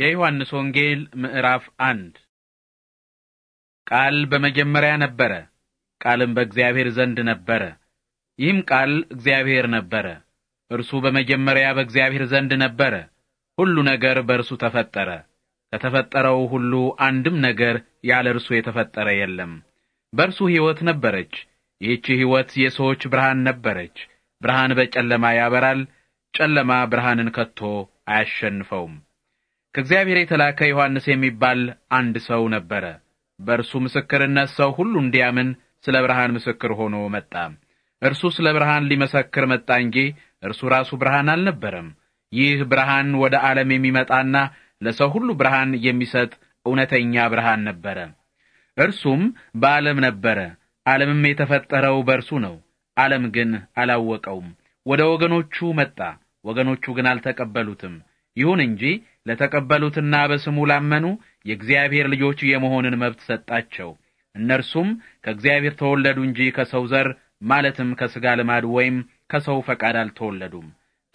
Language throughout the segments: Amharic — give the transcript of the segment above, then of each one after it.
የዮሐንስ ወንጌል ምዕራፍ አንድ ቃል በመጀመሪያ ነበረ፣ ቃልም በእግዚአብሔር ዘንድ ነበረ፣ ይህም ቃል እግዚአብሔር ነበረ። እርሱ በመጀመሪያ በእግዚአብሔር ዘንድ ነበረ። ሁሉ ነገር በእርሱ ተፈጠረ፣ ከተፈጠረው ሁሉ አንድም ነገር ያለ እርሱ የተፈጠረ የለም። በእርሱ ሕይወት ነበረች፣ ይህች ሕይወት የሰዎች ብርሃን ነበረች። ብርሃን በጨለማ ያበራል፣ ጨለማ ብርሃንን ከቶ አያሸንፈውም። ከእግዚአብሔር የተላከ ዮሐንስ የሚባል አንድ ሰው ነበረ። በእርሱ ምስክርነት ሰው ሁሉ እንዲያምን ስለ ብርሃን ምስክር ሆኖ መጣ። እርሱ ስለ ብርሃን ሊመሰክር መጣ እንጂ እርሱ ራሱ ብርሃን አልነበረም። ይህ ብርሃን ወደ ዓለም የሚመጣና ለሰው ሁሉ ብርሃን የሚሰጥ እውነተኛ ብርሃን ነበረ። እርሱም በዓለም ነበረ፣ ዓለምም የተፈጠረው በእርሱ ነው። ዓለም ግን አላወቀውም። ወደ ወገኖቹ መጣ፣ ወገኖቹ ግን አልተቀበሉትም። ይሁን እንጂ ለተቀበሉትና በስሙ ላመኑ የእግዚአብሔር ልጆች የመሆንን መብት ሰጣቸው። እነርሱም ከእግዚአብሔር ተወለዱ እንጂ ከሰው ዘር ማለትም ከሥጋ ልማድ ወይም ከሰው ፈቃድ አልተወለዱም።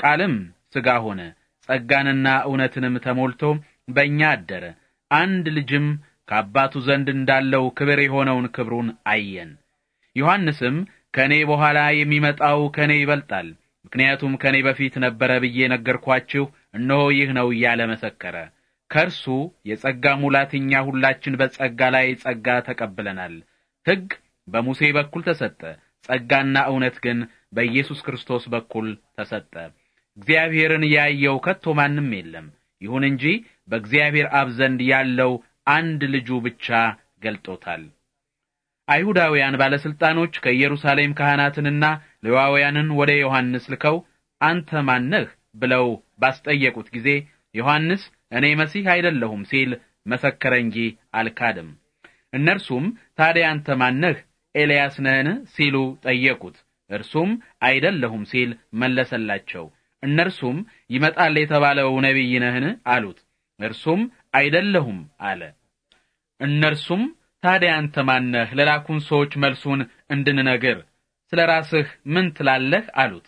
ቃልም ሥጋ ሆነ፣ ጸጋንና እውነትንም ተሞልቶ በእኛ አደረ። አንድ ልጅም ከአባቱ ዘንድ እንዳለው ክብር የሆነውን ክብሩን አየን። ዮሐንስም ከእኔ በኋላ የሚመጣው ከእኔ ይበልጣል፣ ምክንያቱም ከእኔ በፊት ነበረ ብዬ ነገርኳችሁ እነሆ ይህ ነው እያለ መሰከረ። ከእርሱ የጸጋ ሙላት እኛ ሁላችን በጸጋ ላይ ጸጋ ተቀብለናል። ሕግ በሙሴ በኩል ተሰጠ፣ ጸጋና እውነት ግን በኢየሱስ ክርስቶስ በኩል ተሰጠ። እግዚአብሔርን ያየው ከቶ ማንም የለም። ይሁን እንጂ በእግዚአብሔር አብ ዘንድ ያለው አንድ ልጁ ብቻ ገልጦታል። አይሁዳውያን ባለስልጣኖች ከኢየሩሳሌም ካህናትንና ሌዋውያንን ወደ ዮሐንስ ልከው አንተ ማን ነህ ብለው ባስጠየቁት ጊዜ ዮሐንስ እኔ መሲህ አይደለሁም ሲል መሰከረ እንጂ አልካድም። እነርሱም ታዲያ አንተ ማነህ? ኤልያስ ነህን? ሲሉ ጠየቁት። እርሱም አይደለሁም ሲል መለሰላቸው። እነርሱም ይመጣል የተባለው ነቢይ ነህን? አሉት። እርሱም አይደለሁም አለ። እነርሱም ታዲያ አንተ ማነህ? ለላኩን ሰዎች መልሱን እንድንነግር ስለ ራስህ ምን ትላለህ? አሉት።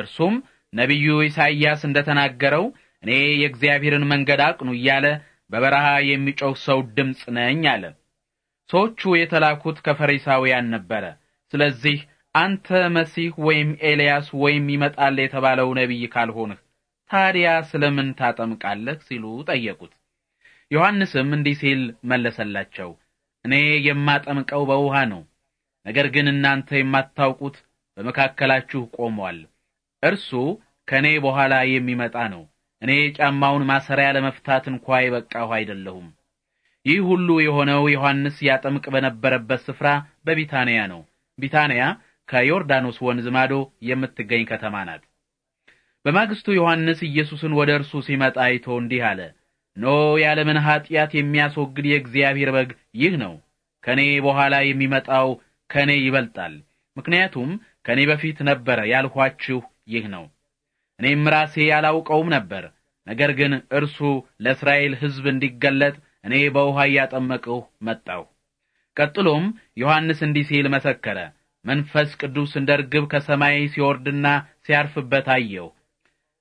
እርሱም ነቢዩ ኢሳይያስ እንደ ተናገረው እኔ የእግዚአብሔርን መንገድ አቅኑ እያለ በበረሃ የሚጮህ ሰው ድምፅ ነኝ አለ። ሰዎቹ የተላኩት ከፈሪሳውያን ነበረ። ስለዚህ አንተ መሲህ ወይም ኤልያስ ወይም ይመጣል የተባለው ነቢይ ካልሆንህ ታዲያ ስለምን ታጠምቃለህ ሲሉ ጠየቁት። ዮሐንስም እንዲህ ሲል መለሰላቸው፣ እኔ የማጠምቀው በውሃ ነው። ነገር ግን እናንተ የማታውቁት በመካከላችሁ ቆሟል። እርሱ ከእኔ በኋላ የሚመጣ ነው። እኔ ጫማውን ማሰሪያ ለመፍታት እንኳ የበቃሁ አይደለሁም። ይህ ሁሉ የሆነው ዮሐንስ ያጠምቅ በነበረበት ስፍራ በቢታንያ ነው። ቢታንያ ከዮርዳኖስ ወንዝ ማዶ የምትገኝ ከተማ ናት። በማግስቱ ዮሐንስ ኢየሱስን ወደ እርሱ ሲመጣ አይቶ እንዲህ አለ፣ ኖ የዓለምን ኀጢአት የሚያስወግድ የእግዚአብሔር በግ ይህ ነው። ከእኔ በኋላ የሚመጣው ከእኔ ይበልጣል፣ ምክንያቱም ከእኔ በፊት ነበረ ያልኋችሁ ይህ ነው። እኔም ራሴ ያላውቀውም ነበር። ነገር ግን እርሱ ለእስራኤል ሕዝብ እንዲገለጥ እኔ በውሃ እያጠመቅሁ መጣሁ። ቀጥሎም ዮሐንስ እንዲህ ሲል መሰከረ። መንፈስ ቅዱስ እንደ ርግብ ከሰማይ ሲወርድና ሲያርፍበት አየሁ።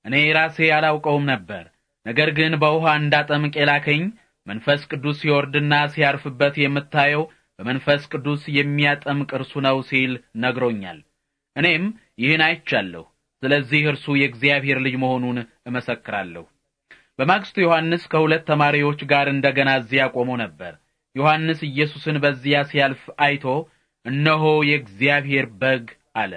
እኔ ራሴ ያላውቀውም ነበር። ነገር ግን በውሃ እንዳጠምቅ የላከኝ መንፈስ ቅዱስ ሲወርድና ሲያርፍበት የምታየው በመንፈስ ቅዱስ የሚያጠምቅ እርሱ ነው ሲል ነግሮኛል። እኔም ይህን አይቻለሁ ስለዚህ እርሱ የእግዚአብሔር ልጅ መሆኑን እመሰክራለሁ። በማግስቱ ዮሐንስ ከሁለት ተማሪዎች ጋር እንደገና እዚያ ቆሞ ነበር። ዮሐንስ ኢየሱስን በዚያ ሲያልፍ አይቶ እነሆ የእግዚአብሔር በግ አለ።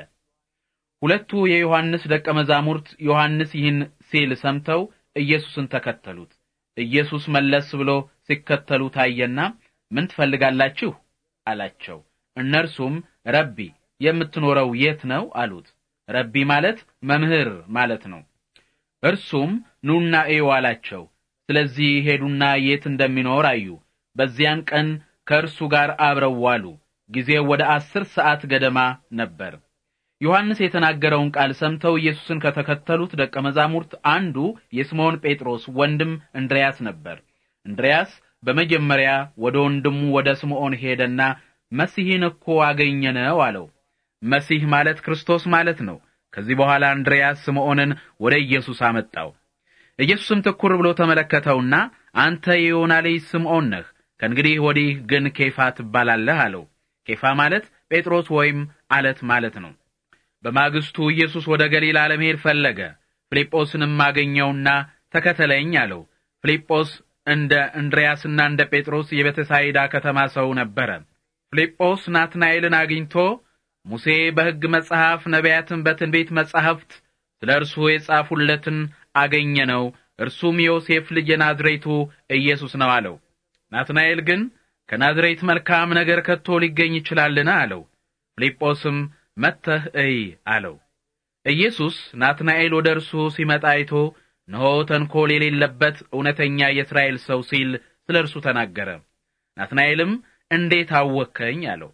ሁለቱ የዮሐንስ ደቀ መዛሙርት ዮሐንስ ይህን ሲል ሰምተው ኢየሱስን ተከተሉት። ኢየሱስ መለስ ብሎ ሲከተሉ ታየና ምን ትፈልጋላችሁ አላቸው። እነርሱም ረቢ የምትኖረው የት ነው አሉት። ረቢ ማለት መምህር ማለት ነው። እርሱም ኑና እዩ አላቸው። ስለዚህ ሄዱና የት እንደሚኖር አዩ። በዚያን ቀን ከእርሱ ጋር አብረው ዋሉ። ጊዜው ወደ አስር ሰዓት ገደማ ነበር። ዮሐንስ የተናገረውን ቃል ሰምተው ኢየሱስን ከተከተሉት ደቀ መዛሙርት አንዱ የስምዖን ጴጥሮስ ወንድም እንድርያስ ነበር። እንድርያስ በመጀመሪያ ወደ ወንድሙ ወደ ስምዖን ሄደና መሲህን እኮ አገኘነው አለው። መሲህ ማለት ክርስቶስ ማለት ነው። ከዚህ በኋላ አንድሪያስ ስምዖንን ወደ ኢየሱስ አመጣው። ኢየሱስም ትኩር ብሎ ተመለከተውና አንተ የዮና ልጅ ስምዖን ነህ፣ ከእንግዲህ ወዲህ ግን ኬፋ ትባላለህ አለው። ኬፋ ማለት ጴጥሮስ ወይም አለት ማለት ነው። በማግስቱ ኢየሱስ ወደ ገሊላ ለመሄድ ፈለገ። ፊልጶስንም አገኘውና ተከተለኝ አለው። ፊልጶስ እንደ እንድርያስና እንደ ጴጥሮስ የቤተሳይዳ ከተማ ሰው ነበረ። ፊልጶስ ናትናኤልን አግኝቶ ሙሴ በሕግ መጽሐፍ ነቢያትን በትንቢት መጻሕፍት ስለ እርሱ የጻፉለትን አገኘ ነው እርሱም ዮሴፍ ልጅ የናዝሬቱ ኢየሱስ ነው አለው። ናትናኤል ግን ከናዝሬት መልካም ነገር ከቶ ሊገኝ ይችላልን? አለው። ፊልጶስም መጥተህ እይ አለው። ኢየሱስ ናትናኤል ወደ እርሱ ሲመጣ አይቶ እነሆ ተንኮል የሌለበት እውነተኛ የእስራኤል ሰው ሲል ስለ እርሱ ተናገረ። ናትናኤልም እንዴት አወከኝ? አለው።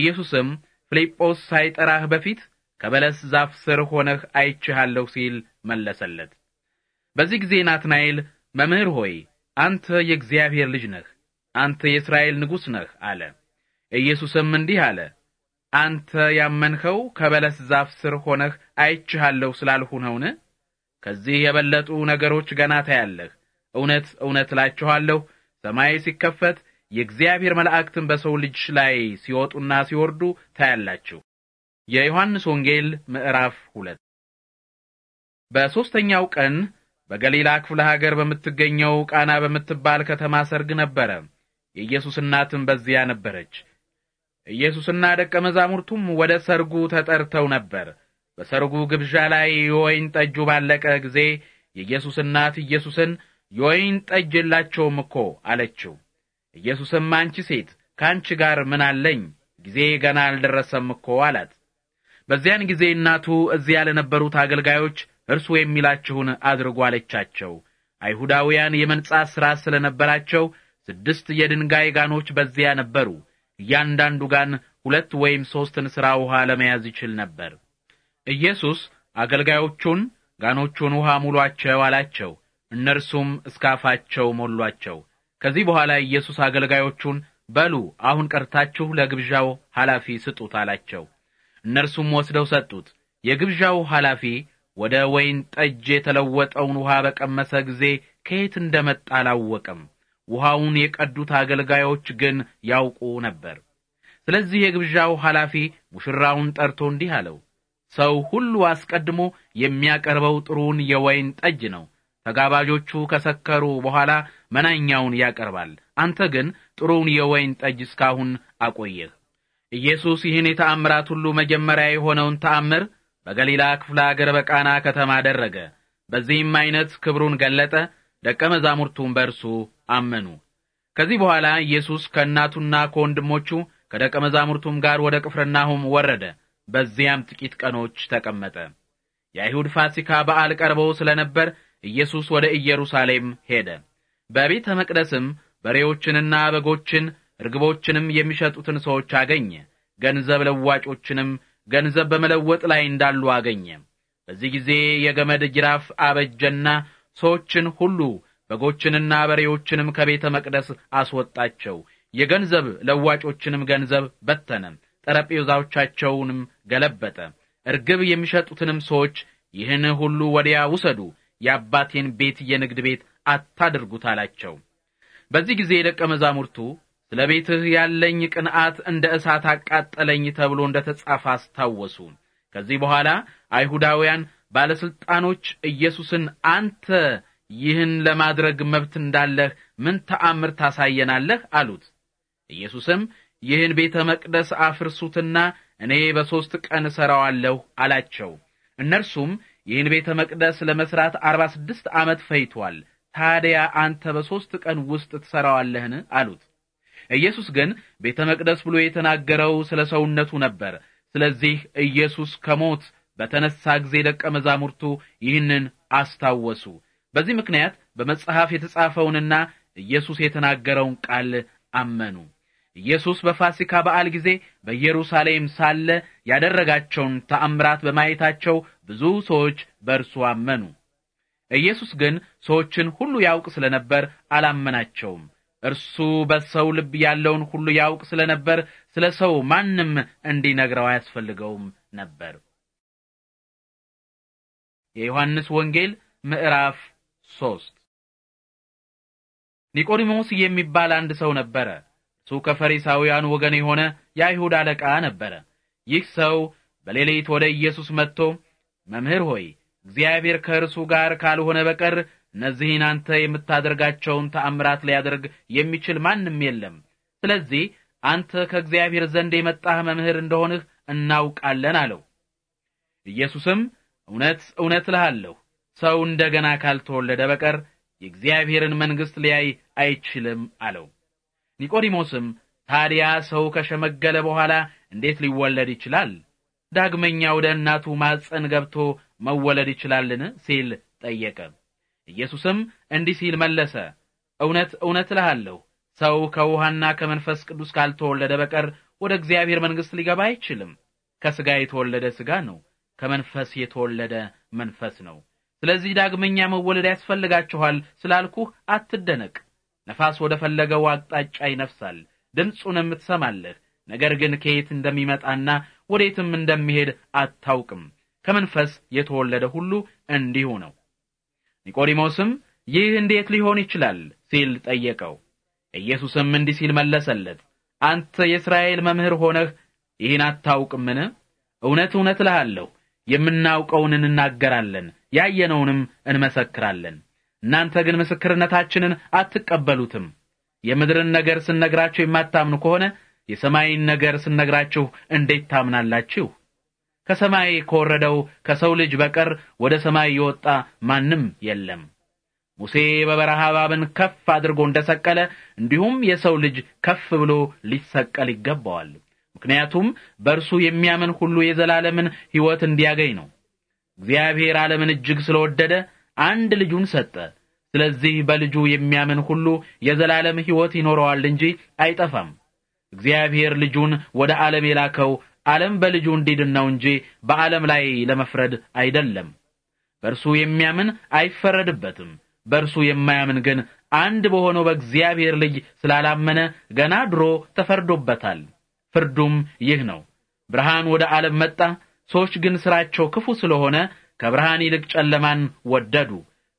ኢየሱስም ፊልጶስ ሳይጠራህ በፊት ከበለስ ዛፍ ስር ሆነህ አይችሃለሁ ሲል መለሰለት። በዚህ ጊዜ ናትናኤል መምህር ሆይ አንተ የእግዚአብሔር ልጅ ነህ፣ አንተ የእስራኤል ንጉሥ ነህ አለ። ኢየሱስም እንዲህ አለ፣ አንተ ያመንኸው ከበለስ ዛፍ ስር ሆነህ አይችሃለሁ ስላልሁ ነውን? ከዚህ የበለጡ ነገሮች ገና ታያለህ። እውነት እውነት እላችኋለሁ ሰማይ ሲከፈት የእግዚአብሔር መላእክትን በሰው ልጅ ላይ ሲወጡና ሲወርዱ ታያላችሁ። የዮሐንስ ወንጌል ምዕራፍ ሁለት በሦስተኛው ቀን በገሊላ ክፍለ ሀገር በምትገኘው ቃና በምትባል ከተማ ሰርግ ነበረ። የኢየሱስ እናትም በዚያ ነበረች። ኢየሱስና ደቀ መዛሙርቱም ወደ ሰርጉ ተጠርተው ነበር። በሰርጉ ግብዣ ላይ የወይን ጠጁ ባለቀ ጊዜ የኢየሱስ እናት ኢየሱስን የወይን ጠጅ የላቸውም እኮ አለችው። ኢየሱስም አንቺ ሴት ከአንቺ ጋር ምን አለኝ? ጊዜ ገና አልደረሰም እኮ አላት። በዚያን ጊዜ እናቱ እዚያ ለነበሩት አገልጋዮች እርሱ የሚላችሁን አድርጎ አለቻቸው። አይሁዳውያን የመንጻት ሥራ ስለ ነበራቸው ስድስት የድንጋይ ጋኖች በዚያ ነበሩ። እያንዳንዱ ጋን ሁለት ወይም ሦስት እንስራ ውሃ ለመያዝ ይችል ነበር። ኢየሱስ አገልጋዮቹን ጋኖቹን ውሃ ሙሏቸው አላቸው። እነርሱም እስካፋቸው ሞሏቸው። ከዚህ በኋላ ኢየሱስ አገልጋዮቹን በሉ አሁን ቀርታችሁ ለግብዣው ኃላፊ ስጡት አላቸው። እነርሱም ወስደው ሰጡት። የግብዣው ኃላፊ ወደ ወይን ጠጅ የተለወጠውን ውሃ በቀመሰ ጊዜ ከየት እንደመጣ አላወቅም። ውሃውን የቀዱት አገልጋዮች ግን ያውቁ ነበር። ስለዚህ የግብዣው ኃላፊ ሙሽራውን ጠርቶ እንዲህ አለው፣ ሰው ሁሉ አስቀድሞ የሚያቀርበው ጥሩውን የወይን ጠጅ ነው። ተጋባዦቹ ከሰከሩ በኋላ መናኛውን ያቀርባል። አንተ ግን ጥሩውን የወይን ጠጅ እስካሁን አቆየህ። ኢየሱስ ይህን የተአምራት ሁሉ መጀመሪያ የሆነውን ተአምር በገሊላ ክፍለ አገር በቃና ከተማ አደረገ። በዚህም ዐይነት ክብሩን ገለጠ፣ ደቀ መዛሙርቱም በእርሱ አመኑ። ከዚህ በኋላ ኢየሱስ ከእናቱና ከወንድሞቹ ከደቀ መዛሙርቱም ጋር ወደ ቅፍርናሁም ወረደ። በዚያም ጥቂት ቀኖች ተቀመጠ። የአይሁድ ፋሲካ በዓል ቀርቦ ስለ ነበር ኢየሱስ ወደ ኢየሩሳሌም ሄደ። በቤተ መቅደስም በሬዎችንና በጎችን እርግቦችንም የሚሸጡትን ሰዎች አገኘ። ገንዘብ ለዋጮችንም ገንዘብ በመለወጥ ላይ እንዳሉ አገኘ። በዚህ ጊዜ የገመድ ጅራፍ አበጀና ሰዎችን ሁሉ በጎችንና በሬዎችንም ከቤተ መቅደስ አስወጣቸው። የገንዘብ ለዋጮችንም ገንዘብ በተነ፣ ጠረጴዛዎቻቸውንም ገለበጠ። እርግብ የሚሸጡትንም ሰዎች ይህን ሁሉ ወዲያ ውሰዱ የአባቴን ቤት የንግድ ቤት አታድርጉት አላቸው። በዚህ ጊዜ የደቀ መዛሙርቱ ስለ ቤትህ ያለኝ ቅንዓት እንደ እሳት አቃጠለኝ ተብሎ እንደ ተጻፈ አስታወሱ። ከዚህ በኋላ አይሁዳውያን ባለሥልጣኖች ኢየሱስን አንተ ይህን ለማድረግ መብት እንዳለህ ምን ተአምር ታሳየናለህ? አሉት። ኢየሱስም ይህን ቤተ መቅደስ አፍርሱትና እኔ በሦስት ቀን እሠራዋለሁ አላቸው። እነርሱም ይህን ቤተ መቅደስ ለመስራት አርባ ስድስት ዓመት ፈይቷል። ታዲያ አንተ በሦስት ቀን ውስጥ ትሠራዋለህን? አሉት። ኢየሱስ ግን ቤተ መቅደስ ብሎ የተናገረው ስለ ሰውነቱ ነበር። ስለዚህ ኢየሱስ ከሞት በተነሳ ጊዜ ደቀ መዛሙርቱ ይህንን አስታወሱ። በዚህ ምክንያት በመጽሐፍ የተጻፈውንና ኢየሱስ የተናገረውን ቃል አመኑ። ኢየሱስ በፋሲካ በዓል ጊዜ በኢየሩሳሌም ሳለ ያደረጋቸውን ተአምራት በማየታቸው ብዙ ሰዎች በእርሱ አመኑ። ኢየሱስ ግን ሰዎችን ሁሉ ያውቅ ስለነበር አላመናቸውም። እርሱ በሰው ልብ ያለውን ሁሉ ያውቅ ስለነበር ስለ ሰው ማንም እንዲነግረው አያስፈልገውም ነበር። የዮሐንስ ወንጌል ምዕራፍ ሶስት ኒቆዲሞስ የሚባል አንድ ሰው ነበረ። እሱ ከፈሪሳውያን ወገን የሆነ የአይሁድ አለቃ ነበረ። ይህ ሰው በሌሊት ወደ ኢየሱስ መጥቶ መምህር ሆይ እግዚአብሔር ከእርሱ ጋር ካልሆነ በቀር እነዚህን አንተ የምታደርጋቸውን ተአምራት ሊያደርግ የሚችል ማንም የለም። ስለዚህ አንተ ከእግዚአብሔር ዘንድ የመጣህ መምህር እንደሆንህ እናውቃለን አለው። ኢየሱስም እውነት እውነት እልሃለሁ ሰው እንደገና ካልተወለደ በቀር የእግዚአብሔርን መንግሥት ሊያይ አይችልም አለው። ኒቆዲሞስም ታዲያ ሰው ከሸመገለ በኋላ እንዴት ሊወለድ ይችላል? ዳግመኛ ወደ እናቱ ማፀን ገብቶ መወለድ ይችላልን? ሲል ጠየቀ። ኢየሱስም እንዲህ ሲል መለሰ፣ እውነት እውነት እልሃለሁ ሰው ከውሃና ከመንፈስ ቅዱስ ካልተወለደ በቀር ወደ እግዚአብሔር መንግሥት ሊገባ አይችልም። ከሥጋ የተወለደ ሥጋ ነው፣ ከመንፈስ የተወለደ መንፈስ ነው። ስለዚህ ዳግመኛ መወለድ ያስፈልጋችኋል ስላልኩህ አትደነቅ። ነፋስ ወደ ፈለገው አቅጣጫ ይነፍሳል፣ ድምፁንም ትሰማለህ። ነገር ግን ከየት እንደሚመጣና ወዴትም እንደሚሄድ አታውቅም። ከመንፈስ የተወለደ ሁሉ እንዲሁ ነው። ኒቆዲሞስም ይህ እንዴት ሊሆን ይችላል ሲል ጠየቀው። ኢየሱስም እንዲህ ሲል መለሰለት፣ አንተ የእስራኤል መምህር ሆነህ ይህን አታውቅምን? እውነት እውነት እልሃለሁ የምናውቀውን እንናገራለን፣ ያየነውንም እንመሰክራለን እናንተ ግን ምስክርነታችንን አትቀበሉትም። የምድርን ነገር ስነግራችሁ የማታምኑ ከሆነ የሰማይን ነገር ስነግራችሁ እንዴት ታምናላችሁ? ከሰማይ ከወረደው ከሰው ልጅ በቀር ወደ ሰማይ የወጣ ማንም የለም። ሙሴ በበረሃ እባብን ከፍ አድርጎ እንደሰቀለ እንዲሁም የሰው ልጅ ከፍ ብሎ ሊሰቀል ይገባዋል። ምክንያቱም በእርሱ የሚያምን ሁሉ የዘላለምን ሕይወት እንዲያገኝ ነው። እግዚአብሔር ዓለምን እጅግ ስለወደደ አንድ ልጁን ሰጠ። ስለዚህ በልጁ የሚያምን ሁሉ የዘላለም ሕይወት ይኖረዋል እንጂ አይጠፋም። እግዚአብሔር ልጁን ወደ ዓለም የላከው ዓለም በልጁ እንዲድን ነው እንጂ በዓለም ላይ ለመፍረድ አይደለም። በእርሱ የሚያምን አይፈረድበትም። በእርሱ የማያምን ግን አንድ በሆነው በእግዚአብሔር ልጅ ስላላመነ ገና ድሮ ተፈርዶበታል። ፍርዱም ይህ ነው። ብርሃን ወደ ዓለም መጣ፣ ሰዎች ግን ሥራቸው ክፉ ስለሆነ ከብርሃን ይልቅ ጨለማን ወደዱ።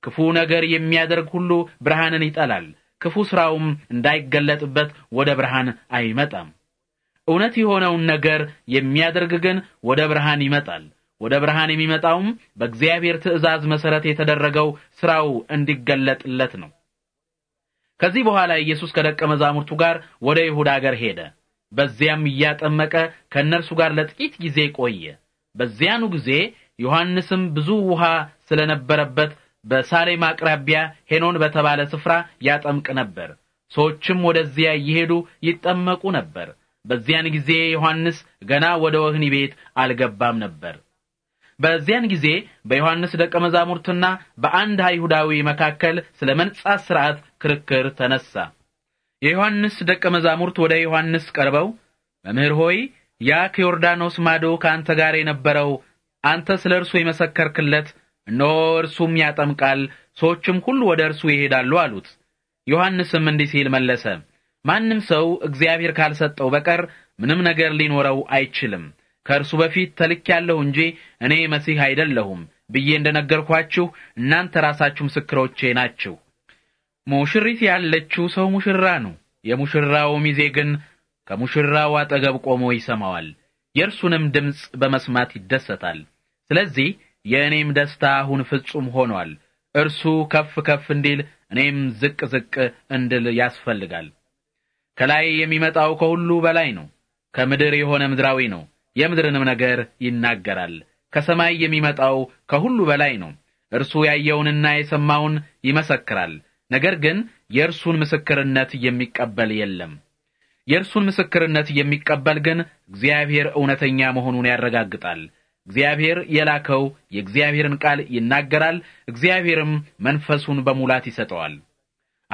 ክፉ ነገር የሚያደርግ ሁሉ ብርሃንን ይጠላል፣ ክፉ ሥራውም እንዳይገለጥበት ወደ ብርሃን አይመጣም። እውነት የሆነውን ነገር የሚያደርግ ግን ወደ ብርሃን ይመጣል። ወደ ብርሃን የሚመጣውም በእግዚአብሔር ትእዛዝ መሠረት የተደረገው ሥራው እንዲገለጥለት ነው። ከዚህ በኋላ ኢየሱስ ከደቀ መዛሙርቱ ጋር ወደ ይሁዳ አገር ሄደ። በዚያም እያጠመቀ ከእነርሱ ጋር ለጥቂት ጊዜ ቆየ። በዚያኑ ጊዜ ዮሐንስም ብዙ ውሃ ስለነበረበት በሳሌም አቅራቢያ ሄኖን በተባለ ስፍራ ያጠምቅ ነበር። ሰዎችም ወደዚያ እየሄዱ ይጠመቁ ነበር። በዚያን ጊዜ ዮሐንስ ገና ወደ ወህኒ ቤት አልገባም ነበር። በዚያን ጊዜ በዮሐንስ ደቀ መዛሙርትና በአንድ አይሁዳዊ መካከል ስለ መንጻት ሥርዓት ክርክር ተነሳ። የዮሐንስ ደቀ መዛሙርት ወደ ዮሐንስ ቀርበው መምህር ሆይ ያ ከዮርዳኖስ ማዶ ከአንተ ጋር የነበረው አንተ ስለ እርሱ የመሰከርክለት፣ እነሆ እርሱም ያጠምቃል፣ ሰዎችም ሁሉ ወደ እርሱ ይሄዳሉ አሉት። ዮሐንስም እንዲህ ሲል መለሰ፣ ማንም ሰው እግዚአብሔር ካልሰጠው በቀር ምንም ነገር ሊኖረው አይችልም። ከእርሱ በፊት ያለው እንጂ እኔ መሲህ አይደለሁም ብዬ እንደነገርኳችሁ እናንተ ራሳችሁ ምስክሮቼ ናችሁ። ሙሽሪት ያለችው ሰው ሙሽራ ነው። የሙሽራው ሚዜ ግን ከሙሽራው አጠገብ ቆሞ ይሰማዋል፣ የእርሱንም ድምፅ በመስማት ይደሰታል። ስለዚህ የእኔም ደስታ አሁን ፍጹም ሆኗል። እርሱ ከፍ ከፍ እንዲል እኔም ዝቅ ዝቅ እንድል ያስፈልጋል። ከላይ የሚመጣው ከሁሉ በላይ ነው። ከምድር የሆነ ምድራዊ ነው፣ የምድርንም ነገር ይናገራል። ከሰማይ የሚመጣው ከሁሉ በላይ ነው። እርሱ ያየውንና የሰማውን ይመሰክራል። ነገር ግን የእርሱን ምስክርነት የሚቀበል የለም። የእርሱን ምስክርነት የሚቀበል ግን እግዚአብሔር እውነተኛ መሆኑን ያረጋግጣል። እግዚአብሔር የላከው የእግዚአብሔርን ቃል ይናገራል፣ እግዚአብሔርም መንፈሱን በሙላት ይሰጠዋል።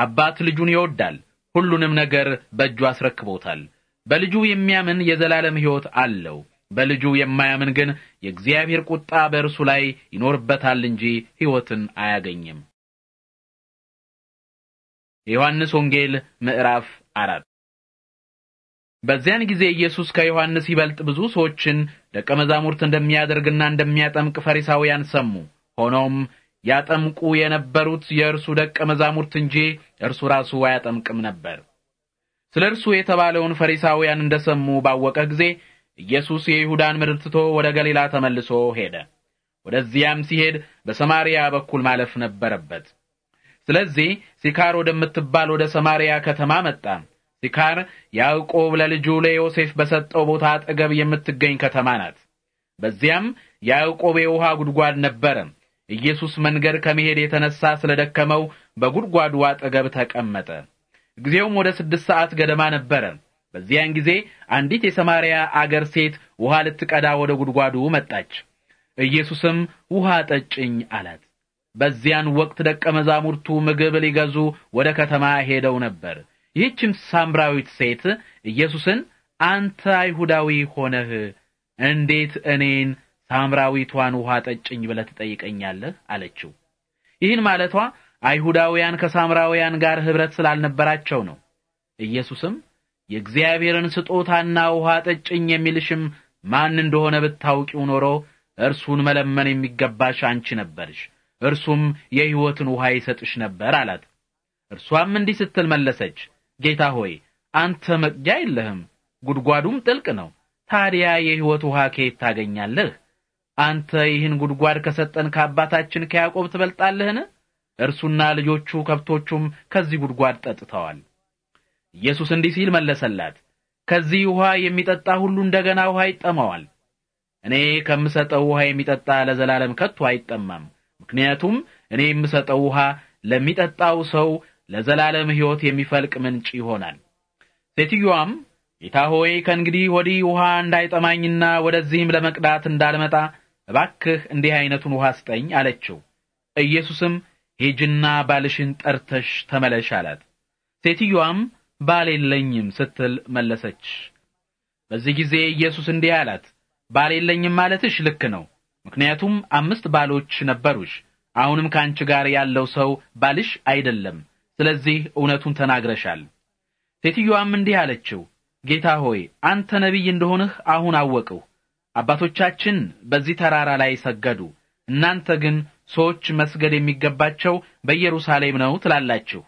አባት ልጁን ይወዳል፣ ሁሉንም ነገር በእጁ አስረክቦታል። በልጁ የሚያምን የዘላለም ሕይወት አለው። በልጁ የማያምን ግን የእግዚአብሔር ቁጣ በእርሱ ላይ ይኖርበታል እንጂ ሕይወትን አያገኝም። የዮሐንስ ወንጌል ምዕራፍ አራት በዚያን ጊዜ ኢየሱስ ከዮሐንስ ይበልጥ ብዙ ሰዎችን ደቀ መዛሙርት እንደሚያደርግና እንደሚያጠምቅ ፈሪሳውያን ሰሙ። ሆኖም ያጠምቁ የነበሩት የእርሱ ደቀ መዛሙርት እንጂ እርሱ ራሱ አያጠምቅም ነበር። ስለ እርሱ የተባለውን ፈሪሳውያን እንደሰሙ ባወቀ ጊዜ ኢየሱስ የይሁዳን ምድር ትቶ ወደ ገሊላ ተመልሶ ሄደ። ወደዚያም ሲሄድ በሰማርያ በኩል ማለፍ ነበረበት። ስለዚህ ሲካር ወደምትባል ወደ ሰማርያ ከተማ መጣ። ሲካር ያዕቆብ ለልጁ ለዮሴፍ በሰጠው ቦታ አጠገብ የምትገኝ ከተማ ናት። በዚያም ያዕቆብ የውሃ ጉድጓድ ነበረ። ኢየሱስ መንገድ ከመሄድ የተነሳ ስለደከመው በጉድጓዱ አጠገብ ተቀመጠ። ጊዜውም ወደ ስድስት ሰዓት ገደማ ነበረ። በዚያን ጊዜ አንዲት የሰማርያ አገር ሴት ውሃ ልትቀዳ ወደ ጉድጓዱ መጣች። ኢየሱስም ውሃ ጠጭኝ አላት። በዚያን ወቅት ደቀ መዛሙርቱ ምግብ ሊገዙ ወደ ከተማ ሄደው ነበር። ይህችም ሳምራዊት ሴት ኢየሱስን አንተ አይሁዳዊ ሆነህ እንዴት እኔን ሳምራዊቷን ውሃ ጠጭኝ ብለህ ትጠይቀኛለህ አለችው። ይህን ማለቷ አይሁዳውያን ከሳምራውያን ጋር ኅብረት ስላልነበራቸው ነው። ኢየሱስም የእግዚአብሔርን ስጦታና ውሃ ጠጭኝ የሚልሽም ማን እንደሆነ ብታውቂው ኖሮ እርሱን መለመን የሚገባሽ አንቺ ነበርሽ፣ እርሱም የሕይወትን ውሃ ይሰጥሽ ነበር አላት። እርሷም እንዲህ ስትል መለሰች ጌታ ሆይ አንተ መቅጃ የለህም፣ ጉድጓዱም ጥልቅ ነው። ታዲያ የሕይወት ውሃ ከየት ታገኛለህ? አንተ ይህን ጉድጓድ ከሰጠን ከአባታችን ከያዕቆብ ትበልጣለህን? እርሱና ልጆቹ ከብቶቹም ከዚህ ጉድጓድ ጠጥተዋል። ኢየሱስ እንዲህ ሲል መለሰላት፣ ከዚህ ውሃ የሚጠጣ ሁሉ እንደገና ውሃ ይጠማዋል። እኔ ከምሰጠው ውሃ የሚጠጣ ለዘላለም ከቶ አይጠማም። ምክንያቱም እኔ የምሰጠው ውሃ ለሚጠጣው ሰው ለዘላለም ሕይወት የሚፈልቅ ምንጭ ይሆናል። ሴትዮዋም ጌታ ሆይ ከእንግዲህ ወዲህ ውሃ እንዳይጠማኝና ወደዚህም ለመቅዳት እንዳልመጣ እባክህ እንዲህ አይነቱን ውሃ ስጠኝ አለችው። ኢየሱስም ሄጅና ባልሽን ጠርተሽ ተመለሽ አላት። ሴትዮዋም ባል የለኝም ስትል መለሰች። በዚህ ጊዜ ኢየሱስ እንዲህ አላት፣ ባል የለኝም ማለትሽ ልክ ነው። ምክንያቱም አምስት ባሎች ነበሩሽ። አሁንም ከአንቺ ጋር ያለው ሰው ባልሽ አይደለም። ስለዚህ እውነቱን ተናግረሻል። ሴትዮዋም እንዲህ አለችው፣ ጌታ ሆይ አንተ ነቢይ እንደሆንህ አሁን አወቅሁ። አባቶቻችን በዚህ ተራራ ላይ ሰገዱ፣ እናንተ ግን ሰዎች መስገድ የሚገባቸው በኢየሩሳሌም ነው ትላላችሁ።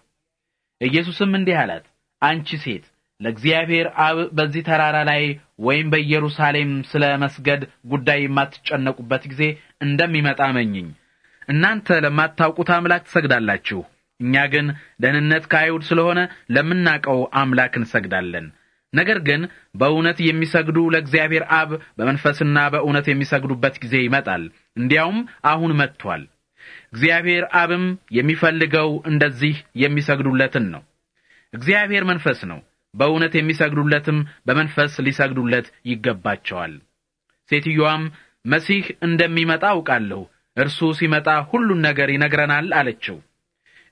ኢየሱስም እንዲህ አላት፣ አንቺ ሴት ለእግዚአብሔር አብ በዚህ ተራራ ላይ ወይም በኢየሩሳሌም ስለ መስገድ ጉዳይ የማትጨነቁበት ጊዜ እንደሚመጣ መኝኝ። እናንተ ለማታውቁት አምላክ ትሰግዳላችሁ። እኛ ግን ደህንነት ከአይሁድ ስለሆነ ለምናቀው አምላክ እንሰግዳለን። ነገር ግን በእውነት የሚሰግዱ ለእግዚአብሔር አብ በመንፈስና በእውነት የሚሰግዱበት ጊዜ ይመጣል፣ እንዲያውም አሁን መጥቷል። እግዚአብሔር አብም የሚፈልገው እንደዚህ የሚሰግዱለትን ነው። እግዚአብሔር መንፈስ ነው፣ በእውነት የሚሰግዱለትም በመንፈስ ሊሰግዱለት ይገባቸዋል። ሴትዮዋም መሲህ እንደሚመጣ አውቃለሁ፣ እርሱ ሲመጣ ሁሉን ነገር ይነግረናል አለችው።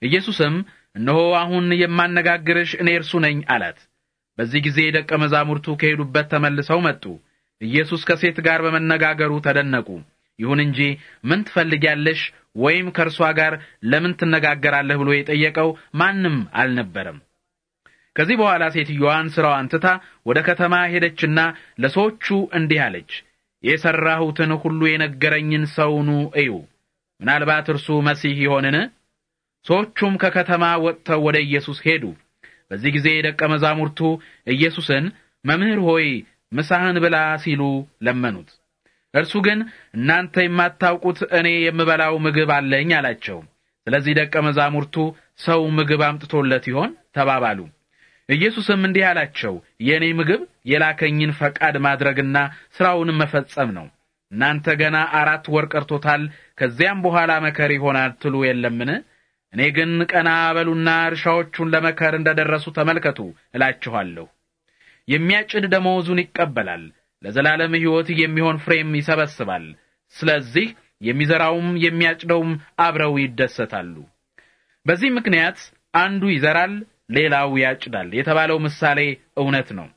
ኢየሱስም እነሆ አሁን የማነጋግርሽ እኔ እርሱ ነኝ አላት። በዚህ ጊዜ ደቀ መዛሙርቱ ከሄዱበት ተመልሰው መጡ። ኢየሱስ ከሴት ጋር በመነጋገሩ ተደነቁ። ይሁን እንጂ ምን ትፈልጊያለሽ ወይም ከእርሷ ጋር ለምን ትነጋገራለህ ብሎ የጠየቀው ማንም አልነበረም። ከዚህ በኋላ ሴትዮዋን ሥራዋን ትታ ወደ ከተማ ሄደችና ለሰዎቹ እንዲህ አለች፣ የሠራሁትን ሁሉ የነገረኝን ሰውኑ እዩ። ምናልባት እርሱ መሲህ ይሆንን? ሰዎቹም ከከተማ ወጥተው ወደ ኢየሱስ ሄዱ። በዚህ ጊዜ ደቀ መዛሙርቱ ኢየሱስን መምህር ሆይ ምሳህን ብላ ሲሉ ለመኑት። እርሱ ግን እናንተ የማታውቁት እኔ የምበላው ምግብ አለኝ አላቸው። ስለዚህ ደቀ መዛሙርቱ ሰው ምግብ አምጥቶለት ይሆን ተባባሉ። ኢየሱስም እንዲህ አላቸው፣ የእኔ ምግብ የላከኝን ፈቃድ ማድረግና ሥራውን መፈጸም ነው። እናንተ ገና አራት ወር ቀርቶታል፣ ከዚያም በኋላ መከር ይሆናል ትሉ የለምን? እኔ ግን ቀና በሉና እርሻዎቹን ለመከር እንደ ደረሱ ተመልከቱ እላችኋለሁ። የሚያጭድ ደመወዙን ይቀበላል፣ ለዘላለም ሕይወት የሚሆን ፍሬም ይሰበስባል። ስለዚህ የሚዘራውም የሚያጭደውም አብረው ይደሰታሉ። በዚህ ምክንያት አንዱ ይዘራል፣ ሌላው ያጭዳል የተባለው ምሳሌ እውነት ነው።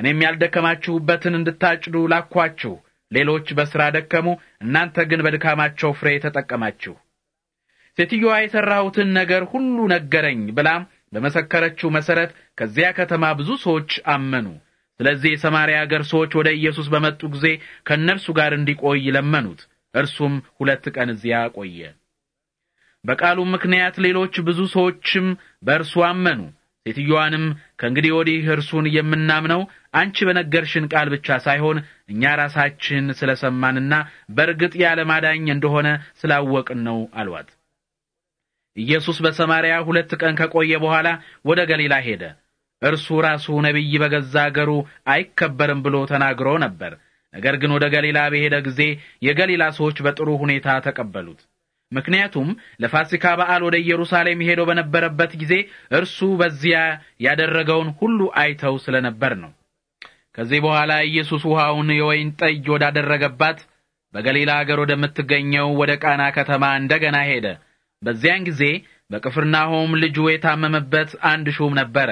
እኔም ያልደከማችሁበትን እንድታጭዱ ላኳችሁ። ሌሎች በሥራ ደከሙ፣ እናንተ ግን በድካማቸው ፍሬ ተጠቀማችሁ። ሴትዮዋ የሠራሁትን ነገር ሁሉ ነገረኝ ብላም በመሰከረችው መሠረት ከዚያ ከተማ ብዙ ሰዎች አመኑ። ስለዚህ የሰማርያ አገር ሰዎች ወደ ኢየሱስ በመጡ ጊዜ ከእነርሱ ጋር እንዲቆይ ለመኑት። እርሱም ሁለት ቀን እዚያ ቆየ። በቃሉ ምክንያት ሌሎች ብዙ ሰዎችም በእርሱ አመኑ። ሴትዮዋንም ከእንግዲህ ወዲህ እርሱን የምናምነው አንቺ በነገርሽን ቃል ብቻ ሳይሆን እኛ ራሳችን ስለ ሰማንና በርግጥ ያለ ማዳኝ እንደሆነ ስላወቅን ነው አሏት። ኢየሱስ በሰማርያ ሁለት ቀን ከቆየ በኋላ ወደ ገሊላ ሄደ። እርሱ ራሱ ነቢይ በገዛ አገሩ አይከበርም ብሎ ተናግሮ ነበር። ነገር ግን ወደ ገሊላ በሄደ ጊዜ የገሊላ ሰዎች በጥሩ ሁኔታ ተቀበሉት። ምክንያቱም ለፋሲካ በዓል ወደ ኢየሩሳሌም ሄዶ በነበረበት ጊዜ እርሱ በዚያ ያደረገውን ሁሉ አይተው ስለነበር ነው። ከዚህ በኋላ ኢየሱስ ውሃውን የወይን ጠጅ ወዳደረገባት በገሊላ አገር ወደምትገኘው ወደ ቃና ከተማ እንደገና ሄደ። በዚያን ጊዜ በቅፍርናሆም ልጁ የታመመበት አንድ ሹም ነበረ።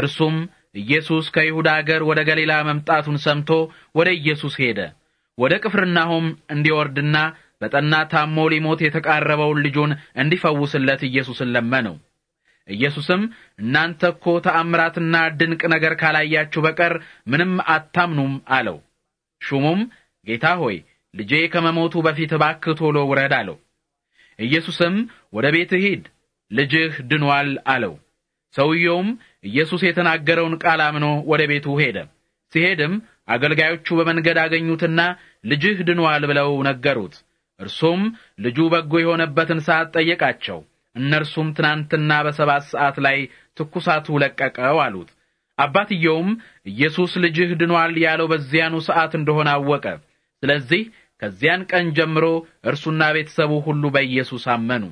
እርሱም ኢየሱስ ከይሁዳ አገር ወደ ገሊላ መምጣቱን ሰምቶ ወደ ኢየሱስ ሄደ። ወደ ቅፍርናሆም እንዲወርድና በጠና ታሞ ሊሞት የተቃረበውን ልጁን እንዲፈውስለት ኢየሱስን ለመነው። ኢየሱስም እናንተ እኮ ተአምራትና ድንቅ ነገር ካላያችሁ በቀር ምንም አታምኑም አለው። ሹሙም ጌታ ሆይ ልጄ ከመሞቱ በፊት እባክህ ቶሎ ውረድ አለው። ኢየሱስም ወደ ቤትህ ሂድ፣ ልጅህ ድኗል አለው። ሰውየውም ኢየሱስ የተናገረውን ቃል አምኖ ወደ ቤቱ ሄደ። ሲሄድም አገልጋዮቹ በመንገድ አገኙትና ልጅህ ድኗል ብለው ነገሩት። እርሱም ልጁ በጎ የሆነበትን ሰዓት ጠየቃቸው። እነርሱም ትናንትና በሰባት ሰዓት ላይ ትኩሳቱ ለቀቀው አሉት። አባትየውም ኢየሱስ ልጅህ ድኗል ያለው በዚያኑ ሰዓት እንደሆነ አወቀ። ስለዚህ ከዚያን ቀን ጀምሮ እርሱና ቤተሰቡ ሁሉ በኢየሱስ አመኑ።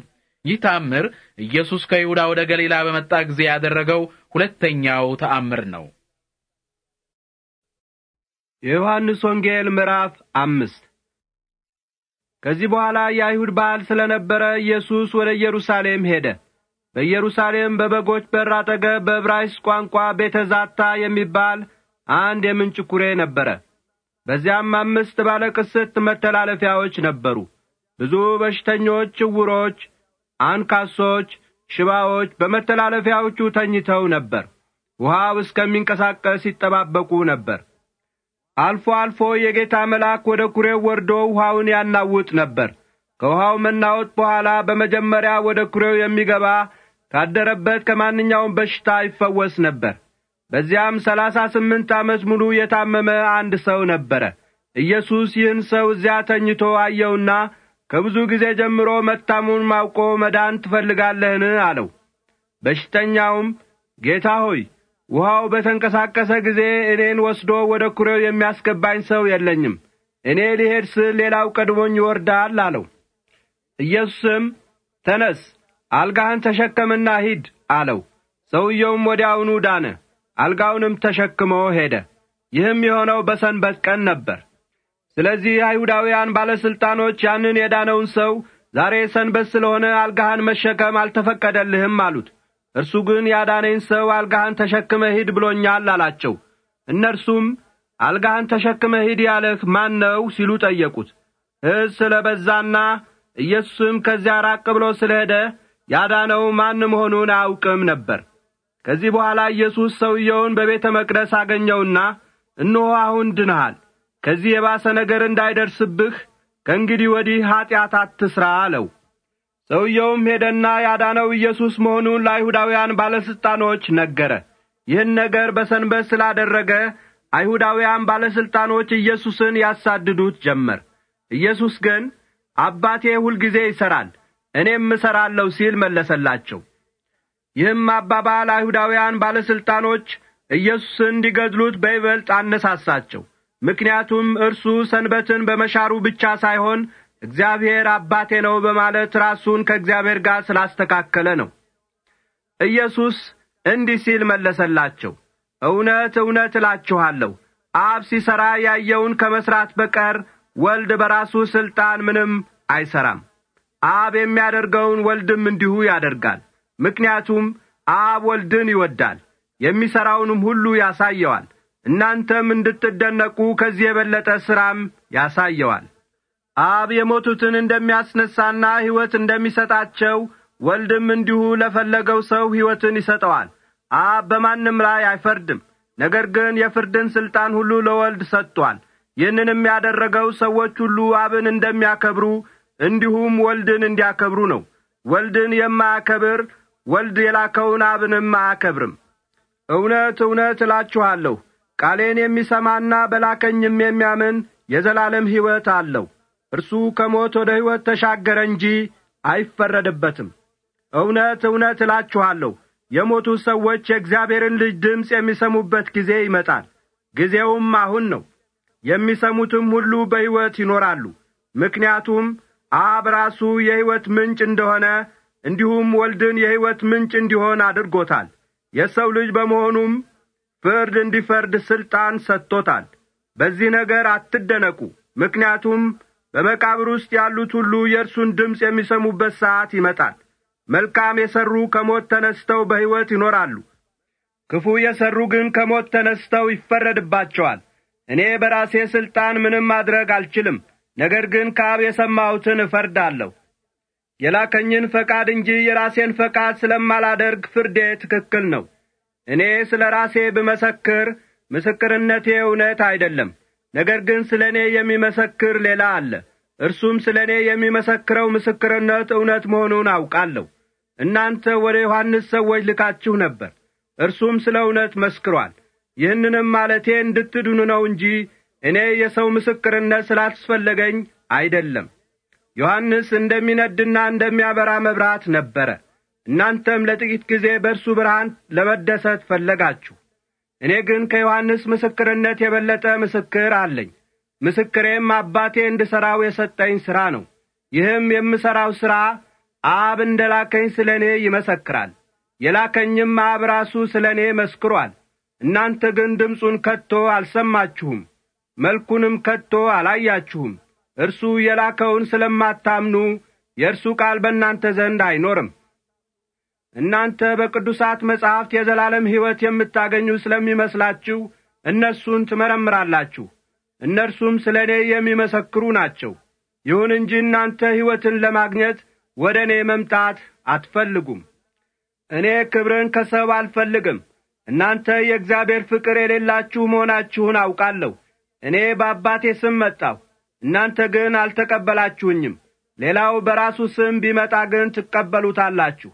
ይህ ተአምር ኢየሱስ ከይሁዳ ወደ ገሊላ በመጣ ጊዜ ያደረገው ሁለተኛው ተአምር ነው። የዮሐንስ ወንጌል ምዕራፍ አምስት ከዚህ በኋላ የአይሁድ በዓል ስለነበረ ኢየሱስ ወደ ኢየሩሳሌም ሄደ። በኢየሩሳሌም በበጎች በር አጠገብ በዕብራይስጥ ቋንቋ ቤተ ዛታ የሚባል አንድ የምንጭ ኩሬ ነበረ። በዚያም አምስት ባለ ቅስት መተላለፊያዎች ነበሩ። ብዙ በሽተኞች፣ ዕውሮች፣ አንካሶች፣ ሽባዎች በመተላለፊያዎቹ ተኝተው ነበር። ውሃው እስከሚንቀሳቀስ ይጠባበቁ ነበር። አልፎ አልፎ የጌታ መልአክ ወደ ኩሬው ወርዶ ውሃውን ያናውጥ ነበር። ከውሃው መናወጥ በኋላ በመጀመሪያ ወደ ኩሬው የሚገባ ካደረበት ከማንኛውም በሽታ ይፈወስ ነበር። በዚያም ሰላሳ ስምንት ዓመት ሙሉ የታመመ አንድ ሰው ነበረ። ኢየሱስ ይህን ሰው እዚያ ተኝቶ አየውና ከብዙ ጊዜ ጀምሮ መታሙን ማውቆ መዳን ትፈልጋለህን? አለው። በሽተኛውም ጌታ ሆይ ውሃው በተንቀሳቀሰ ጊዜ እኔን ወስዶ ወደ ኩሬው የሚያስገባኝ ሰው የለኝም። እኔ ሊሄድ ስል ሌላው ቀድሞኝ ይወርዳል አለው። ኢየሱስም ተነስ፣ አልጋህን ተሸከምና ሂድ አለው። ሰውየውም ወዲያውኑ ዳነ። አልጋውንም ተሸክሞ ሄደ። ይህም የሆነው በሰንበት ቀን ነበር። ስለዚህ አይሁዳውያን ባለሥልጣኖች ያንን የዳነውን ሰው ዛሬ ሰንበት ስለሆነ አልጋህን መሸከም አልተፈቀደልህም አሉት። እርሱ ግን ያዳነኝ ሰው አልጋህን ተሸክመ ሂድ ብሎኛል አላቸው። እነርሱም አልጋህን ተሸክመ ሂድ ያለህ ማን ነው ሲሉ ጠየቁት። ሕዝብ ስለ በዛና ኢየሱስም ከዚያ ራቅ ብሎ ስለ ሄደ ያዳነው ማን መሆኑን አያውቅም ነበር። ከዚህ በኋላ ኢየሱስ ሰውየውን በቤተ መቅደስ አገኘውና እነሆ አሁን ድንሃል፣ ከዚህ የባሰ ነገር እንዳይደርስብህ ከእንግዲህ ወዲህ ኀጢአት አትሥራ አለው። ሰውየውም ሄደና ያዳነው ኢየሱስ መሆኑን ለአይሁዳውያን ባለሥልጣኖች ነገረ። ይህን ነገር በሰንበት ስላደረገ አይሁዳውያን ባለሥልጣኖች ኢየሱስን ያሳድዱት ጀመር። ኢየሱስ ግን አባቴ ሁልጊዜ ይሠራል፣ እኔም እሠራለሁ ሲል መለሰላቸው። ይህም አባባል አይሁዳውያን ባለሥልጣኖች ኢየሱስን እንዲገድሉት በይበልጥ አነሳሳቸው። ምክንያቱም እርሱ ሰንበትን በመሻሩ ብቻ ሳይሆን እግዚአብሔር አባቴ ነው በማለት ራሱን ከእግዚአብሔር ጋር ስላስተካከለ ነው። ኢየሱስ እንዲህ ሲል መለሰላቸው፣ እውነት እውነት እላችኋለሁ አብ ሲሠራ ያየውን ከመሥራት በቀር ወልድ በራሱ ሥልጣን ምንም አይሠራም። አብ የሚያደርገውን ወልድም እንዲሁ ያደርጋል። ምክንያቱም አብ ወልድን ይወዳል፣ የሚሠራውንም ሁሉ ያሳየዋል፣ እናንተም እንድትደነቁ ከዚህ የበለጠ ሥራም ያሳየዋል። አብ የሞቱትን እንደሚያስነሣና ሕይወት እንደሚሰጣቸው ወልድም እንዲሁ ለፈለገው ሰው ሕይወትን ይሰጠዋል። አብ በማንም ላይ አይፈርድም፣ ነገር ግን የፍርድን ሥልጣን ሁሉ ለወልድ ሰጥቶአል። ይህንንም ያደረገው ሰዎች ሁሉ አብን እንደሚያከብሩ እንዲሁም ወልድን እንዲያከብሩ ነው። ወልድን የማያከብር ወልድ የላከውን አብንም አያከብርም። እውነት እውነት እላችኋለሁ ቃሌን የሚሰማና በላከኝም የሚያምን የዘላለም ሕይወት አለው። እርሱ ከሞት ወደ ሕይወት ተሻገረ እንጂ አይፈረድበትም። እውነት እውነት እላችኋለሁ የሞቱ ሰዎች የእግዚአብሔርን ልጅ ድምፅ የሚሰሙበት ጊዜ ይመጣል፣ ጊዜውም አሁን ነው። የሚሰሙትም ሁሉ በሕይወት ይኖራሉ። ምክንያቱም አብ ራሱ የሕይወት ምንጭ እንደሆነ እንዲሁም ወልድን የሕይወት ምንጭ እንዲሆን አድርጎታል። የሰው ልጅ በመሆኑም ፍርድ እንዲፈርድ ሥልጣን ሰጥቶታል። በዚህ ነገር አትደነቁ፣ ምክንያቱም በመቃብር ውስጥ ያሉት ሁሉ የእርሱን ድምፅ የሚሰሙበት ሰዓት ይመጣል። መልካም የሠሩ ከሞት ተነስተው በሕይወት ይኖራሉ። ክፉ የሠሩ ግን ከሞት ተነስተው ይፈረድባቸዋል። እኔ በራሴ ሥልጣን ምንም ማድረግ አልችልም። ነገር ግን ከአብ የሰማሁትን እፈርዳለሁ። የላከኝን ፈቃድ እንጂ የራሴን ፈቃድ ስለማላደርግ ፍርዴ ትክክል ነው። እኔ ስለ ራሴ ብመሰክር ምስክርነቴ እውነት አይደለም። ነገር ግን ስለ እኔ የሚመሰክር ሌላ አለ። እርሱም ስለ እኔ የሚመሰክረው ምስክርነት እውነት መሆኑን አውቃለሁ። እናንተ ወደ ዮሐንስ ሰዎች ልካችሁ ነበር፣ እርሱም ስለ እውነት መስክሯል። ይህንንም ማለቴ እንድትድኑ ነው እንጂ እኔ የሰው ምስክርነት ስላስፈለገኝ አይደለም። ዮሐንስ እንደሚነድና እንደሚያበራ መብራት ነበረ። እናንተም ለጥቂት ጊዜ በእርሱ ብርሃን ለመደሰት ፈለጋችሁ። እኔ ግን ከዮሐንስ ምስክርነት የበለጠ ምስክር አለኝ። ምስክሬም አባቴ እንድሠራው የሰጠኝ ሥራ ነው። ይህም የምሠራው ሥራ አብ እንደ ላከኝ ስለ እኔ ይመሰክራል። የላከኝም አብ ራሱ ስለ እኔ መስክሮአል። እናንተ ግን ድምፁን ከቶ አልሰማችሁም፣ መልኩንም ከቶ አላያችሁም እርሱ የላከውን ስለማታምኑ የእርሱ ቃል በእናንተ ዘንድ አይኖርም። እናንተ በቅዱሳት መጻሕፍት የዘላለም ሕይወት የምታገኙ ስለሚመስላችሁ እነርሱን ትመረምራላችሁ፣ እነርሱም ስለ እኔ የሚመሰክሩ ናቸው። ይሁን እንጂ እናንተ ሕይወትን ለማግኘት ወደ እኔ መምጣት አትፈልጉም። እኔ ክብርን ከሰው አልፈልግም። እናንተ የእግዚአብሔር ፍቅር የሌላችሁ መሆናችሁን አውቃለሁ። እኔ በአባቴ ስም መጣሁ፣ እናንተ ግን አልተቀበላችሁኝም። ሌላው በራሱ ስም ቢመጣ ግን ትቀበሉታላችሁ።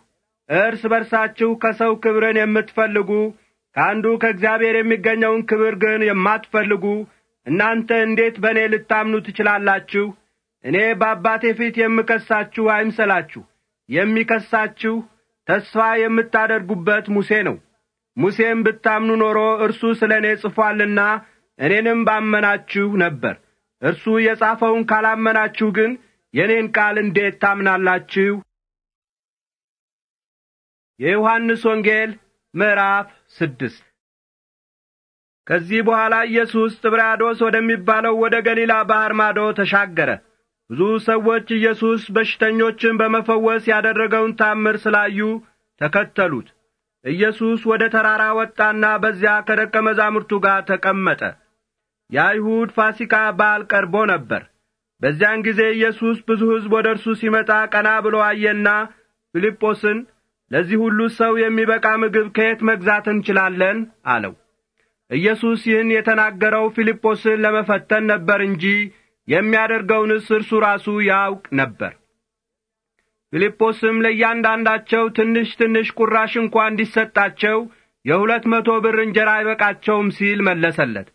እርስ በርሳችሁ ከሰው ክብርን የምትፈልጉ ከአንዱ ከእግዚአብሔር የሚገኘውን ክብር ግን የማትፈልጉ እናንተ እንዴት በእኔ ልታምኑ ትችላላችሁ? እኔ በአባቴ ፊት የምከሳችሁ አይምሰላችሁ። የሚከሳችሁ ተስፋ የምታደርጉበት ሙሴ ነው። ሙሴም ብታምኑ ኖሮ እርሱ ስለ እኔ ጽፏልና እኔንም ባመናችሁ ነበር። እርሱ የጻፈውን ካላመናችሁ ግን የእኔን ቃል እንዴት ታምናላችሁ? የዮሐንስ ወንጌል ምዕራፍ ስድስት ከዚህ በኋላ ኢየሱስ ጥብርያዶስ ወደሚባለው ወደ ገሊላ ባሕር ማዶ ተሻገረ። ብዙ ሰዎች ኢየሱስ በሽተኞችን በመፈወስ ያደረገውን ታምር ስላዩ ተከተሉት። ኢየሱስ ወደ ተራራ ወጣና በዚያ ከደቀ መዛሙርቱ ጋር ተቀመጠ። የአይሁድ ፋሲካ በዓል ቀርቦ ነበር። በዚያን ጊዜ ኢየሱስ ብዙ ሕዝብ ወደ እርሱ ሲመጣ ቀና ብሎ አየና ፊልጶስን ለዚህ ሁሉ ሰው የሚበቃ ምግብ ከየት መግዛት እንችላለን? አለው። ኢየሱስ ይህን የተናገረው ፊልጶስን ለመፈተን ነበር እንጂ የሚያደርገውንስ እርሱ ራሱ ያውቅ ነበር። ፊልጶስም ለእያንዳንዳቸው ትንሽ ትንሽ ቁራሽ እንኳ እንዲሰጣቸው የሁለት መቶ ብር እንጀራ አይበቃቸውም ሲል መለሰለት።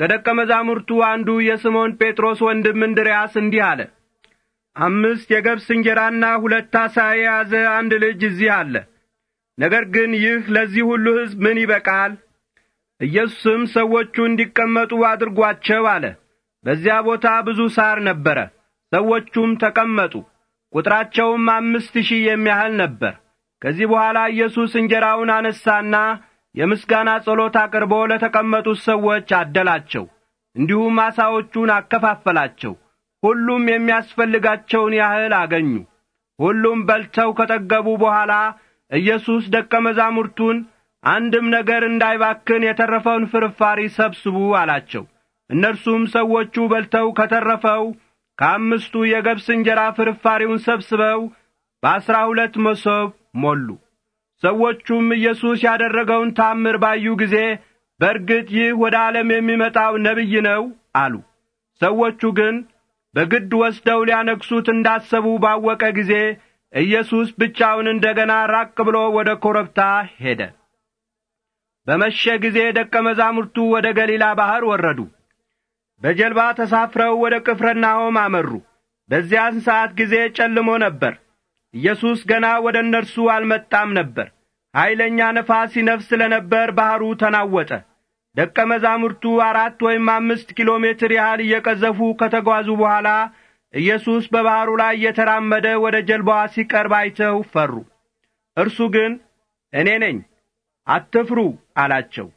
ከደቀ መዛሙርቱ አንዱ የስምዖን ጴጥሮስ ወንድም እንድርያስ እንዲህ አለ፣ አምስት የገብስ እንጀራና ሁለት ዓሣ የያዘ አንድ ልጅ እዚህ አለ። ነገር ግን ይህ ለዚህ ሁሉ ሕዝብ ምን ይበቃል? ኢየሱስም ሰዎቹ እንዲቀመጡ አድርጓቸው አለ። በዚያ ቦታ ብዙ ሳር ነበረ። ሰዎቹም ተቀመጡ። ቁጥራቸውም አምስት ሺህ የሚያህል ነበር። ከዚህ በኋላ ኢየሱስ እንጀራውን አነሳና የምስጋና ጸሎት አቅርቦ ለተቀመጡት ሰዎች አደላቸው። እንዲሁም ዓሣዎቹን አከፋፈላቸው። ሁሉም የሚያስፈልጋቸውን ያህል አገኙ። ሁሉም በልተው ከጠገቡ በኋላ ኢየሱስ ደቀ መዛሙርቱን አንድም ነገር እንዳይባክን የተረፈውን ፍርፋሪ ሰብስቡ አላቸው። እነርሱም ሰዎቹ በልተው ከተረፈው ከአምስቱ የገብስ እንጀራ ፍርፋሪውን ሰብስበው በአስራ ሁለት መሶብ ሞሉ። ሰዎቹም ኢየሱስ ያደረገውን ታምር ባዩ ጊዜ በርግጥ ይህ ወደ ዓለም የሚመጣው ነቢይ ነው አሉ። ሰዎቹ ግን በግድ ወስደው ሊያነግሱት እንዳሰቡ ባወቀ ጊዜ ኢየሱስ ብቻውን እንደ ገና ራቅ ብሎ ወደ ኮረብታ ሄደ። በመሸ ጊዜ ደቀ መዛሙርቱ ወደ ገሊላ ባሕር ወረዱ። በጀልባ ተሳፍረው ወደ ቅፍርናሆም አመሩ። በዚያን ሰዓት ጊዜ ጨልሞ ነበር። ኢየሱስ ገና ወደ እነርሱ አልመጣም ነበር። ኀይለኛ ነፋስ ሲነፍ ስለ ነበር ባሕሩ ተናወጠ። ደቀ መዛሙርቱ አራት ወይም አምስት ኪሎ ሜትር ያህል እየቀዘፉ ከተጓዙ በኋላ ኢየሱስ በባሕሩ ላይ እየተራመደ ወደ ጀልባዋ ሲቀርብ አይተው ፈሩ። እርሱ ግን እኔ ነኝ አትፍሩ አላቸው።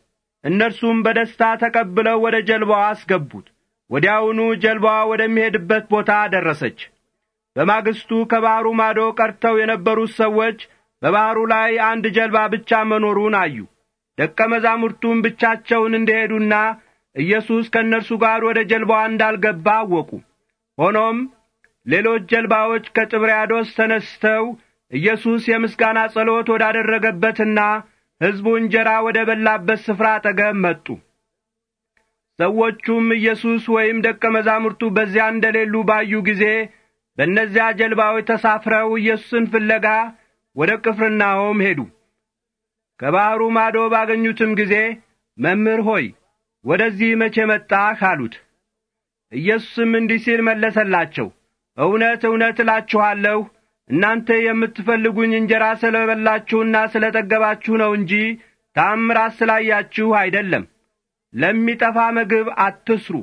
እነርሱም በደስታ ተቀብለው ወደ ጀልባዋ አስገቡት። ወዲያውኑ ጀልባዋ ወደሚሄድበት ቦታ ደረሰች። በማግስቱ ከባሕሩ ማዶ ቀርተው የነበሩት ሰዎች በባሕሩ ላይ አንድ ጀልባ ብቻ መኖሩን አዩ። ደቀ መዛሙርቱም ብቻቸውን እንደሄዱና ኢየሱስ ከእነርሱ ጋር ወደ ጀልባዋ እንዳልገባ አወቁ። ሆኖም ሌሎች ጀልባዎች ከጥብርያዶስ ተነስተው ኢየሱስ የምስጋና ጸሎት ወዳደረገበትና ሕዝቡ እንጀራ ወደ በላበት ስፍራ አጠገብ መጡ። ሰዎቹም ኢየሱስ ወይም ደቀ መዛሙርቱ በዚያ እንደሌሉ ባዩ ጊዜ በእነዚያ ጀልባዎች ተሳፍረው ኢየሱስን ፍለጋ ወደ ቅፍርናሆም ሄዱ። ከባሕሩ ማዶ ባገኙትም ጊዜ መምህር ሆይ ወደዚህ መቼ መጣህ አሉት። ኢየሱስም እንዲህ ሲል መለሰላቸው፣ እውነት እውነት እላችኋለሁ እናንተ የምትፈልጉኝ እንጀራ ስለ በላችሁና ስለ ጠገባችሁ ነው እንጂ ታምራት ስላያችሁ አይደለም። ለሚጠፋ ምግብ አትስሩ፣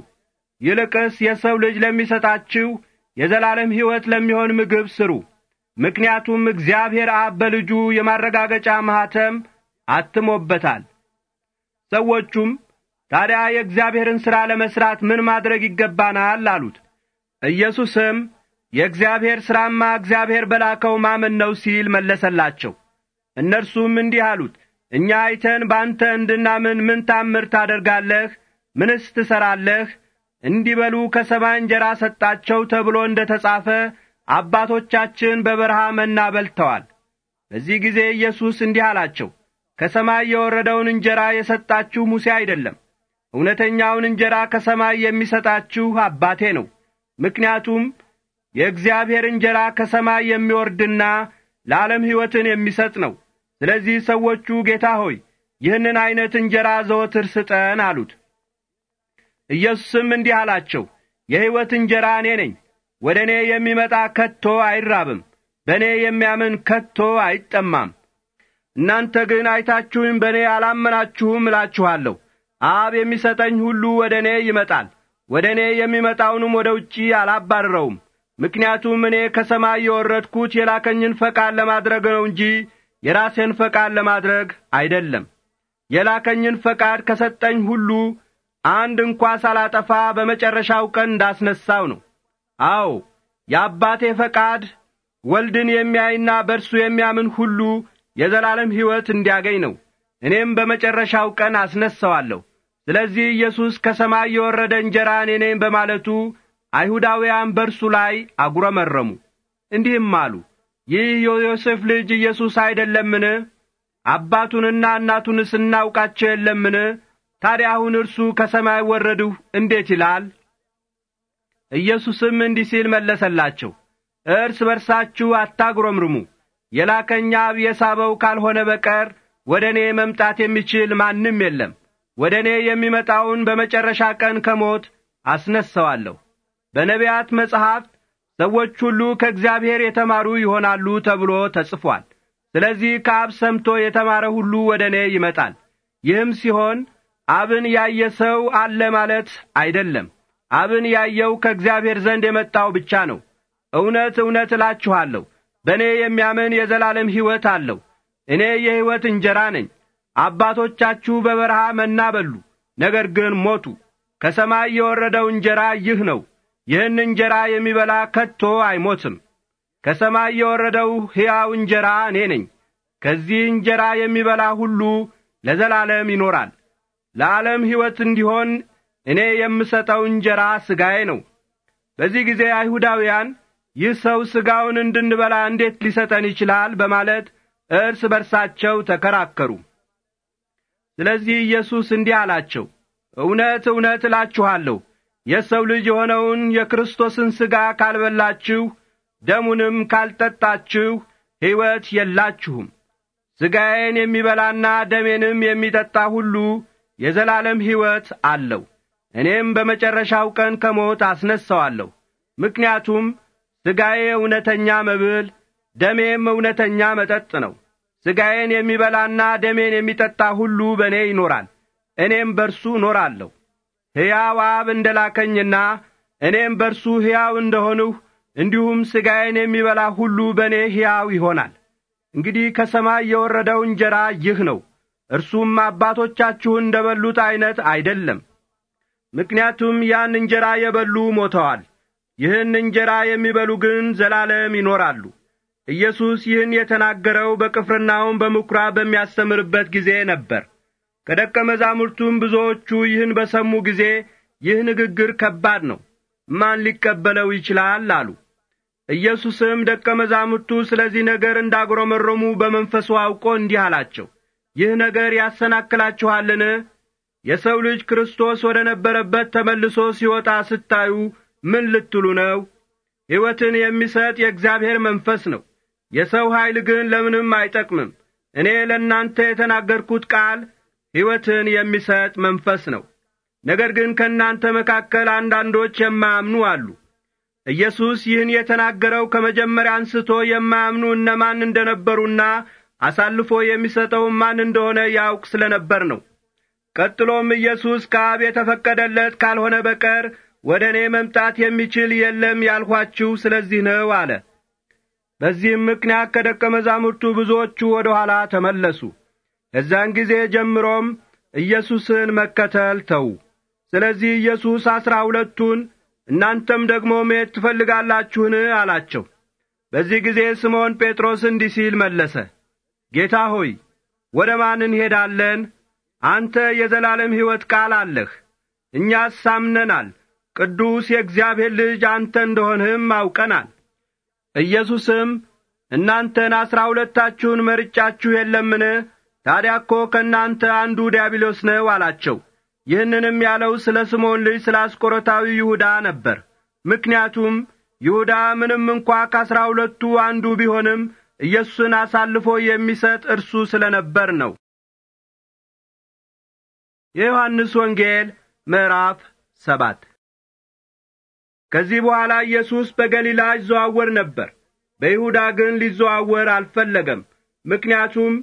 ይልቅስ የሰው ልጅ ለሚሰጣችሁ የዘላለም ሕይወት ለሚሆን ምግብ ስሩ። ምክንያቱም እግዚአብሔር አብ በልጁ የማረጋገጫ ማኅተም አትሞበታል። ሰዎቹም ታዲያ የእግዚአብሔርን ሥራ ለመሥራት ምን ማድረግ ይገባናል አሉት። ኢየሱስም የእግዚአብሔር ሥራማ እግዚአብሔር በላከው ማመን ነው ሲል መለሰላቸው። እነርሱም እንዲህ አሉት፣ እኛ አይተን በአንተ እንድናምን ምን ታምር ታደርጋለህ? ምንስ ትሠራለህ? እንዲበሉ ከሰባ እንጀራ ሰጣቸው ተብሎ እንደ ተጻፈ አባቶቻችን በበረሃ መና በልተዋል። በዚህ ጊዜ ኢየሱስ እንዲህ አላቸው፣ ከሰማይ የወረደውን እንጀራ የሰጣችሁ ሙሴ አይደለም። እውነተኛውን እንጀራ ከሰማይ የሚሰጣችሁ አባቴ ነው። ምክንያቱም የእግዚአብሔር እንጀራ ከሰማይ የሚወርድና ለዓለም ሕይወትን የሚሰጥ ነው። ስለዚህ ሰዎቹ ጌታ ሆይ ይህንን ዐይነት እንጀራ ዘወትር ስጠን አሉት። ኢየሱስም እንዲህ አላቸው፣ የሕይወት እንጀራ እኔ ነኝ። ወደ እኔ የሚመጣ ከቶ አይራብም፣ በእኔ የሚያምን ከቶ አይጠማም። እናንተ ግን አይታችሁኝ በእኔ አላመናችሁም እላችኋለሁ። አብ የሚሰጠኝ ሁሉ ወደ እኔ ይመጣል፣ ወደ እኔ የሚመጣውንም ወደ ውጪ አላባረረውም። ምክንያቱም እኔ ከሰማይ የወረድኩት የላከኝን ፈቃድ ለማድረግ ነው እንጂ የራሴን ፈቃድ ለማድረግ አይደለም። የላከኝን ፈቃድ ከሰጠኝ ሁሉ አንድ እንኳ ሳላጠፋ በመጨረሻው ቀን እንዳስነሳው ነው። አዎ የአባቴ ፈቃድ ወልድን የሚያይና በርሱ የሚያምን ሁሉ የዘላለም ሕይወት እንዲያገኝ ነው። እኔም በመጨረሻው ቀን አስነሣዋለሁ። ስለዚህ ኢየሱስ ከሰማይ የወረደ እንጀራን እኔ ነኝ በማለቱ አይሁዳውያን በርሱ ላይ አጉረመረሙ። እንዲህም አሉ፣ ይህ የዮሴፍ ልጅ ኢየሱስ አይደለምን? አባቱንና እናቱንስ እናውቃቸው የለምን? ታዲያ አሁን እርሱ ከሰማይ ወረድሁ እንዴት ይላል? ኢየሱስም እንዲህ ሲል መለሰላቸው፣ እርስ በርሳችሁ አታጉረምርሙ። የላከኝ አብ የሳበው ካልሆነ በቀር ወደ እኔ መምጣት የሚችል ማንም የለም። ወደ እኔ የሚመጣውን በመጨረሻ ቀን ከሞት አስነሰዋለሁ። በነቢያት መጽሐፍት ሰዎች ሁሉ ከእግዚአብሔር የተማሩ ይሆናሉ ተብሎ ተጽፏል። ስለዚህ ከአብ ሰምቶ የተማረ ሁሉ ወደ እኔ ይመጣል። ይህም ሲሆን አብን ያየ ሰው አለ ማለት አይደለም። አብን ያየው ከእግዚአብሔር ዘንድ የመጣው ብቻ ነው። እውነት እውነት እላችኋለሁ በእኔ የሚያምን የዘላለም ሕይወት አለው። እኔ የሕይወት እንጀራ ነኝ። አባቶቻችሁ በበረሃ መና በሉ፣ ነገር ግን ሞቱ። ከሰማይ የወረደው እንጀራ ይህ ነው። ይህን እንጀራ የሚበላ ከቶ አይሞትም። ከሰማይ የወረደው ሕያው እንጀራ እኔ ነኝ። ከዚህ እንጀራ የሚበላ ሁሉ ለዘላለም ይኖራል። ለዓለም ሕይወት እንዲሆን እኔ የምሰጠው እንጀራ ሥጋዬ ነው። በዚህ ጊዜ አይሁዳውያን ይህ ሰው ሥጋውን እንድንበላ እንዴት ሊሰጠን ይችላል? በማለት እርስ በርሳቸው ተከራከሩ። ስለዚህ ኢየሱስ እንዲህ አላቸው፣ እውነት እውነት እላችኋለሁ የሰው ልጅ የሆነውን የክርስቶስን ሥጋ ካልበላችሁ ደሙንም ካልጠጣችሁ ሕይወት የላችሁም። ሥጋዬን የሚበላና ደሜንም የሚጠጣ ሁሉ የዘላለም ሕይወት አለው። እኔም በመጨረሻው ቀን ከሞት አስነሣዋለሁ። ምክንያቱም ሥጋዬ እውነተኛ መብል፣ ደሜም እውነተኛ መጠጥ ነው። ሥጋዬን የሚበላና ደሜን የሚጠጣ ሁሉ በእኔ ይኖራል፣ እኔም በርሱ እኖራለሁ። ሕያው አብ እንደ ላከኝና እኔም በርሱ ሕያው እንደሆንሁ እንዲሁም ሥጋዬን የሚበላ ሁሉ በእኔ ሕያው ይሆናል። እንግዲህ ከሰማይ የወረደው እንጀራ ይህ ነው። እርሱም አባቶቻችሁ እንደ በሉት ዐይነት አይደለም። ምክንያቱም ያን እንጀራ የበሉ ሞተዋል፣ ይህን እንጀራ የሚበሉ ግን ዘላለም ይኖራሉ። ኢየሱስ ይህን የተናገረው በቅፍርናውም በምኵራ በሚያስተምርበት ጊዜ ነበር። ከደቀ መዛሙርቱም ብዙዎቹ ይህን በሰሙ ጊዜ ይህ ንግግር ከባድ ነው፣ ማን ሊቀበለው ይችላል አሉ። ኢየሱስም ደቀ መዛሙርቱ ስለዚህ ነገር እንዳጒረመረሙ በመንፈሱ አውቆ እንዲህ አላቸው ይህ ነገር ያሰናክላችኋልን? የሰው ልጅ ክርስቶስ ወደ ነበረበት ተመልሶ ሲወጣ ስታዩ ምን ልትሉ ነው? ሕይወትን የሚሰጥ የእግዚአብሔር መንፈስ ነው። የሰው ኃይል ግን ለምንም አይጠቅምም። እኔ ለእናንተ የተናገርኩት ቃል ሕይወትን የሚሰጥ መንፈስ ነው። ነገር ግን ከእናንተ መካከል አንዳንዶች የማያምኑ አሉ። ኢየሱስ ይህን የተናገረው ከመጀመሪያ አንስቶ የማያምኑ እነማን ነበሩና አሳልፎ የሚሰጠውም ማን እንደሆነ ያውቅ ስለነበር ነው። ቀጥሎም ኢየሱስ ከአብ የተፈቀደለት ካልሆነ በቀር ወደ እኔ መምጣት የሚችል የለም ያልኋችሁ ስለዚህ ነው አለ። በዚህም ምክንያት ከደቀ መዛሙርቱ ብዙዎቹ ወደ ኋላ ተመለሱ። ከዚያን ጊዜ ጀምሮም ኢየሱስን መከተል ተዉ። ስለዚህ ኢየሱስ አሥራ ሁለቱን እናንተም ደግሞ መሄድ ትፈልጋላችሁን? አላቸው። በዚህ ጊዜ ስምዖን ጴጥሮስ እንዲህ ሲል መለሰ፣ ጌታ ሆይ ወደ ማን እንሄዳለን? አንተ የዘላለም ሕይወት ቃል አለህ። እኛስ ሳምነናል፣ ቅዱስ የእግዚአብሔር ልጅ አንተ እንደሆንህም አውቀናል። ኢየሱስም እናንተን ዐሥራ ሁለታችሁን መርጫችሁ የለምን? ታዲያ እኮ ከእናንተ አንዱ ዲያብሎስ ነው አላቸው። ይህንንም ያለው ስለ ስምዖን ልጅ ስለ አስቆሮታዊ ይሁዳ ነበር። ምክንያቱም ይሁዳ ምንም እንኳ ከዐሥራ ሁለቱ አንዱ ቢሆንም ኢየሱስን አሳልፎ የሚሰጥ እርሱ ስለ ነበር ነው። የዮሐንስ ወንጌል ምዕራፍ ሰባት ከዚህ በኋላ ኢየሱስ በገሊላ ይዘዋወር ነበር። በይሁዳ ግን ሊዘዋወር አልፈለገም። ምክንያቱም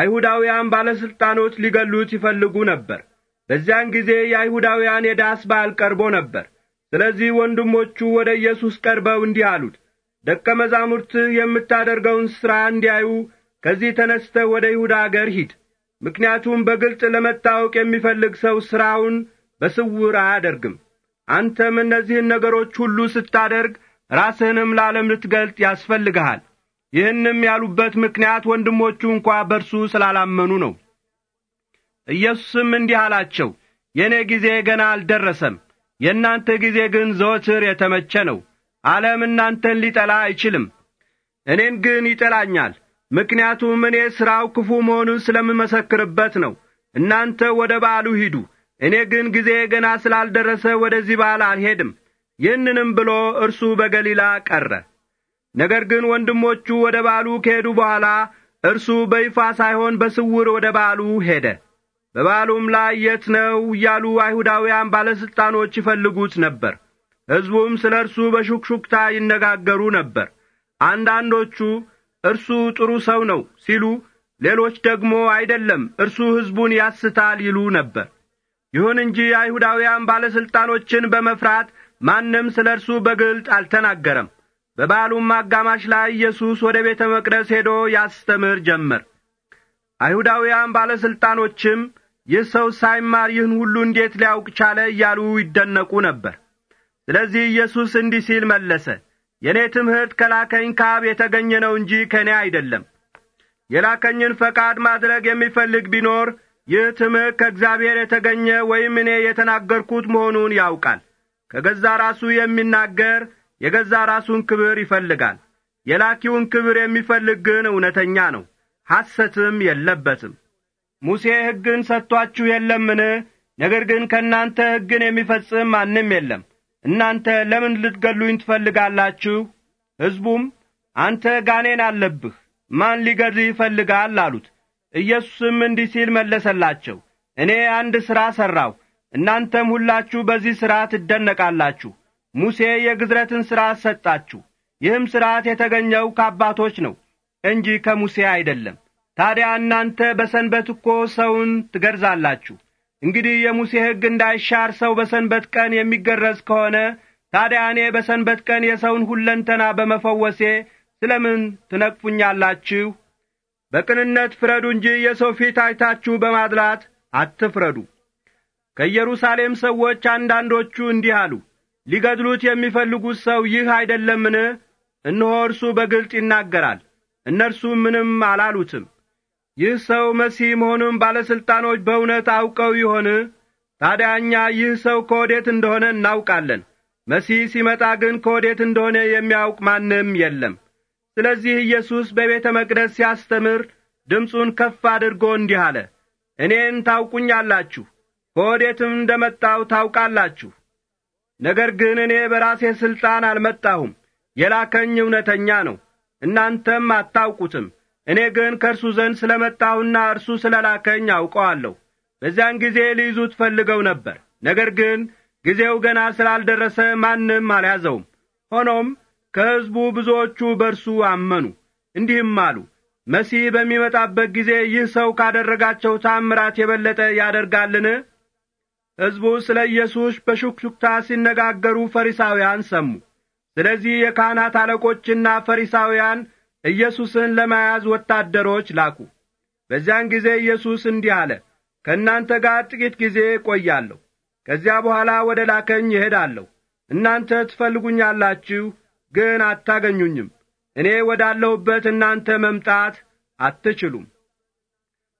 አይሁዳውያን ባለሥልጣኖች ሊገሉት ይፈልጉ ነበር። በዚያን ጊዜ የአይሁዳውያን የዳስ በዓል ቀርቦ ነበር። ስለዚህ ወንድሞቹ ወደ ኢየሱስ ቀርበው እንዲህ አሉት፣ ደቀ መዛሙርት የምታደርገውን ሥራ እንዲያዩ ከዚህ ተነስተ ወደ ይሁዳ አገር ሂድ። ምክንያቱም በግልጥ ለመታወቅ የሚፈልግ ሰው ሥራውን በስውር አያደርግም። አንተም እነዚህን ነገሮች ሁሉ ስታደርግ ራስህንም ለዓለም ልትገልጥ ያስፈልግሃል። ይህንም ያሉበት ምክንያት ወንድሞቹ እንኳ በእርሱ ስላላመኑ ነው። ኢየሱስም እንዲህ አላቸው፣ የእኔ ጊዜ ገና አልደረሰም፣ የእናንተ ጊዜ ግን ዘወትር የተመቸ ነው። ዓለም እናንተን ሊጠላ አይችልም። እኔን ግን ይጠላኛል፣ ምክንያቱም እኔ ሥራው ክፉ መሆኑን ስለምመሰክርበት ነው። እናንተ ወደ በዓሉ ሂዱ፣ እኔ ግን ጊዜ ገና ስላልደረሰ ወደዚህ በዓል አልሄድም። ይህንንም ብሎ እርሱ በገሊላ ቀረ። ነገር ግን ወንድሞቹ ወደ በዓሉ ከሄዱ በኋላ እርሱ በይፋ ሳይሆን በስውር ወደ በዓሉ ሄደ። በበዓሉም ላይ የት ነው እያሉ አይሁዳውያን ባለሥልጣኖች ይፈልጉት ነበር። ሕዝቡም ስለ እርሱ በሹክሹክታ ይነጋገሩ ነበር። አንዳንዶቹ እርሱ ጥሩ ሰው ነው ሲሉ፣ ሌሎች ደግሞ አይደለም፣ እርሱ ሕዝቡን ያስታል ይሉ ነበር። ይሁን እንጂ አይሁዳውያን ባለሥልጣኖችን በመፍራት ማንም ስለ እርሱ በግልጥ አልተናገረም። በበዓሉም አጋማሽ ላይ ኢየሱስ ወደ ቤተ መቅደስ ሄዶ ያስተምር ጀመር። አይሁዳውያን ባለሥልጣኖችም ይህ ሰው ሳይማር ይህን ሁሉ እንዴት ሊያውቅ ቻለ እያሉ ይደነቁ ነበር። ስለዚህ ኢየሱስ እንዲህ ሲል መለሰ፣ የእኔ ትምህርት ከላከኝ ከአብ የተገኘ ነው እንጂ ከእኔ አይደለም። የላከኝን ፈቃድ ማድረግ የሚፈልግ ቢኖር ይህ ትምህርት ከእግዚአብሔር የተገኘ ወይም እኔ የተናገርኩት መሆኑን ያውቃል። ከገዛ ራሱ የሚናገር የገዛ ራሱን ክብር ይፈልጋል። የላኪውን ክብር የሚፈልግ ግን እውነተኛ ነው፣ ሐሰትም የለበትም። ሙሴ ሕግን ሰጥቶአችሁ የለምን? ነገር ግን ከእናንተ ሕግን የሚፈጽም ማንም የለም እናንተ ለምን ልትገሉኝ ትፈልጋላችሁ? ሕዝቡም አንተ ጋኔን አለብህ፣ ማን ሊገድልህ ይፈልጋል አሉት። ኢየሱስም እንዲህ ሲል መለሰላቸው፣ እኔ አንድ ሥራ ሠራሁ፣ እናንተም ሁላችሁ በዚህ ሥራ ትደነቃላችሁ። ሙሴ የግዝረትን ሥርዓት ሰጣችሁ። ይህም ሥርዓት የተገኘው ከአባቶች ነው እንጂ ከሙሴ አይደለም። ታዲያ እናንተ በሰንበት እኮ ሰውን ትገርዛላችሁ። እንግዲህ የሙሴ ሕግ እንዳይሻር ሰው በሰንበት ቀን የሚገረዝ ከሆነ ታዲያ እኔ በሰንበት ቀን የሰውን ሁለንተና በመፈወሴ ስለምን ትነቅፉኛላችሁ? በቅንነት ፍረዱ እንጂ የሰው ፊት አይታችሁ በማድላት አትፍረዱ። ከኢየሩሳሌም ሰዎች አንዳንዶቹ እንዲህ አሉ፣ ሊገድሉት የሚፈልጉት ሰው ይህ አይደለምን? እነሆ እርሱ በግልጥ ይናገራል። እነርሱ ምንም አላሉትም። ይህ ሰው መሲህ መሆኑን ባለሥልጣኖች በእውነት አውቀው ይሆን? ታዲያ እኛ ይህ ሰው ከወዴት እንደሆነ እናውቃለን። መሲህ ሲመጣ ግን ከወዴት እንደሆነ የሚያውቅ ማንም የለም። ስለዚህ ኢየሱስ በቤተ መቅደስ ሲያስተምር ድምፁን ከፍ አድርጎ እንዲህ አለ፣ እኔን ታውቁኛላችሁ፣ ከወዴትም እንደ መጣሁ ታውቃላችሁ። ነገር ግን እኔ በራሴ ሥልጣን አልመጣሁም፣ የላከኝ እውነተኛ ነው፣ እናንተም አታውቁትም። እኔ ግን ከእርሱ ዘንድ ስለ መጣሁና እርሱ ስለ ላከኝ አውቀዋለሁ። በዚያን ጊዜ ሊይዙት ፈልገው ነበር፣ ነገር ግን ጊዜው ገና ስላልደረሰ ማንም አልያዘውም። ሆኖም ከሕዝቡ ብዙዎቹ በእርሱ አመኑ፣ እንዲህም አሉ መሲህ በሚመጣበት ጊዜ ይህ ሰው ካደረጋቸው ታምራት የበለጠ ያደርጋልን? ሕዝቡ ስለ ኢየሱስ በሹክሹክታ ሲነጋገሩ ፈሪሳውያን ሰሙ። ስለዚህ የካህናት አለቆችና ፈሪሳውያን ኢየሱስን ለመያዝ ወታደሮች ላኩ። በዚያን ጊዜ ኢየሱስ እንዲህ አለ፣ ከእናንተ ጋር ጥቂት ጊዜ እቆያለሁ፣ ከዚያ በኋላ ወደ ላከኝ እሄዳለሁ። እናንተ ትፈልጉኛላችሁ፣ ግን አታገኙኝም። እኔ ወዳለሁበት እናንተ መምጣት አትችሉም።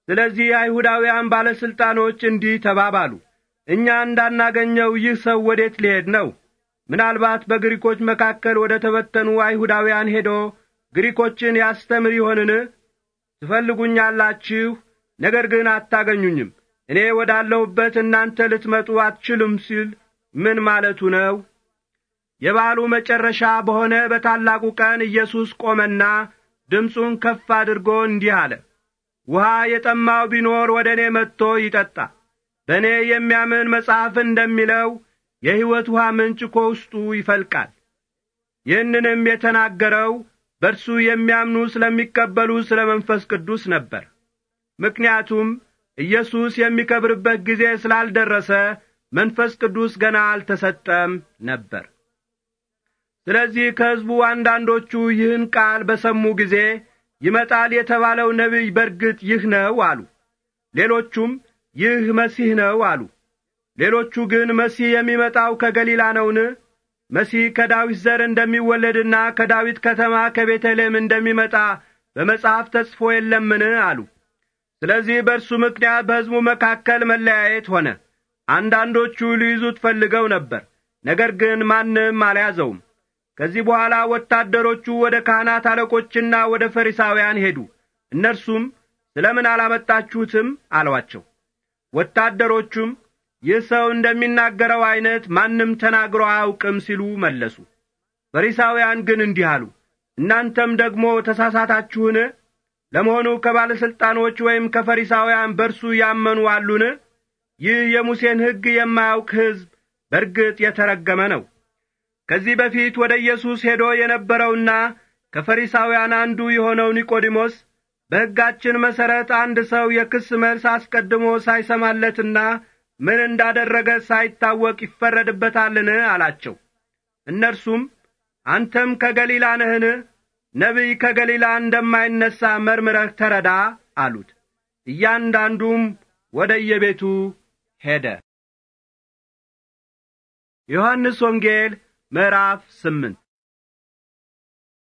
ስለዚህ አይሁዳውያን ባለሥልጣኖች እንዲህ ተባባሉ፣ እኛ እንዳናገኘው ይህ ሰው ወዴት ሊሄድ ነው? ምናልባት በግሪኮች መካከል ወደ ተበተኑ አይሁዳውያን ሄዶ ግሪኮችን ያስተምር ይሆንን? ትፈልጉኛላችሁ፣ ነገር ግን አታገኙኝም፣ እኔ ወዳለሁበት እናንተ ልትመጡ አትችሉም ሲል ምን ማለቱ ነው? የበዓሉ መጨረሻ በሆነ በታላቁ ቀን ኢየሱስ ቆመና ድምፁን ከፍ አድርጎ እንዲህ አለ፣ ውሃ የጠማው ቢኖር ወደ እኔ መጥቶ ይጠጣ። በእኔ የሚያምን መጽሐፍ እንደሚለው የሕይወት ውሃ ምንጭ ከውስጡ ይፈልቃል። ይህንንም የተናገረው በእርሱ የሚያምኑ ስለሚቀበሉ ስለ መንፈስ ቅዱስ ነበር። ምክንያቱም ኢየሱስ የሚከብርበት ጊዜ ስላልደረሰ መንፈስ ቅዱስ ገና አልተሰጠም ነበር። ስለዚህ ከሕዝቡ አንዳንዶቹ ይህን ቃል በሰሙ ጊዜ ይመጣል የተባለው ነቢይ በርግጥ ይህ ነው አሉ። ሌሎቹም ይህ መሲህ ነው አሉ። ሌሎቹ ግን መሲህ የሚመጣው ከገሊላ ነውን? መሲህ ከዳዊት ዘር እንደሚወለድና ከዳዊት ከተማ ከቤተልሔም እንደሚመጣ በመጽሐፍ ተጽፎ የለምን አሉ። ስለዚህ በእርሱ ምክንያት በሕዝቡ መካከል መለያየት ሆነ። አንዳንዶቹ ሊይዙት ፈልገው ነበር፣ ነገር ግን ማንም አልያዘውም። ከዚህ በኋላ ወታደሮቹ ወደ ካህናት አለቆችና ወደ ፈሪሳውያን ሄዱ። እነርሱም ስለ ምን አላመጣችሁትም አሏቸው። ወታደሮቹም ይህ ሰው እንደሚናገረው ዐይነት ማንም ተናግሮ አያውቅም ሲሉ መለሱ። ፈሪሳውያን ግን እንዲህ አሉ፣ እናንተም ደግሞ ተሳሳታችሁን? ለመሆኑ ከባለሥልጣኖች ወይም ከፈሪሳውያን በርሱ ያመኑ አሉን? ይህ የሙሴን ሕግ የማያውቅ ሕዝብ በርግጥ የተረገመ ነው። ከዚህ በፊት ወደ ኢየሱስ ሄዶ የነበረውና ከፈሪሳውያን አንዱ የሆነው ኒቆዲሞስ በሕጋችን መሠረት አንድ ሰው የክስ መልስ አስቀድሞ ሳይሰማለትና ምን እንዳደረገ ሳይታወቅ ይፈረድበታልን? አላቸው። እነርሱም አንተም ከገሊላ ነህን? ነቢይ ከገሊላ እንደማይነሣ መርምረህ ተረዳ አሉት። እያንዳንዱም ወደ የቤቱ ሄደ። ዮሐንስ ወንጌል ምዕራፍ ስምንት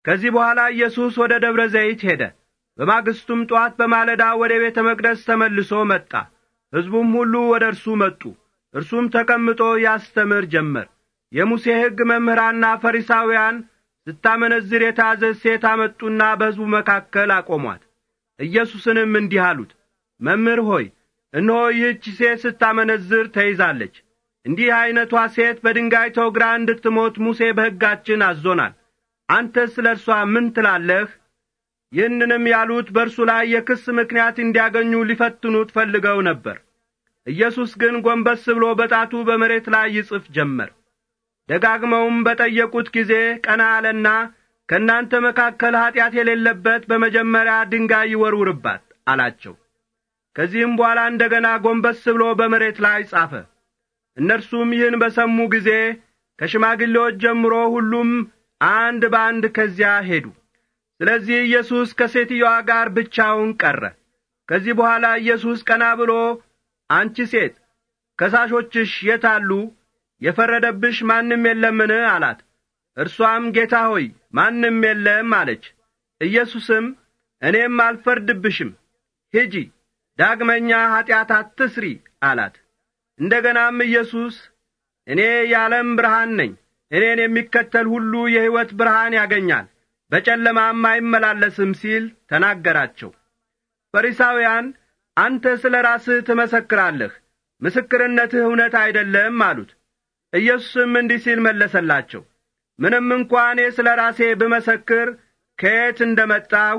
ከዚህ በኋላ ኢየሱስ ወደ ደብረ ዘይት ሄደ። በማግስቱም ጧት በማለዳ ወደ ቤተ መቅደስ ተመልሶ መጣ። ሕዝቡም ሁሉ ወደ እርሱ መጡ እርሱም ተቀምጦ ያስተምር ጀመር የሙሴ ሕግ መምህራና ፈሪሳውያን ስታመነዝር የታዘዝ ሴት አመጡና በሕዝቡ መካከል አቆሟት ኢየሱስንም እንዲህ አሉት መምህር ሆይ እነሆ ይህች ሴት ስታመነዝር ተይዛለች እንዲህ ዐይነቷ ሴት በድንጋይ ተወግራ እንድትሞት ሙሴ በሕጋችን አዞናል አንተ ስለ እርሷ ምን ትላለህ ይህንንም ያሉት በእርሱ ላይ የክስ ምክንያት እንዲያገኙ ሊፈትኑት ፈልገው ነበር። ኢየሱስ ግን ጐንበስ ብሎ በጣቱ በመሬት ላይ ይጽፍ ጀመር። ደጋግመውም በጠየቁት ጊዜ ቀና አለና ከእናንተ መካከል ኀጢአት የሌለበት በመጀመሪያ ድንጋይ ይወርውርባት አላቸው። ከዚህም በኋላ እንደ ገና ጐንበስ ብሎ በመሬት ላይ ጻፈ። እነርሱም ይህን በሰሙ ጊዜ ከሽማግሌዎች ጀምሮ ሁሉም አንድ በአንድ ከዚያ ሄዱ። ስለዚህ ኢየሱስ ከሴትዮዋ ጋር ብቻውን ቀረ። ከዚህ በኋላ ኢየሱስ ቀና ብሎ አንቺ ሴት ከሳሾችሽ የታሉ? የፈረደብሽ ማንም የለምን? አላት። እርሷም ጌታ ሆይ ማንም የለም አለች። ኢየሱስም እኔም አልፈርድብሽም፣ ሂጂ፣ ዳግመኛ ኀጢአት አትስሪ አላት። እንደ ገናም ኢየሱስ እኔ የዓለም ብርሃን ነኝ፣ እኔን የሚከተል ሁሉ የሕይወት ብርሃን ያገኛል በጨለማም አይመላለስም ሲል ተናገራቸው። ፈሪሳውያን አንተ ስለ ራስህ ትመሰክራለህ፣ ምስክርነትህ እውነት አይደለም አሉት። ኢየሱስም እንዲህ ሲል መለሰላቸው፣ ምንም እንኳ እኔ ስለ ራሴ ብመሰክር ከየት እንደ መጣሁ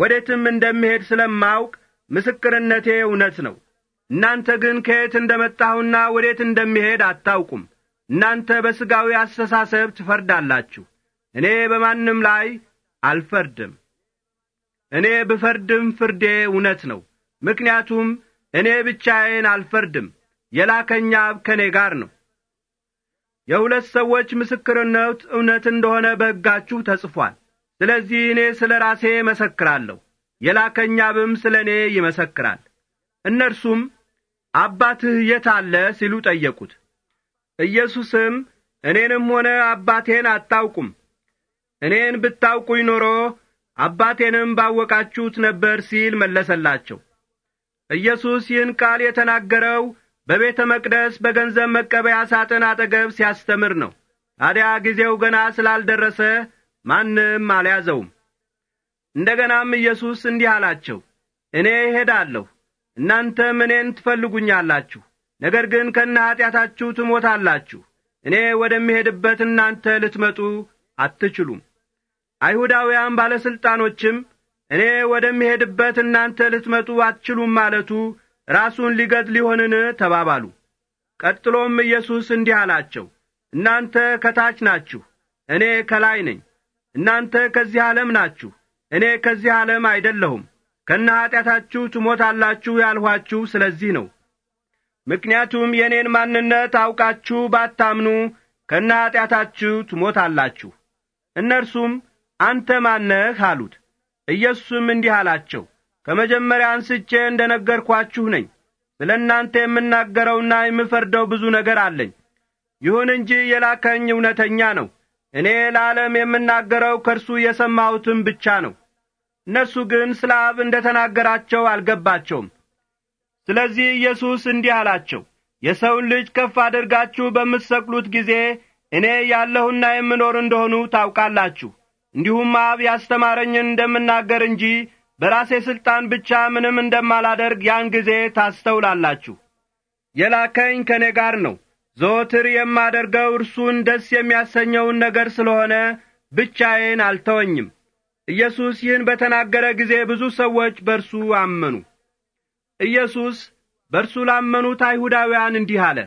ወዴትም እንደምሄድ ስለማውቅ ምስክርነቴ እውነት ነው። እናንተ ግን ከየት እንደ መጣሁና ወዴት እንደምሄድ አታውቁም። እናንተ በሥጋዊ አስተሳሰብ ትፈርዳላችሁ። እኔ በማንም ላይ አልፈርድም። እኔ ብፈርድም ፍርዴ እውነት ነው። ምክንያቱም እኔ ብቻዬን አልፈርድም፣ የላከኝ አብ ከእኔ ጋር ነው። የሁለት ሰዎች ምስክርነት እውነት እንደሆነ በሕጋችሁ ተጽፏል። ስለዚህ እኔ ስለ ራሴ መሰክራለሁ፣ የላከኝ አብም ስለ እኔ ይመሰክራል። እነርሱም አባትህ የት አለ ሲሉ ጠየቁት። ኢየሱስም እኔንም ሆነ አባቴን አታውቁም እኔን ብታውቁኝ ኖሮ አባቴንም ባወቃችሁት ነበር ሲል መለሰላቸው። ኢየሱስ ይህን ቃል የተናገረው በቤተ መቅደስ በገንዘብ መቀበያ ሳጥን አጠገብ ሲያስተምር ነው። ታዲያ ጊዜው ገና ስላልደረሰ ማንም አልያዘውም። እንደ ገናም ኢየሱስ እንዲህ አላቸው፣ እኔ እሄዳለሁ፣ እናንተም እኔን ትፈልጉኛላችሁ፣ ነገር ግን ከነ ኀጢአታችሁ ትሞታላችሁ። እኔ ወደሚሄድበት እናንተ ልትመጡ አትችሉም። አይሁዳውያን ባለሥልጣኖችም እኔ ወደሚሄድበት እናንተ ልትመጡ አትችሉም ማለቱ ራሱን ሊገድ ሊሆንን ተባባሉ። ቀጥሎም ኢየሱስ እንዲህ አላቸው፣ እናንተ ከታች ናችሁ፣ እኔ ከላይ ነኝ። እናንተ ከዚህ ዓለም ናችሁ፣ እኔ ከዚህ ዓለም አይደለሁም። ከነ ኀጢአታችሁ ትሞታላችሁ ያልኋችሁ ስለዚህ ነው። ምክንያቱም የእኔን ማንነት አውቃችሁ ባታምኑ ከነ ኀጢአታችሁ ትሞታላችሁ። እነርሱም አንተ ማነህ አሉት። ኢየሱስም እንዲህ አላቸው፣ ከመጀመሪያ አንስቼ እንደ ነገርኳችሁ ነኝ። ስለ እናንተ የምናገረውና የምፈርደው ብዙ ነገር አለኝ። ይሁን እንጂ የላከኝ እውነተኛ ነው። እኔ ለዓለም የምናገረው ከእርሱ የሰማሁትን ብቻ ነው። እነርሱ ግን ስለ አብ እንደ ተናገራቸው አልገባቸውም። ስለዚህ ኢየሱስ እንዲህ አላቸው፣ የሰውን ልጅ ከፍ አድርጋችሁ በምትሰቅሉት ጊዜ እኔ ያለሁና የምኖር እንደሆኑ ታውቃላችሁ። እንዲሁም አብ ያስተማረኝን እንደምናገር እንጂ በራሴ ሥልጣን ብቻ ምንም እንደማላደርግ ያን ጊዜ ታስተውላላችሁ። የላከኝ ከእኔ ጋር ነው። ዘወትር የማደርገው እርሱን ደስ የሚያሰኘውን ነገር ስለሆነ ብቻዬን አልተወኝም። ኢየሱስ ይህን በተናገረ ጊዜ ብዙ ሰዎች በእርሱ አመኑ። ኢየሱስ በእርሱ ላመኑት አይሁዳውያን እንዲህ አለ፣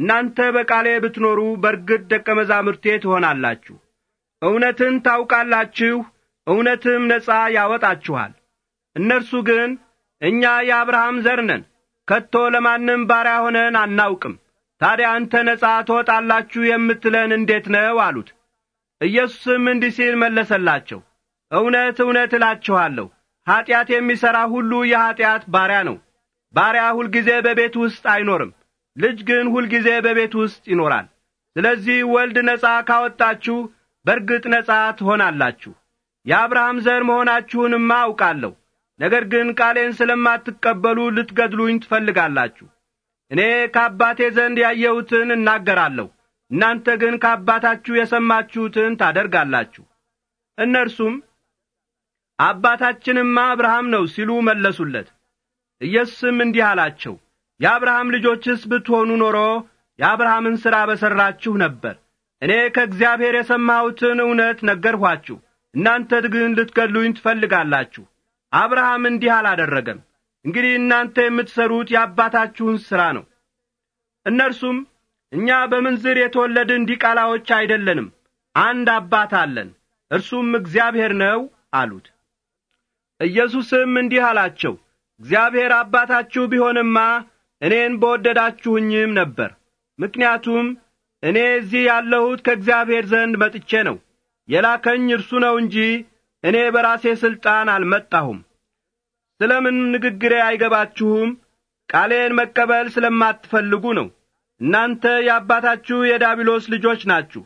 እናንተ በቃሌ ብትኖሩ በርግጥ ደቀ መዛሙርቴ ትሆናላችሁ እውነትን ታውቃላችሁ፣ እውነትም ነጻ ያወጣችኋል። እነርሱ ግን እኛ የአብርሃም ዘር ነን፣ ከቶ ለማንም ባሪያ ሆነን አናውቅም፣ ታዲያ አንተ ነጻ ትወጣላችሁ የምትለን እንዴት ነው አሉት። ኢየሱስም እንዲህ ሲል መለሰላቸው፣ እውነት እውነት እላችኋለሁ ኀጢአት የሚሠራ ሁሉ የኀጢአት ባሪያ ነው። ባሪያ ሁልጊዜ በቤት ውስጥ አይኖርም፣ ልጅ ግን ሁልጊዜ በቤት ውስጥ ይኖራል። ስለዚህ ወልድ ነጻ ካወጣችሁ በርግጥ ነጻ ትሆናላችሁ። የአብርሃም ዘር መሆናችሁንማ አውቃለሁ። ነገር ግን ቃሌን ስለማትቀበሉ ልትገድሉኝ ትፈልጋላችሁ። እኔ ከአባቴ ዘንድ ያየሁትን እናገራለሁ፣ እናንተ ግን ከአባታችሁ የሰማችሁትን ታደርጋላችሁ። እነርሱም አባታችንማ አብርሃም ነው ሲሉ መለሱለት። ኢየሱስም እንዲህ አላቸው፣ የአብርሃም ልጆችስ ብትሆኑ ኖሮ የአብርሃምን ሥራ በሠራችሁ ነበር። እኔ ከእግዚአብሔር የሰማሁትን እውነት ነገርኋችሁ፣ እናንተ ግን ልትገድሉኝ ትፈልጋላችሁ። አብርሃም እንዲህ አላደረገም። እንግዲህ እናንተ የምትሠሩት የአባታችሁን ሥራ ነው። እነርሱም እኛ በምንዝር የተወለድን ዲቃላዎች አይደለንም፣ አንድ አባት አለን፣ እርሱም እግዚአብሔር ነው አሉት። ኢየሱስም እንዲህ አላቸው፣ እግዚአብሔር አባታችሁ ቢሆንማ እኔን በወደዳችሁኝም ነበር፣ ምክንያቱም እኔ እዚህ ያለሁት ከእግዚአብሔር ዘንድ መጥቼ ነው። የላከኝ እርሱ ነው እንጂ እኔ በራሴ ሥልጣን አልመጣሁም። ስለ ምን ንግግሬ አይገባችሁም? ቃሌን መቀበል ስለማትፈልጉ ነው። እናንተ የአባታችሁ የዳቢሎስ ልጆች ናችሁ።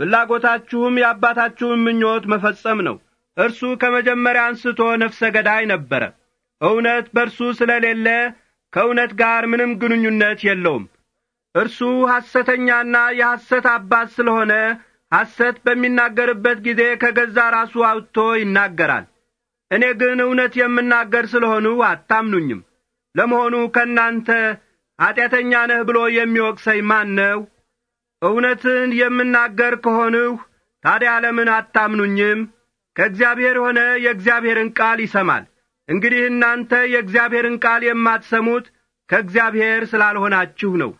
ፍላጎታችሁም የአባታችሁን ምኞት መፈጸም ነው። እርሱ ከመጀመሪያ አንስቶ ነፍሰ ገዳይ ነበረ። እውነት በእርሱ ስለሌለ ከእውነት ጋር ምንም ግንኙነት የለውም። እርሱ ሐሰተኛና የሐሰት አባት ስለሆነ ሐሰት በሚናገርበት ጊዜ ከገዛ ራሱ አውጥቶ ይናገራል። እኔ ግን እውነት የምናገር ስለሆኑ አታምኑኝም። ለመሆኑ ከእናንተ ኀጢአተኛ ነህ ብሎ የሚወቅሰኝ ማን ነው? እውነትን የምናገር ከሆንሁ ታዲያ ለምን አታምኑኝም? ከእግዚአብሔር የሆነ የእግዚአብሔርን ቃል ይሰማል። እንግዲህ እናንተ የእግዚአብሔርን ቃል የማትሰሙት ከእግዚአብሔር ስላልሆናችሁ ነው።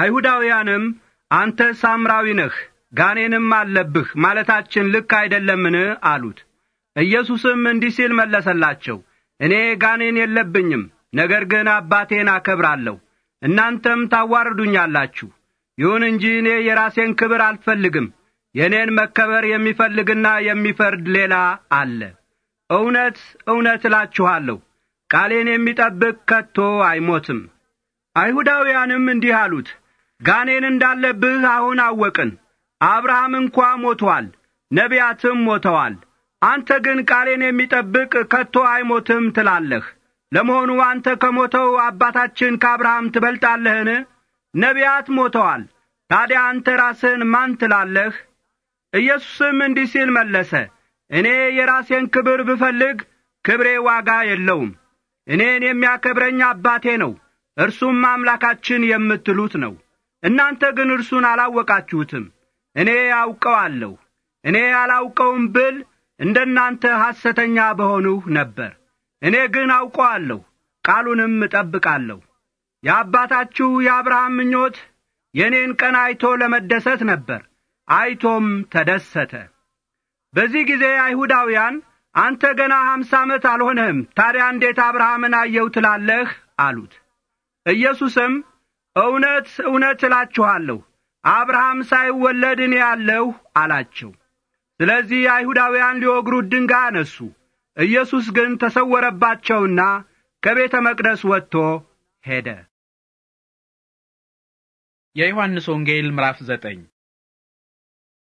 አይሁዳውያንም አንተ ሳምራዊ ነህ ጋኔንም አለብህ ማለታችን ልክ አይደለምን አሉት። ኢየሱስም እንዲህ ሲል መለሰላቸው፣ እኔ ጋኔን የለብኝም፣ ነገር ግን አባቴን አከብራለሁ፣ እናንተም ታዋርዱኛላችሁ። ይሁን እንጂ እኔ የራሴን ክብር አልፈልግም፣ የእኔን መከበር የሚፈልግና የሚፈርድ ሌላ አለ። እውነት እውነት እላችኋለሁ ቃሌን የሚጠብቅ ከቶ አይሞትም። አይሁዳውያንም እንዲህ አሉት ጋኔን እንዳለብህ አሁን አወቅን። አብርሃም እንኳ ሞቶአል፣ ነቢያትም ሞተዋል። አንተ ግን ቃሌን የሚጠብቅ ከቶ አይሞትም ትላለህ። ለመሆኑ አንተ ከሞተው አባታችን ከአብርሃም ትበልጣለህን? ነቢያት ሞተዋል። ታዲያ አንተ ራስህን ማን ትላለህ? ኢየሱስም እንዲህ ሲል መለሰ፣ እኔ የራሴን ክብር ብፈልግ ክብሬ ዋጋ የለውም። እኔን የሚያከብረኝ አባቴ ነው፣ እርሱም አምላካችን የምትሉት ነው። እናንተ ግን እርሱን አላወቃችሁትም እኔ አውቀዋለሁ እኔ አላውቀውም ብል እንደናንተ ሐሰተኛ በሆንሁ ነበር እኔ ግን አውቀዋለሁ ቃሉንም እጠብቃለሁ የአባታችሁ የአብርሃም ምኞት የእኔን ቀን አይቶ ለመደሰት ነበር አይቶም ተደሰተ በዚህ ጊዜ አይሁዳውያን አንተ ገና ሐምሳ ዓመት አልሆነህም ታዲያ እንዴት አብርሃምን አየው ትላለህ አሉት ኢየሱስም እውነት እውነት እላችኋለሁ አብርሃም ሳይወለድ እኔ ያለሁ አላቸው። ስለዚህ አይሁዳውያን ሊወግሩት ድንጋይ አነሱ። ኢየሱስ ግን ተሰወረባቸውና ከቤተ መቅደስ ወጥቶ ሄደ። የዮሐንስ ወንጌል ምዕራፍ ዘጠኝ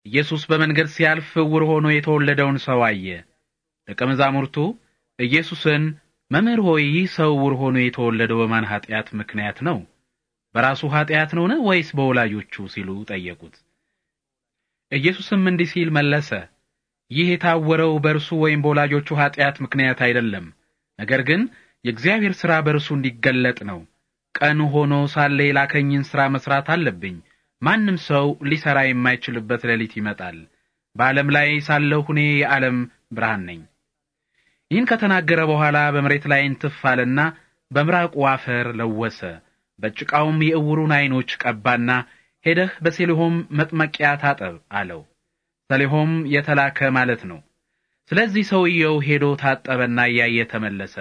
ኢየሱስ በመንገድ ሲያልፍ ውር ሆኖ የተወለደውን ሰው አየ። ደቀ መዛሙርቱ ኢየሱስን መምህር ሆይ ይህ ሰው ውር ሆኖ የተወለደው በማን ኀጢአት ምክንያት ነው በራሱ ኃጢአት ነውን ወይስ በወላጆቹ ሲሉ ጠየቁት። ኢየሱስም እንዲህ ሲል መለሰ፣ ይህ የታወረው በእርሱ ወይም በወላጆቹ ኃጢአት ምክንያት አይደለም፣ ነገር ግን የእግዚአብሔር ሥራ በእርሱ እንዲገለጥ ነው። ቀን ሆኖ ሳለ የላከኝን ሥራ መሥራት አለብኝ። ማንም ሰው ሊሠራ የማይችልበት ሌሊት ይመጣል። በዓለም ላይ ሳለሁ እኔ የዓለም ብርሃን ነኝ። ይህን ከተናገረ በኋላ በመሬት ላይ እንትፍ አለና በምራቁ አፈር ለወሰ። በጭቃውም የእውሩን ዐይኖች ቀባና ሄደህ በሴሊሆም መጥመቂያ ታጠብ አለው። ሰሊሆም የተላከ ማለት ነው። ስለዚህ ሰውየው ሄዶ ታጠበና እያየ ተመለሰ።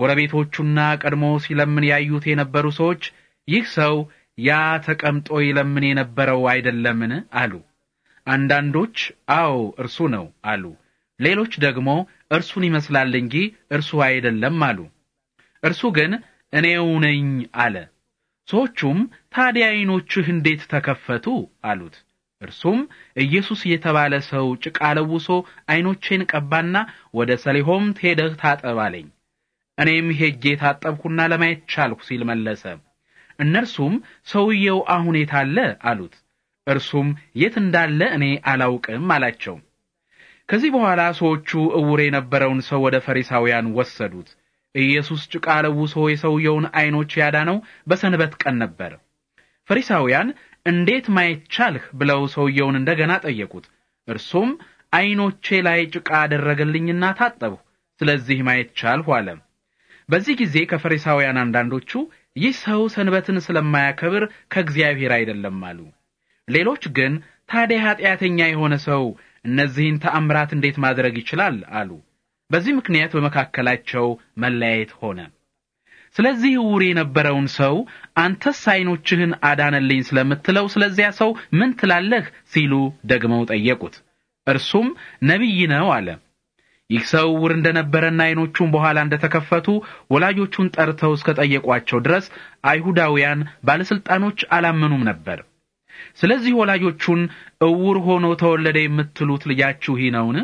ጎረቤቶቹና ቀድሞ ሲለምን ያዩት የነበሩ ሰዎች ይህ ሰው ያ ተቀምጦ ይለምን የነበረው አይደለምን አሉ። አንዳንዶች አዎ እርሱ ነው አሉ። ሌሎች ደግሞ እርሱን ይመስላል እንጂ እርሱ አይደለም አሉ። እርሱ ግን እኔው ነኝ አለ። ሰዎቹም ታዲያ ዓይኖችህ እንዴት ተከፈቱ አሉት። እርሱም ኢየሱስ የተባለ ሰው ጭቃ ለውሶ አይኖቼን ቀባና ወደ ሰሊሆም ሄደህ ታጠብ አለኝ። እኔም ሄጄ ታጠብኩና ለማየት ቻልኩ ሲል መለሰ። እነርሱም ሰውየው አሁን የት አለ አሉት። እርሱም የት እንዳለ እኔ አላውቅም አላቸው። ከዚህ በኋላ ሰዎቹ እውር የነበረውን ሰው ወደ ፈሪሳውያን ወሰዱት። ኢየሱስ ጭቃ ለውሶ የሰውየውን አይኖች ያዳነው በሰንበት ቀን ነበር። ፈሪሳውያን እንዴት ማየት ቻልህ ብለው ሰውየውን እንደገና ጠየቁት። እርሱም አይኖቼ ላይ ጭቃ አደረገልኝና ታጠብሁ፣ ስለዚህ ማየት ቻልሁ አለ። በዚህ ጊዜ ከፈሪሳውያን አንዳንዶቹ ይህ ሰው ሰንበትን ስለማያከብር ከእግዚአብሔር አይደለም አሉ። ሌሎች ግን ታዲያ ኀጢአተኛ የሆነ ሰው እነዚህን ተአምራት እንዴት ማድረግ ይችላል አሉ። በዚህ ምክንያት በመካከላቸው መለያየት ሆነ። ስለዚህ ዕውር የነበረውን ሰው አንተስ ዓይኖችህን አዳነልኝ ስለምትለው ስለዚያ ሰው ምን ትላለህ ሲሉ ደግመው ጠየቁት። እርሱም ነቢይ ነው አለ። ይህ ሰው ዕውር እንደነበረና አይኖቹን በኋላ እንደተከፈቱ ወላጆቹን ጠርተው እስከ ጠየቋቸው ድረስ አይሁዳውያን ባለስልጣኖች አላመኑም ነበር። ስለዚህ ወላጆቹን ዕውር ሆኖ ተወለደ የምትሉት ልጃችሁ ይህ ነውን?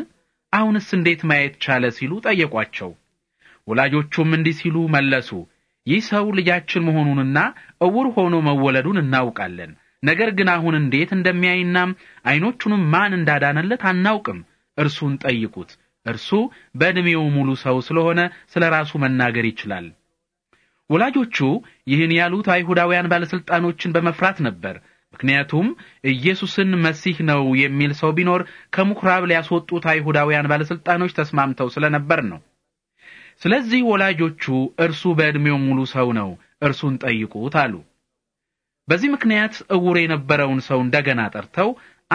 አሁንስ እንዴት ማየት ቻለ ሲሉ ጠየቋቸው። ወላጆቹም እንዲህ ሲሉ መለሱ፣ ይህ ሰው ልጃችን መሆኑንና እውር ሆኖ መወለዱን እናውቃለን። ነገር ግን አሁን እንዴት እንደሚያይና አይኖቹንም ማን እንዳዳነለት አናውቅም። እርሱን ጠይቁት። እርሱ በዕድሜው ሙሉ ሰው ስለሆነ ስለ ራሱ መናገር ይችላል። ወላጆቹ ይህን ያሉት አይሁዳውያን ባለሥልጣኖችን በመፍራት ነበር። ምክንያቱም ኢየሱስን መሲህ ነው የሚል ሰው ቢኖር ከምኩራብ ሊያስወጡት አይሁዳውያን ባለሥልጣኖች ተስማምተው ስለነበር ነው። ስለዚህ ወላጆቹ እርሱ በዕድሜው ሙሉ ሰው ነው፣ እርሱን ጠይቁት አሉ። በዚህ ምክንያት እውር የነበረውን ሰው እንደገና ጠርተው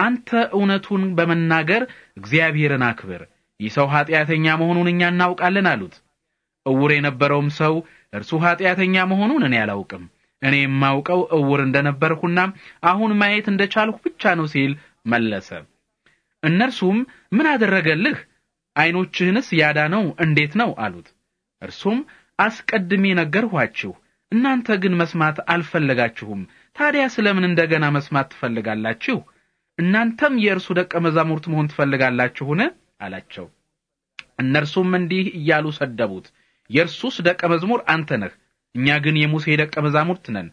አንተ እውነቱን በመናገር እግዚአብሔርን አክብር፣ ይህ ሰው ኀጢአተኛ መሆኑን እኛ እናውቃለን አሉት። እውር የነበረውም ሰው እርሱ ኀጢአተኛ መሆኑን እኔ አላውቅም እኔ የማውቀው እውር እንደነበርኩና አሁን ማየት እንደቻልሁ ብቻ ነው ሲል መለሰ። እነርሱም ምን አደረገልህ? አይኖችህንስ ያዳነው እንዴት ነው አሉት። እርሱም አስቀድሜ ነገርኋችሁ፣ እናንተ ግን መስማት አልፈለጋችሁም። ታዲያ ስለምን እንደገና መስማት ትፈልጋላችሁ? እናንተም የእርሱ ደቀ መዛሙርት መሆን ትፈልጋላችሁን? አላቸው። እነርሱም እንዲህ እያሉ ሰደቡት፣ የእርሱስ ደቀ መዝሙር አንተ ነህ እኛ ግን የሙሴ ደቀ መዛሙርት ነን።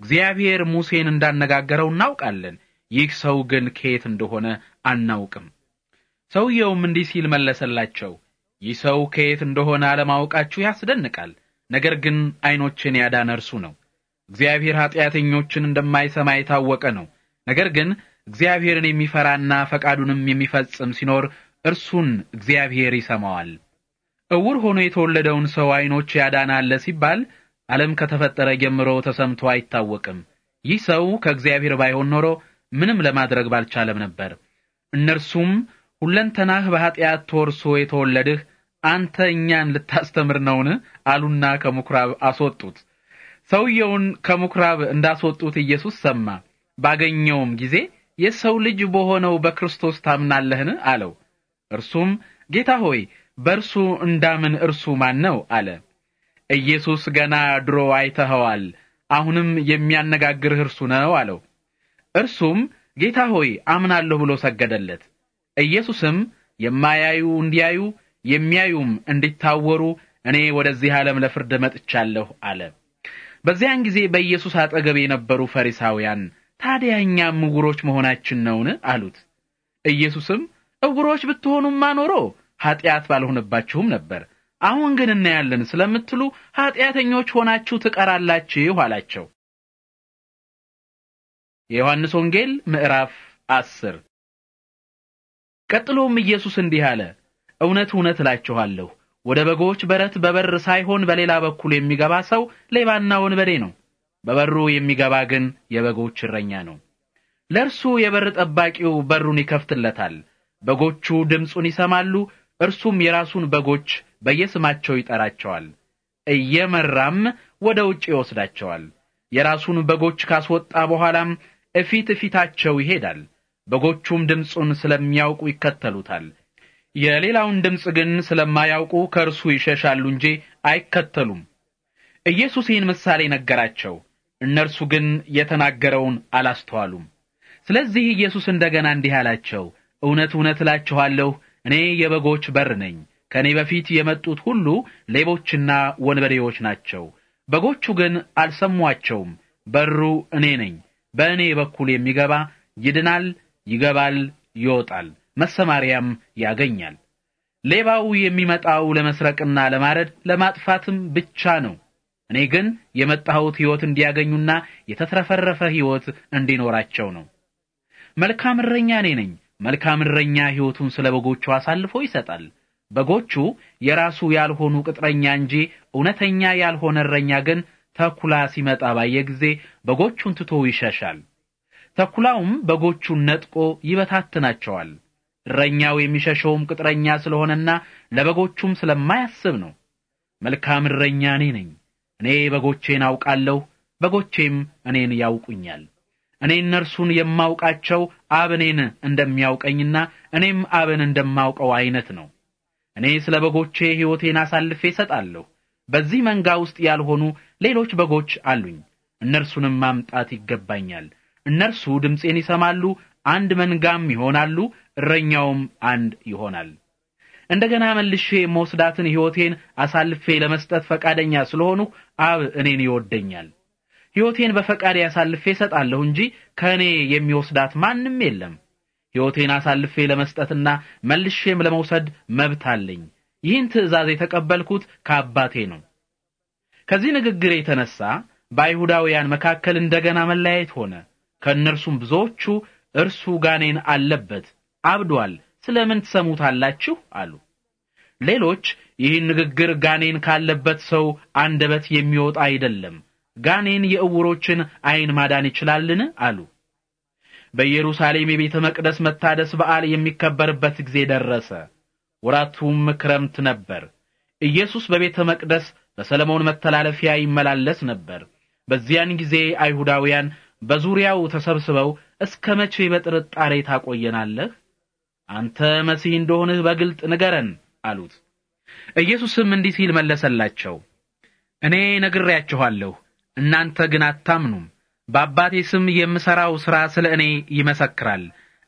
እግዚአብሔር ሙሴን እንዳነጋገረው እናውቃለን። ይህ ሰው ግን ከየት እንደሆነ አናውቅም። ሰውየውም እንዲህ ሲል መለሰላቸው፣ ይህ ሰው ከየት እንደሆነ አለማወቃችሁ ያስደንቃል። ነገር ግን ዐይኖችን ያዳነ እርሱ ነው። እግዚአብሔር ኀጢአተኞችን እንደማይሰማ የታወቀ ነው። ነገር ግን እግዚአብሔርን የሚፈራና ፈቃዱንም የሚፈጽም ሲኖር እርሱን እግዚአብሔር ይሰማዋል። እውር ሆኖ የተወለደውን ሰው ዐይኖች ያዳናለ ሲባል ዓለም ከተፈጠረ ጀምሮ ተሰምቶ አይታወቅም። ይህ ሰው ከእግዚአብሔር ባይሆን ኖሮ ምንም ለማድረግ ባልቻለም ነበር። እነርሱም ሁለንተናህ በኃጢአት ተወርሶ የተወለድህ አንተ እኛን ልታስተምር ነውን? አሉና ከምኵራብ አስወጡት። ሰውየውን ከምኵራብ እንዳስወጡት ኢየሱስ ሰማ። ባገኘውም ጊዜ የሰው ልጅ በሆነው በክርስቶስ ታምናለህን? አለው። እርሱም ጌታ ሆይ በእርሱ እንዳምን እርሱ ማን ነው? አለ። ኢየሱስ ገና ድሮ አይተኸዋል፣ አሁንም የሚያነጋግርህ እርሱ ነው አለው። እርሱም ጌታ ሆይ አምናለሁ ብሎ ሰገደለት። ኢየሱስም የማያዩ እንዲያዩ የሚያዩም እንዲታወሩ እኔ ወደዚህ ዓለም ለፍርድ መጥቻለሁ አለ። በዚያን ጊዜ በኢየሱስ አጠገብ የነበሩ ፈሪሳውያን ታዲያ እኛ ዕውሮች መሆናችን ነውን? አሉት። ኢየሱስም ዕውሮች ብትሆኑማ ኖሮ ኀጢአት ባልሆነባችሁም ነበር አሁን ግን እናያለን ስለምትሉ ኃጢአተኞች ሆናችሁ ትቀራላችሁ አላቸው። የዮሐንስ ወንጌል ምዕራፍ አስር ቀጥሎም ኢየሱስ እንዲህ አለ፣ እውነት እውነት እላችኋለሁ ወደ በጎች በረት በበር ሳይሆን በሌላ በኩል የሚገባ ሰው ሌባና ወንበዴ ነው። በበሩ የሚገባ ግን የበጎች እረኛ ነው። ለእርሱ የበር ጠባቂው በሩን ይከፍትለታል። በጎቹ ድምፁን ይሰማሉ፣ እርሱም የራሱን በጎች በየስማቸው ይጠራቸዋል። እየመራም ወደ ውጭ ይወስዳቸዋል። የራሱን በጎች ካስወጣ በኋላም እፊት እፊታቸው ይሄዳል። በጎቹም ድምፁን ስለሚያውቁ ይከተሉታል። የሌላውን ድምፅ ግን ስለማያውቁ ከእርሱ ይሸሻሉ እንጂ አይከተሉም። ኢየሱስ ይህን ምሳሌ ነገራቸው፣ እነርሱ ግን የተናገረውን አላስተዋሉም። ስለዚህ ኢየሱስ እንደገና እንዲህ አላቸው፣ እውነት እውነት እላችኋለሁ እኔ የበጎች በር ነኝ። ከእኔ በፊት የመጡት ሁሉ ሌቦችና ወንበዴዎች ናቸው። በጎቹ ግን አልሰሟቸውም። በሩ እኔ ነኝ። በእኔ በኩል የሚገባ ይድናል፣ ይገባል፣ ይወጣል፣ መሰማሪያም ያገኛል። ሌባው የሚመጣው ለመስረቅና ለማረድ ለማጥፋትም ብቻ ነው። እኔ ግን የመጣሁት ሕይወት እንዲያገኙና የተትረፈረፈ ሕይወት እንዲኖራቸው ነው። መልካም እረኛ እኔ ነኝ። መልካም እረኛ ሕይወቱን ስለ በጎቹ አሳልፎ ይሰጣል። በጎቹ የራሱ ያልሆኑ ቅጥረኛ እንጂ እውነተኛ ያልሆነ እረኛ ግን ተኩላ ሲመጣ ባየ ጊዜ በጎቹን ትቶ ይሸሻል። ተኩላውም በጎቹን ነጥቆ ይበታትናቸዋል። እረኛው የሚሸሸውም ቅጥረኛ ስለሆነና ለበጎቹም ስለማያስብ ነው። መልካም እረኛ እኔ ነኝ። እኔ በጎቼን አውቃለሁ፣ በጎቼም እኔን ያውቁኛል። እኔ እነርሱን የማውቃቸው አብ እኔን እንደሚያውቀኝና እኔም አብን እንደማውቀው አይነት ነው። እኔ ስለ በጎቼ ሕይወቴን አሳልፌ እሰጣለሁ። በዚህ መንጋ ውስጥ ያልሆኑ ሌሎች በጎች አሉኝ። እነርሱንም ማምጣት ይገባኛል። እነርሱ ድምፄን ይሰማሉ፣ አንድ መንጋም ይሆናሉ፣ እረኛውም አንድ ይሆናል። እንደገና መልሼ የምወስዳትን ሕይወቴን አሳልፌ ለመስጠት ፈቃደኛ ስለሆኑ አብ እኔን ይወደኛል። ሕይወቴን በፈቃዴ አሳልፌ እሰጣለሁ እንጂ ከእኔ የሚወስዳት ማንም የለም። ሕይወቴን አሳልፌ ለመስጠትና መልሼም ለመውሰድ መብት አለኝ። ይህን ትእዛዝ የተቀበልኩት ከአባቴ ነው። ከዚህ ንግግር የተነሳ በአይሁዳውያን መካከል እንደገና መለያየት ሆነ። ከእነርሱም ብዙዎቹ እርሱ ጋኔን አለበት፣ አብዷል፣ ስለምን ትሰሙታላችሁ አሉ። ሌሎች ይህን ንግግር ጋኔን ካለበት ሰው አንደበት የሚወጣ አይደለም፣ ጋኔን የእውሮችን ዐይን ማዳን ይችላልን አሉ። በኢየሩሳሌም የቤተ መቅደስ መታደስ በዓል የሚከበርበት ጊዜ ደረሰ። ወራቱም ክረምት ነበር። ኢየሱስ በቤተ መቅደስ በሰለሞን መተላለፊያ ይመላለስ ነበር። በዚያን ጊዜ አይሁዳውያን በዙሪያው ተሰብስበው እስከ መቼ በጥርጣሬ ታቆየናለህ? አንተ መሲህ እንደሆንህ በግልጥ ንገረን አሉት። ኢየሱስም እንዲህ ሲል መለሰላቸው፣ እኔ ነግሬያችኋለሁ፣ እናንተ ግን አታምኑም። በአባቴ ስም የምሠራው ሥራ ስለ እኔ ይመሰክራል።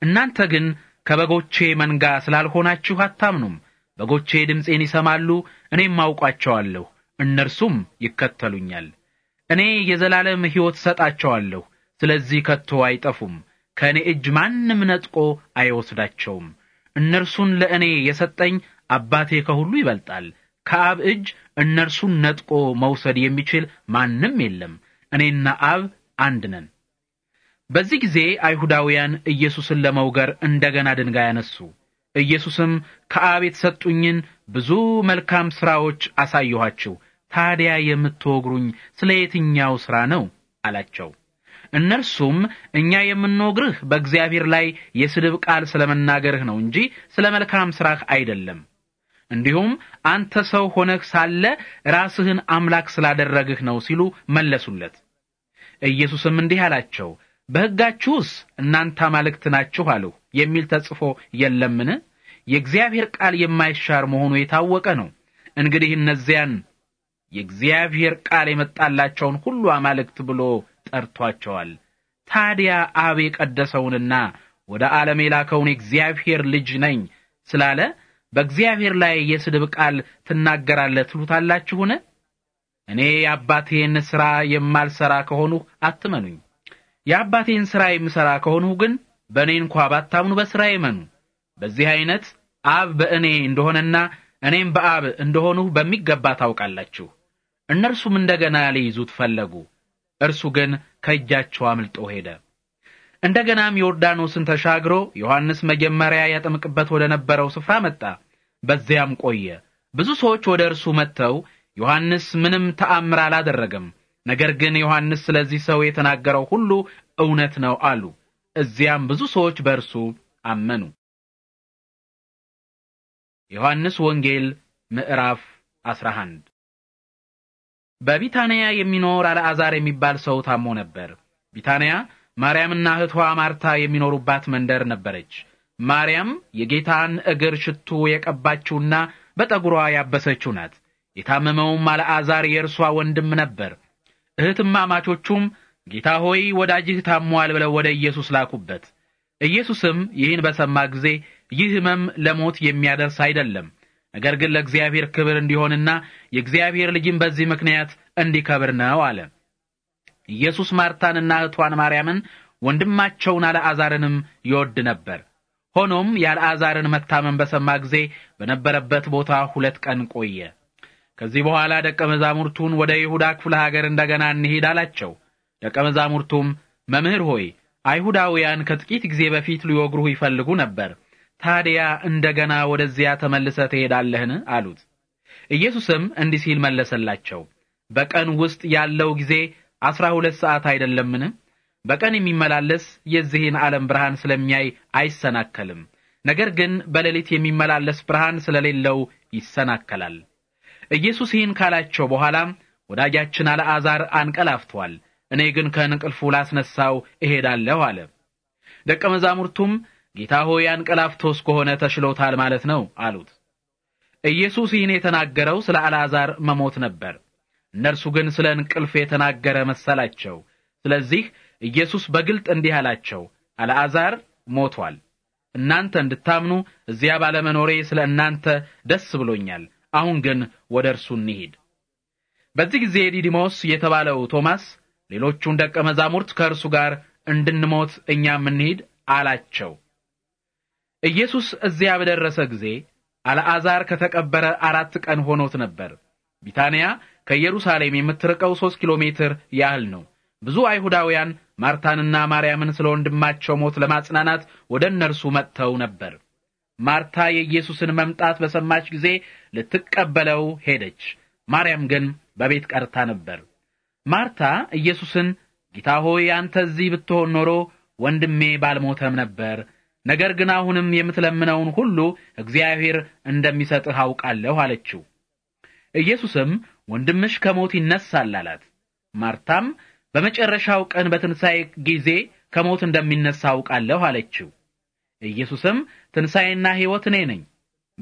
እናንተ ግን ከበጎቼ መንጋ ስላልሆናችሁ አታምኑም። በጎቼ ድምፄን ይሰማሉ፣ እኔም አውቋቸዋለሁ፣ እነርሱም ይከተሉኛል። እኔ የዘላለም ሕይወት ሰጣቸዋለሁ፣ ስለዚህ ከቶ አይጠፉም። ከእኔ እጅ ማንም ነጥቆ አይወስዳቸውም። እነርሱን ለእኔ የሰጠኝ አባቴ ከሁሉ ይበልጣል። ከአብ እጅ እነርሱን ነጥቆ መውሰድ የሚችል ማንም የለም። እኔና አብ አንድ ነን። በዚህ ጊዜ አይሁዳውያን ኢየሱስን ለመውገር እንደገና ድንጋይ አነሱ። ኢየሱስም ከአብ የተሰጡኝን ብዙ መልካም ሥራዎች አሳየኋችሁ፣ ታዲያ የምትወግሩኝ ስለ የትኛው ሥራ ነው አላቸው። እነርሱም እኛ የምንወግርህ በእግዚአብሔር ላይ የስድብ ቃል ስለ መናገርህ ነው እንጂ ስለ መልካም ሥራህ አይደለም። እንዲሁም አንተ ሰው ሆነህ ሳለ ራስህን አምላክ ስላደረግህ ነው ሲሉ መለሱለት። ኢየሱስም እንዲህ አላቸው፣ በሕጋችሁስ እናንተ አማልክት ናችሁ አልሁ የሚል ተጽፎ የለምን? የእግዚአብሔር ቃል የማይሻር መሆኑ የታወቀ ነው። እንግዲህ እነዚያን የእግዚአብሔር ቃል የመጣላቸውን ሁሉ አማልክት ብሎ ጠርቷቸዋል። ታዲያ አብ የቀደሰውንና ወደ ዓለም የላከውን የእግዚአብሔር ልጅ ነኝ ስላለ በእግዚአብሔር ላይ የስድብ ቃል ትናገራለህ ትሉታላችሁን? እኔ የአባቴን ሥራ የማልሠራ ከሆንሁ አትመኑኝ። የአባቴን ሥራ የምሠራ ከሆንሁ ግን በእኔ እንኳ ባታምኑ በሥራ ይመኑ። በዚህ ዐይነት አብ በእኔ እንደሆነና እኔም በአብ እንደሆንሁ በሚገባ ታውቃላችሁ። እነርሱም እንደገና ሊይዙት ፈለጉ፣ እርሱ ግን ከእጃቸው አምልጦ ሄደ። እንደገናም ዮርዳኖስን ተሻግሮ ዮሐንስ መጀመሪያ ያጠምቅበት ወደ ነበረው ስፍራ መጣ። በዚያም ቆየ። ብዙ ሰዎች ወደ እርሱ መጥተው ዮሐንስ ምንም ተአምር አላደረገም። ነገር ግን ዮሐንስ ስለዚህ ሰው የተናገረው ሁሉ እውነት ነው አሉ። እዚያም ብዙ ሰዎች በእርሱ አመኑ። ዮሐንስ ወንጌል ምዕራፍ 11 በቢታንያ የሚኖር አልዓዛር የሚባል ሰው ታሞ ነበር። ቢታንያ ማርያምና እህቷ ማርታ የሚኖሩባት መንደር ነበረች። ማርያም የጌታን እግር ሽቱ የቀባችውና በጠጉሯ ያበሰችው ናት። የታመመውም አልዓዛር የእርሷ ወንድም ነበር። እህትማማቾቹም ጌታ ሆይ ወዳጅህ ታሟል ብለው ወደ ኢየሱስ ላኩበት። ኢየሱስም ይህን በሰማ ጊዜ ይህ ሕመም ለሞት የሚያደርስ አይደለም፣ ነገር ግን ለእግዚአብሔር ክብር እንዲሆንና የእግዚአብሔር ልጅም በዚህ ምክንያት እንዲከብር ነው አለ። ኢየሱስ ማርታንና እህቷን ማርያምን ወንድማቸውን አልዓዛርንም ይወድ ነበር። ሆኖም የአልዓዛርን መታመም በሰማ ጊዜ በነበረበት ቦታ ሁለት ቀን ቆየ። ከዚህ በኋላ ደቀ መዛሙርቱን ወደ ይሁዳ ክፍለ ሀገር እንደገና እንሂድ አላቸው። ደቀ መዛሙርቱም መምህር ሆይ አይሁዳውያን ከጥቂት ጊዜ በፊት ሊወግሩህ ይፈልጉ ነበር፣ ታዲያ እንደገና ወደዚያ ተመልሰ ትሄዳለህን? አሉት። ኢየሱስም እንዲህ ሲል መለሰላቸው፣ በቀን ውስጥ ያለው ጊዜ አስራ ሁለት ሰዓት አይደለምን? በቀን የሚመላለስ የዚህን ዓለም ብርሃን ስለሚያይ አይሰናከልም። ነገር ግን በሌሊት የሚመላለስ ብርሃን ስለሌለው ይሰናከላል። ኢየሱስ ይህን ካላቸው በኋላ ወዳጃችን አልዓዛር አንቀላፍቷል፣ እኔ ግን ከእንቅልፉ ላስነሳው እሄዳለሁ አለ። ደቀ መዛሙርቱም ጌታ ሆይ አንቀላፍቶ ከሆነ ተሽሎታል ማለት ነው አሉት። ኢየሱስ ይህን የተናገረው ስለ አልዓዛር መሞት ነበር። እነርሱ ግን ስለ እንቅልፍ የተናገረ መሰላቸው። ስለዚህ ኢየሱስ በግልጥ እንዲህ አላቸው፣ አልዓዛር ሞቷል። እናንተ እንድታምኑ እዚያ ባለመኖሬ ስለ እናንተ ደስ ብሎኛል። አሁን ግን ወደ እርሱ እንሂድ። በዚህ ጊዜ ዲዲሞስ የተባለው ቶማስ ሌሎቹን ደቀ መዛሙርት ከእርሱ ጋር እንድንሞት እኛም እንሂድ አላቸው። ኢየሱስ እዚያ በደረሰ ጊዜ አልዓዛር ከተቀበረ አራት ቀን ሆኖት ነበር። ቢታንያ ከኢየሩሳሌም የምትርቀው ሦስት ኪሎ ሜትር ያህል ነው። ብዙ አይሁዳውያን ማርታንና ማርያምን ስለ ወንድማቸው ሞት ለማጽናናት ወደ እነርሱ መጥተው ነበር። ማርታ የኢየሱስን መምጣት በሰማች ጊዜ ልትቀበለው ሄደች። ማርያም ግን በቤት ቀርታ ነበር። ማርታ ኢየሱስን ጌታ ሆይ አንተ እዚህ ብትሆን ኖሮ ወንድሜ ባልሞተም ነበር፣ ነገር ግን አሁንም የምትለምነውን ሁሉ እግዚአብሔር እንደሚሰጥህ አውቃለሁ አለችው። ኢየሱስም ወንድምሽ ከሞት ይነሳል አላት። ማርታም በመጨረሻው ቀን በትንሣኤ ጊዜ ከሞት እንደሚነሳ አውቃለሁ አለችው። ኢየሱስም ትንሣኤና ሕይወት እኔ ነኝ።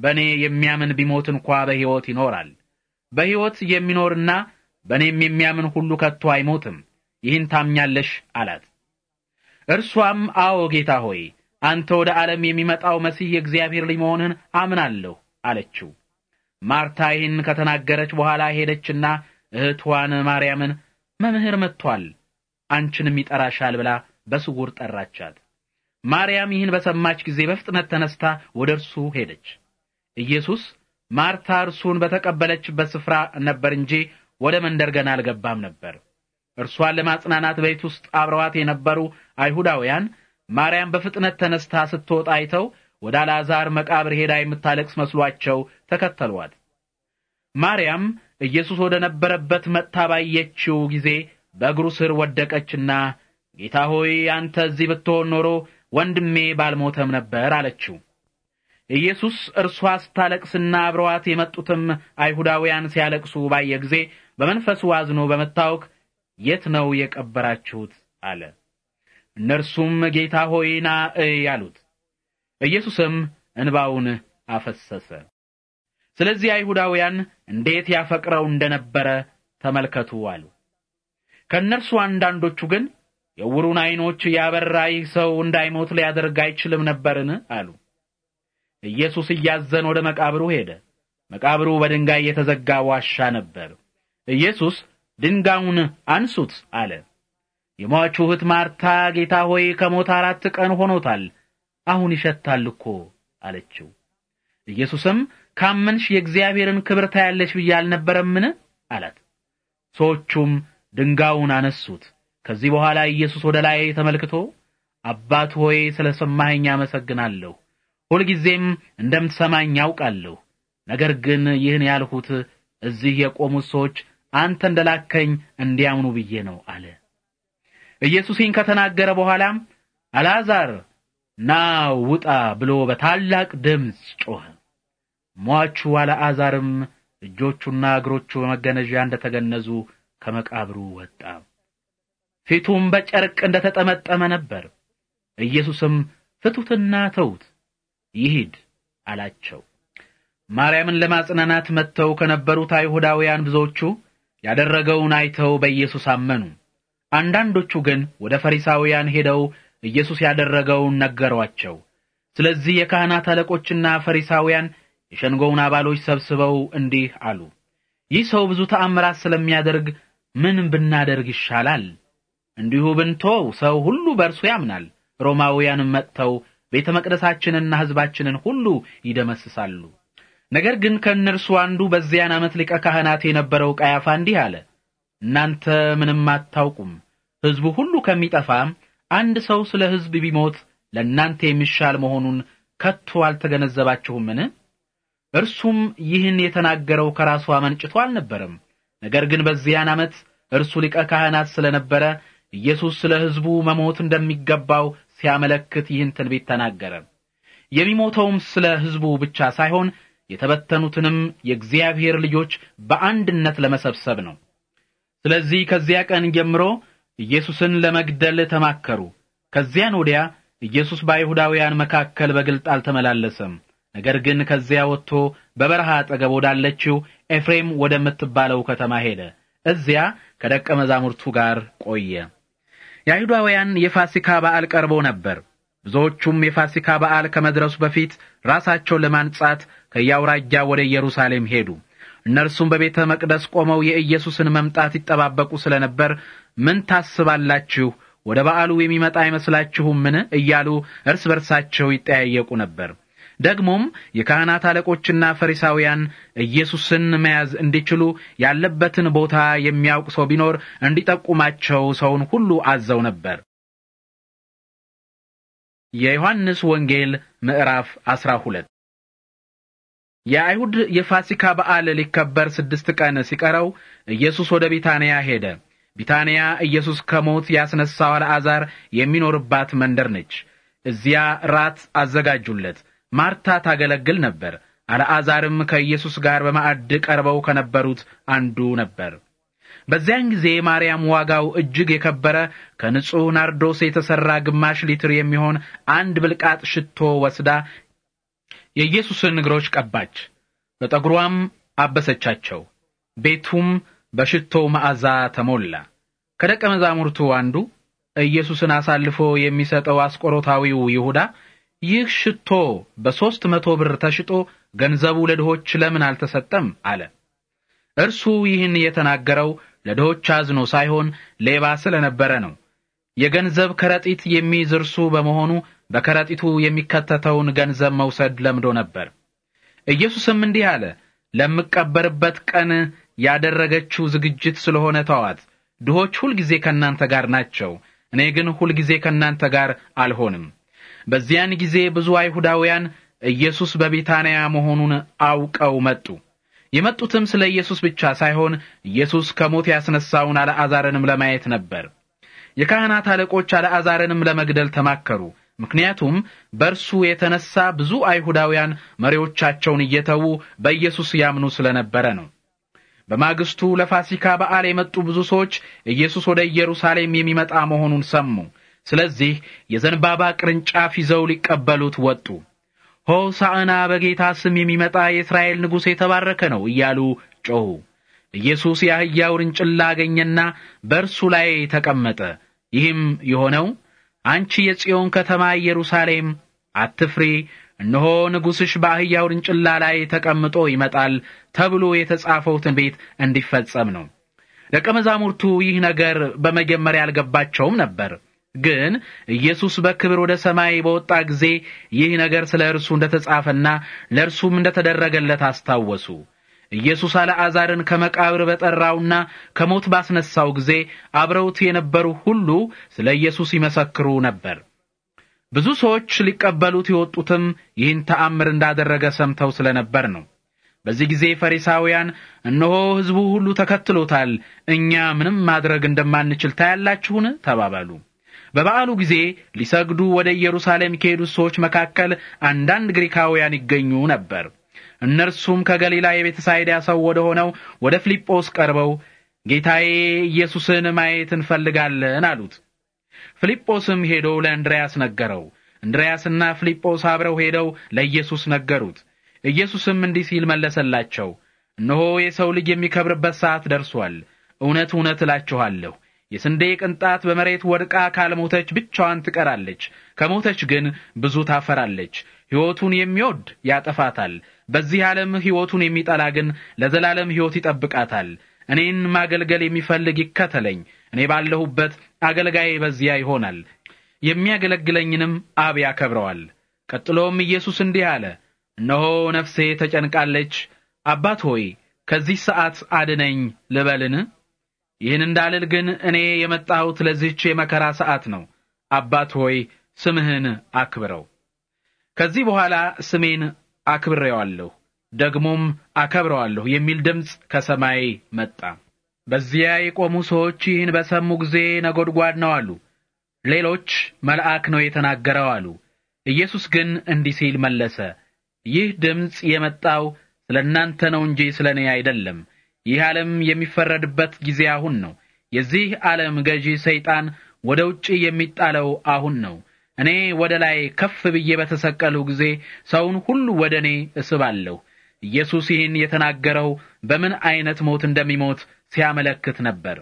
በእኔ የሚያምን ቢሞት እንኳ በሕይወት ይኖራል። በሕይወት የሚኖርና በእኔም የሚያምን ሁሉ ከቶ አይሞትም። ይህን ታምኛለሽ አላት። እርሷም አዎ ጌታ ሆይ አንተ ወደ ዓለም የሚመጣው መሲህ የእግዚአብሔር ልጅ መሆንህን አምናለሁ አለችው። ማርታ ይህን ከተናገረች በኋላ ሄደችና እህትዋን ማርያምን መምህር መጥቶአል፣ አንቺንም ይጠራሻል ብላ በስውር ጠራቻት። ማርያም ይህን በሰማች ጊዜ በፍጥነት ተነስታ ወደ እርሱ ሄደች። ኢየሱስ ማርታ እርሱን በተቀበለችበት ስፍራ ነበር እንጂ ወደ መንደር ገና አልገባም ነበር። እርሷን ለማጽናናት ቤት ውስጥ አብረዋት የነበሩ አይሁዳውያን ማርያም በፍጥነት ተነስታ ስትወጣ አይተው ወደ አልዓዛር መቃብር ሄዳ የምታለቅስ መስሏቸው ተከተሏት። ማርያም ኢየሱስ ወደ ነበረበት መጥታ ባየችው ጊዜ በእግሩ ስር ወደቀችና ጌታ ሆይ አንተ እዚህ ብትሆን ኖሮ ወንድሜ ባልሞተም ነበር አለችው። ኢየሱስ እርሷ ስታለቅስና አብረዋት የመጡትም አይሁዳውያን ሲያለቅሱ ባየ ጊዜ በመንፈሱ አዝኖ በመታወክ የት ነው የቀበራችሁት? አለ። እነርሱም ጌታ ሆይ ና እይ አሉት። ኢየሱስም እንባውን አፈሰሰ። ስለዚህ አይሁዳውያን እንዴት ያፈቅረው እንደነበረ ተመልከቱ አሉ። ከእነርሱ አንዳንዶቹ ግን የውሩን ዐይኖች ያበራ ይህ ሰው እንዳይሞት ሊያደርግ አይችልም ነበርን? አሉ። ኢየሱስ እያዘን ወደ መቃብሩ ሄደ። መቃብሩ በድንጋይ የተዘጋ ዋሻ ነበር። ኢየሱስ ድንጋዩን አንሱት አለ። የሟቹ እህት ማርታ ጌታ ሆይ ከሞት አራት ቀን ሆኖታል፣ አሁን ይሸታል እኮ አለችው። ኢየሱስም ካመንሽ የእግዚአብሔርን ክብር ታያለሽ ብዬ አልነበረምን? አላት። ሰዎቹም ድንጋዩን አነሱት። ከዚህ በኋላ ኢየሱስ ወደ ላይ ተመልክቶ አባት ሆይ ስለሰማኸኝ አመሰግናለሁ፣ ሁልጊዜም እንደምትሰማኝ ያውቃለሁ። ነገር ግን ይህን ያልሁት እዚህ የቆሙት ሰዎች አንተ እንደላከኝ እንዲያምኑ ብዬ ነው አለ። ኢየሱስ ይህን ከተናገረ በኋላም አልዓዛር ና ውጣ ብሎ በታላቅ ድምፅ ጮኸ። ሟቹ አልዓዛርም እጆቹና እግሮቹ በመገነዣ እንደተገነዙ ከመቃብሩ ወጣ። ፊቱም በጨርቅ እንደተጠመጠመ ነበር። ኢየሱስም ፍቱትና ተዉት ይሂድ አላቸው። ማርያምን ለማጽናናት መጥተው ከነበሩት አይሁዳውያን ብዙዎቹ ያደረገውን አይተው በኢየሱስ አመኑ። አንዳንዶቹ ግን ወደ ፈሪሳውያን ሄደው ኢየሱስ ያደረገውን ነገሯቸው። ስለዚህ የካህናት አለቆችና ፈሪሳውያን የሸንጎውን አባሎች ሰብስበው እንዲህ አሉ፣ ይህ ሰው ብዙ ተአምራት ስለሚያደርግ ምን ብናደርግ ይሻላል? እንዲሁ ብንቶ ሰው ሁሉ በእርሱ ያምናል። ሮማውያንም መጥተው ቤተ መቅደሳችንና ሕዝባችንን ሁሉ ይደመስሳሉ። ነገር ግን ከእነርሱ አንዱ በዚያን ዓመት ሊቀ ካህናት የነበረው ቀያፋ እንዲህ አለ፣ እናንተ ምንም አታውቁም። ሕዝቡ ሁሉ ከሚጠፋ አንድ ሰው ስለ ሕዝብ ቢሞት ለእናንተ የሚሻል መሆኑን ከቶ አልተገነዘባችሁምን? እርሱም ይህን የተናገረው ከራሱ አመንጭቶ አልነበረም። ነገር ግን በዚያን ዓመት እርሱ ሊቀ ካህናት ስለነበረ ኢየሱስ ስለ ሕዝቡ መሞት እንደሚገባው ሲያመለክት ይህን ትንቢት ተናገረ። የሚሞተውም ስለ ሕዝቡ ብቻ ሳይሆን የተበተኑትንም የእግዚአብሔር ልጆች በአንድነት ለመሰብሰብ ነው። ስለዚህ ከዚያ ቀን ጀምሮ ኢየሱስን ለመግደል ተማከሩ። ከዚያን ወዲያ ኢየሱስ በአይሁዳውያን መካከል በግልጥ አልተመላለሰም። ነገር ግን ከዚያ ወጥቶ በበረሃ አጠገብ ወዳለችው ኤፍሬም ወደምትባለው ከተማ ሄደ። እዚያ ከደቀ መዛሙርቱ ጋር ቆየ። የአይሁዳውያን የፋሲካ በዓል ቀርቦ ነበር። ብዙዎቹም የፋሲካ በዓል ከመድረሱ በፊት ራሳቸውን ለማንጻት ከያውራጃ ወደ ኢየሩሳሌም ሄዱ። እነርሱም በቤተ መቅደስ ቆመው የኢየሱስን መምጣት ይጠባበቁ ስለ ነበር ምን ታስባላችሁ? ወደ በዓሉ የሚመጣ አይመስላችሁምን? እያሉ እርስ በርሳቸው ይጠያየቁ ነበር። ደግሞም የካህናት አለቆችና ፈሪሳውያን ኢየሱስን መያዝ እንዲችሉ ያለበትን ቦታ የሚያውቅ ሰው ቢኖር እንዲጠቁማቸው ሰውን ሁሉ አዘው ነበር። የዮሐንስ ወንጌል ምዕራፍ አስራ ሁለት የአይሁድ የፋሲካ በዓል ሊከበር ስድስት ቀን ሲቀረው ኢየሱስ ወደ ቢታንያ ሄደ። ቢታንያ ኢየሱስ ከሞት ያስነሳው አልዓዛር የሚኖርባት መንደር ነች። እዚያ ራት አዘጋጁለት። ማርታ ታገለግል ነበር። አልዓዛርም ከኢየሱስ ጋር በማዕድ ቀርበው ከነበሩት አንዱ ነበር። በዚያን ጊዜ ማርያም ዋጋው እጅግ የከበረ ከንጹሕ ናርዶስ የተሠራ ግማሽ ሊትር የሚሆን አንድ ብልቃጥ ሽቶ ወስዳ የኢየሱስን እግሮች ቀባች፣ በጠጉሯም አበሰቻቸው። ቤቱም በሽቶ መዓዛ ተሞላ። ከደቀ መዛሙርቱ አንዱ ኢየሱስን አሳልፎ የሚሰጠው አስቆሮታዊው ይሁዳ ይህ ሽቶ በሦስት መቶ ብር ተሽጦ ገንዘቡ ለድሆች ለምን አልተሰጠም አለ። እርሱ ይህን የተናገረው ለድሆች አዝኖ ሳይሆን ሌባ ስለነበረ ነው። የገንዘብ ከረጢት የሚይዝ እርሱ በመሆኑ በከረጢቱ የሚከተተውን ገንዘብ መውሰድ ለምዶ ነበር። ኢየሱስም እንዲህ አለ፣ ለምቀበርበት ቀን ያደረገችው ዝግጅት ስለሆነ ተዋት። ድሆች ሁልጊዜ ከናንተ ጋር ናቸው፣ እኔ ግን ሁልጊዜ ከናንተ ጋር አልሆንም። በዚያን ጊዜ ብዙ አይሁዳውያን ኢየሱስ በቢታንያ መሆኑን አውቀው መጡ። የመጡትም ስለ ኢየሱስ ብቻ ሳይሆን ኢየሱስ ከሞት ያስነሳውን አልዓዛርንም ለማየት ነበር። የካህናት አለቆች አልዓዛርንም ለመግደል ተማከሩ። ምክንያቱም በእርሱ የተነሳ ብዙ አይሁዳውያን መሪዎቻቸውን እየተዉ በኢየሱስ ያምኑ ስለነበረ ነው። በማግስቱ ለፋሲካ በዓል የመጡ ብዙ ሰዎች ኢየሱስ ወደ ኢየሩሳሌም የሚመጣ መሆኑን ሰሙ። ስለዚህ የዘንባባ ቅርንጫፍ ይዘው ሊቀበሉት ወጡ። ሆሳዕና በጌታ ስም የሚመጣ የእስራኤል ንጉሥ የተባረከ ነው እያሉ ጮኹ። ኢየሱስ የአህያ ውርንጭላ አገኘና በእርሱ ላይ ተቀመጠ። ይህም የሆነው አንቺ የጽዮን ከተማ ኢየሩሳሌም አትፍሪ፣ እነሆ ንጉሥሽ በአህያ ውርንጭላ ላይ ተቀምጦ ይመጣል ተብሎ የተጻፈው ትንቢት እንዲፈጸም ነው። ደቀ መዛሙርቱ ይህ ነገር በመጀመሪያ አልገባቸውም ነበር። ግን ኢየሱስ በክብር ወደ ሰማይ በወጣ ጊዜ ይህ ነገር ስለ እርሱ እንደተጻፈና ለእርሱም እንደተደረገለት አስታወሱ። ኢየሱስ አልዓዛርን ከመቃብር በጠራውና ከሞት ባስነሳው ጊዜ አብረውት የነበሩ ሁሉ ስለ ኢየሱስ ይመሰክሩ ነበር። ብዙ ሰዎች ሊቀበሉት የወጡትም ይህን ተአምር እንዳደረገ ሰምተው ስለ ነበር ነው። በዚህ ጊዜ ፈሪሳውያን እነሆ ሕዝቡ ሁሉ ተከትሎታል፣ እኛ ምንም ማድረግ እንደማንችል ታያላችሁን? ተባባሉ። በበዓሉ ጊዜ ሊሰግዱ ወደ ኢየሩሳሌም ከሄዱት ሰዎች መካከል አንዳንድ ግሪካውያን ይገኙ ነበር። እነርሱም ከገሊላ የቤተሳይዳ ሰው ወደ ሆነው ወደ ፊልጶስ ቀርበው ጌታዬ ኢየሱስን ማየት እንፈልጋለን አሉት። ፊልጶስም ሄዶ ለእንድርያስ ነገረው። እንድርያስና ፊልጶስ አብረው ሄደው ለኢየሱስ ነገሩት። ኢየሱስም እንዲህ ሲል መለሰላቸው፣ እነሆ የሰው ልጅ የሚከብርበት ሰዓት ደርሷል። እውነት እውነት እላችኋለሁ የስንዴ ቅንጣት በመሬት ወድቃ ካልሞተች ብቻዋን ትቀራለች። ከሞተች ግን ብዙ ታፈራለች። ሕይወቱን የሚወድ ያጠፋታል። በዚህ ዓለም ሕይወቱን የሚጠላ ግን ለዘላለም ሕይወት ይጠብቃታል። እኔን ማገልገል የሚፈልግ ይከተለኝ፣ እኔ ባለሁበት አገልጋዬ በዚያ ይሆናል፣ የሚያገለግለኝንም አብ ያከብረዋል። ቀጥሎም ኢየሱስ እንዲህ አለ፣ እነሆ ነፍሴ ተጨንቃለች። አባት ሆይ ከዚህ ሰዓት አድነኝ ልበልን? ይህን እንዳልል ግን እኔ የመጣሁት ለዚህች የመከራ ሰዓት ነው። አባት ሆይ ስምህን አክብረው። ከዚህ በኋላ ስሜን አክብሬዋለሁ ደግሞም አከብረዋለሁ የሚል ድምፅ ከሰማይ መጣ። በዚያ የቆሙ ሰዎች ይህን በሰሙ ጊዜ ነጎድጓድ ነው አሉ። ሌሎች መልአክ ነው የተናገረው አሉ። ኢየሱስ ግን እንዲህ ሲል መለሰ፣ ይህ ድምፅ የመጣው ስለ እናንተ ነው እንጂ ስለ እኔ አይደለም። ይህ ዓለም የሚፈረድበት ጊዜ አሁን ነው። የዚህ ዓለም ገዢ ሰይጣን ወደ ውጪ የሚጣለው አሁን ነው። እኔ ወደ ላይ ከፍ ብዬ በተሰቀልሁ ጊዜ ሰውን ሁሉ ወደ እኔ እስባለሁ። ኢየሱስ ይህን የተናገረው በምን አይነት ሞት እንደሚሞት ሲያመለክት ነበር።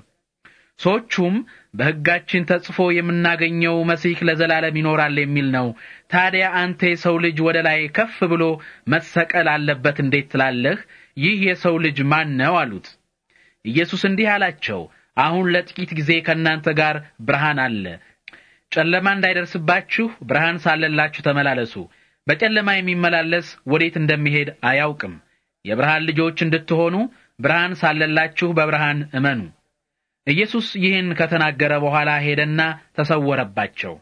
ሰዎቹም በሕጋችን ተጽፎ የምናገኘው መሲህ ለዘላለም ይኖራል የሚል ነው። ታዲያ አንተ የሰው ልጅ ወደ ላይ ከፍ ብሎ መሰቀል አለበት እንዴት ትላለህ? ይህ የሰው ልጅ ማን ነው አሉት። ኢየሱስ እንዲህ አላቸው፣ አሁን ለጥቂት ጊዜ ከእናንተ ጋር ብርሃን አለ። ጨለማ እንዳይደርስባችሁ ብርሃን ሳለላችሁ ተመላለሱ። በጨለማ የሚመላለስ ወዴት እንደሚሄድ አያውቅም። የብርሃን ልጆች እንድትሆኑ ብርሃን ሳለላችሁ በብርሃን እመኑ። ኢየሱስ ይህን ከተናገረ በኋላ ሄደና ተሰወረባቸው።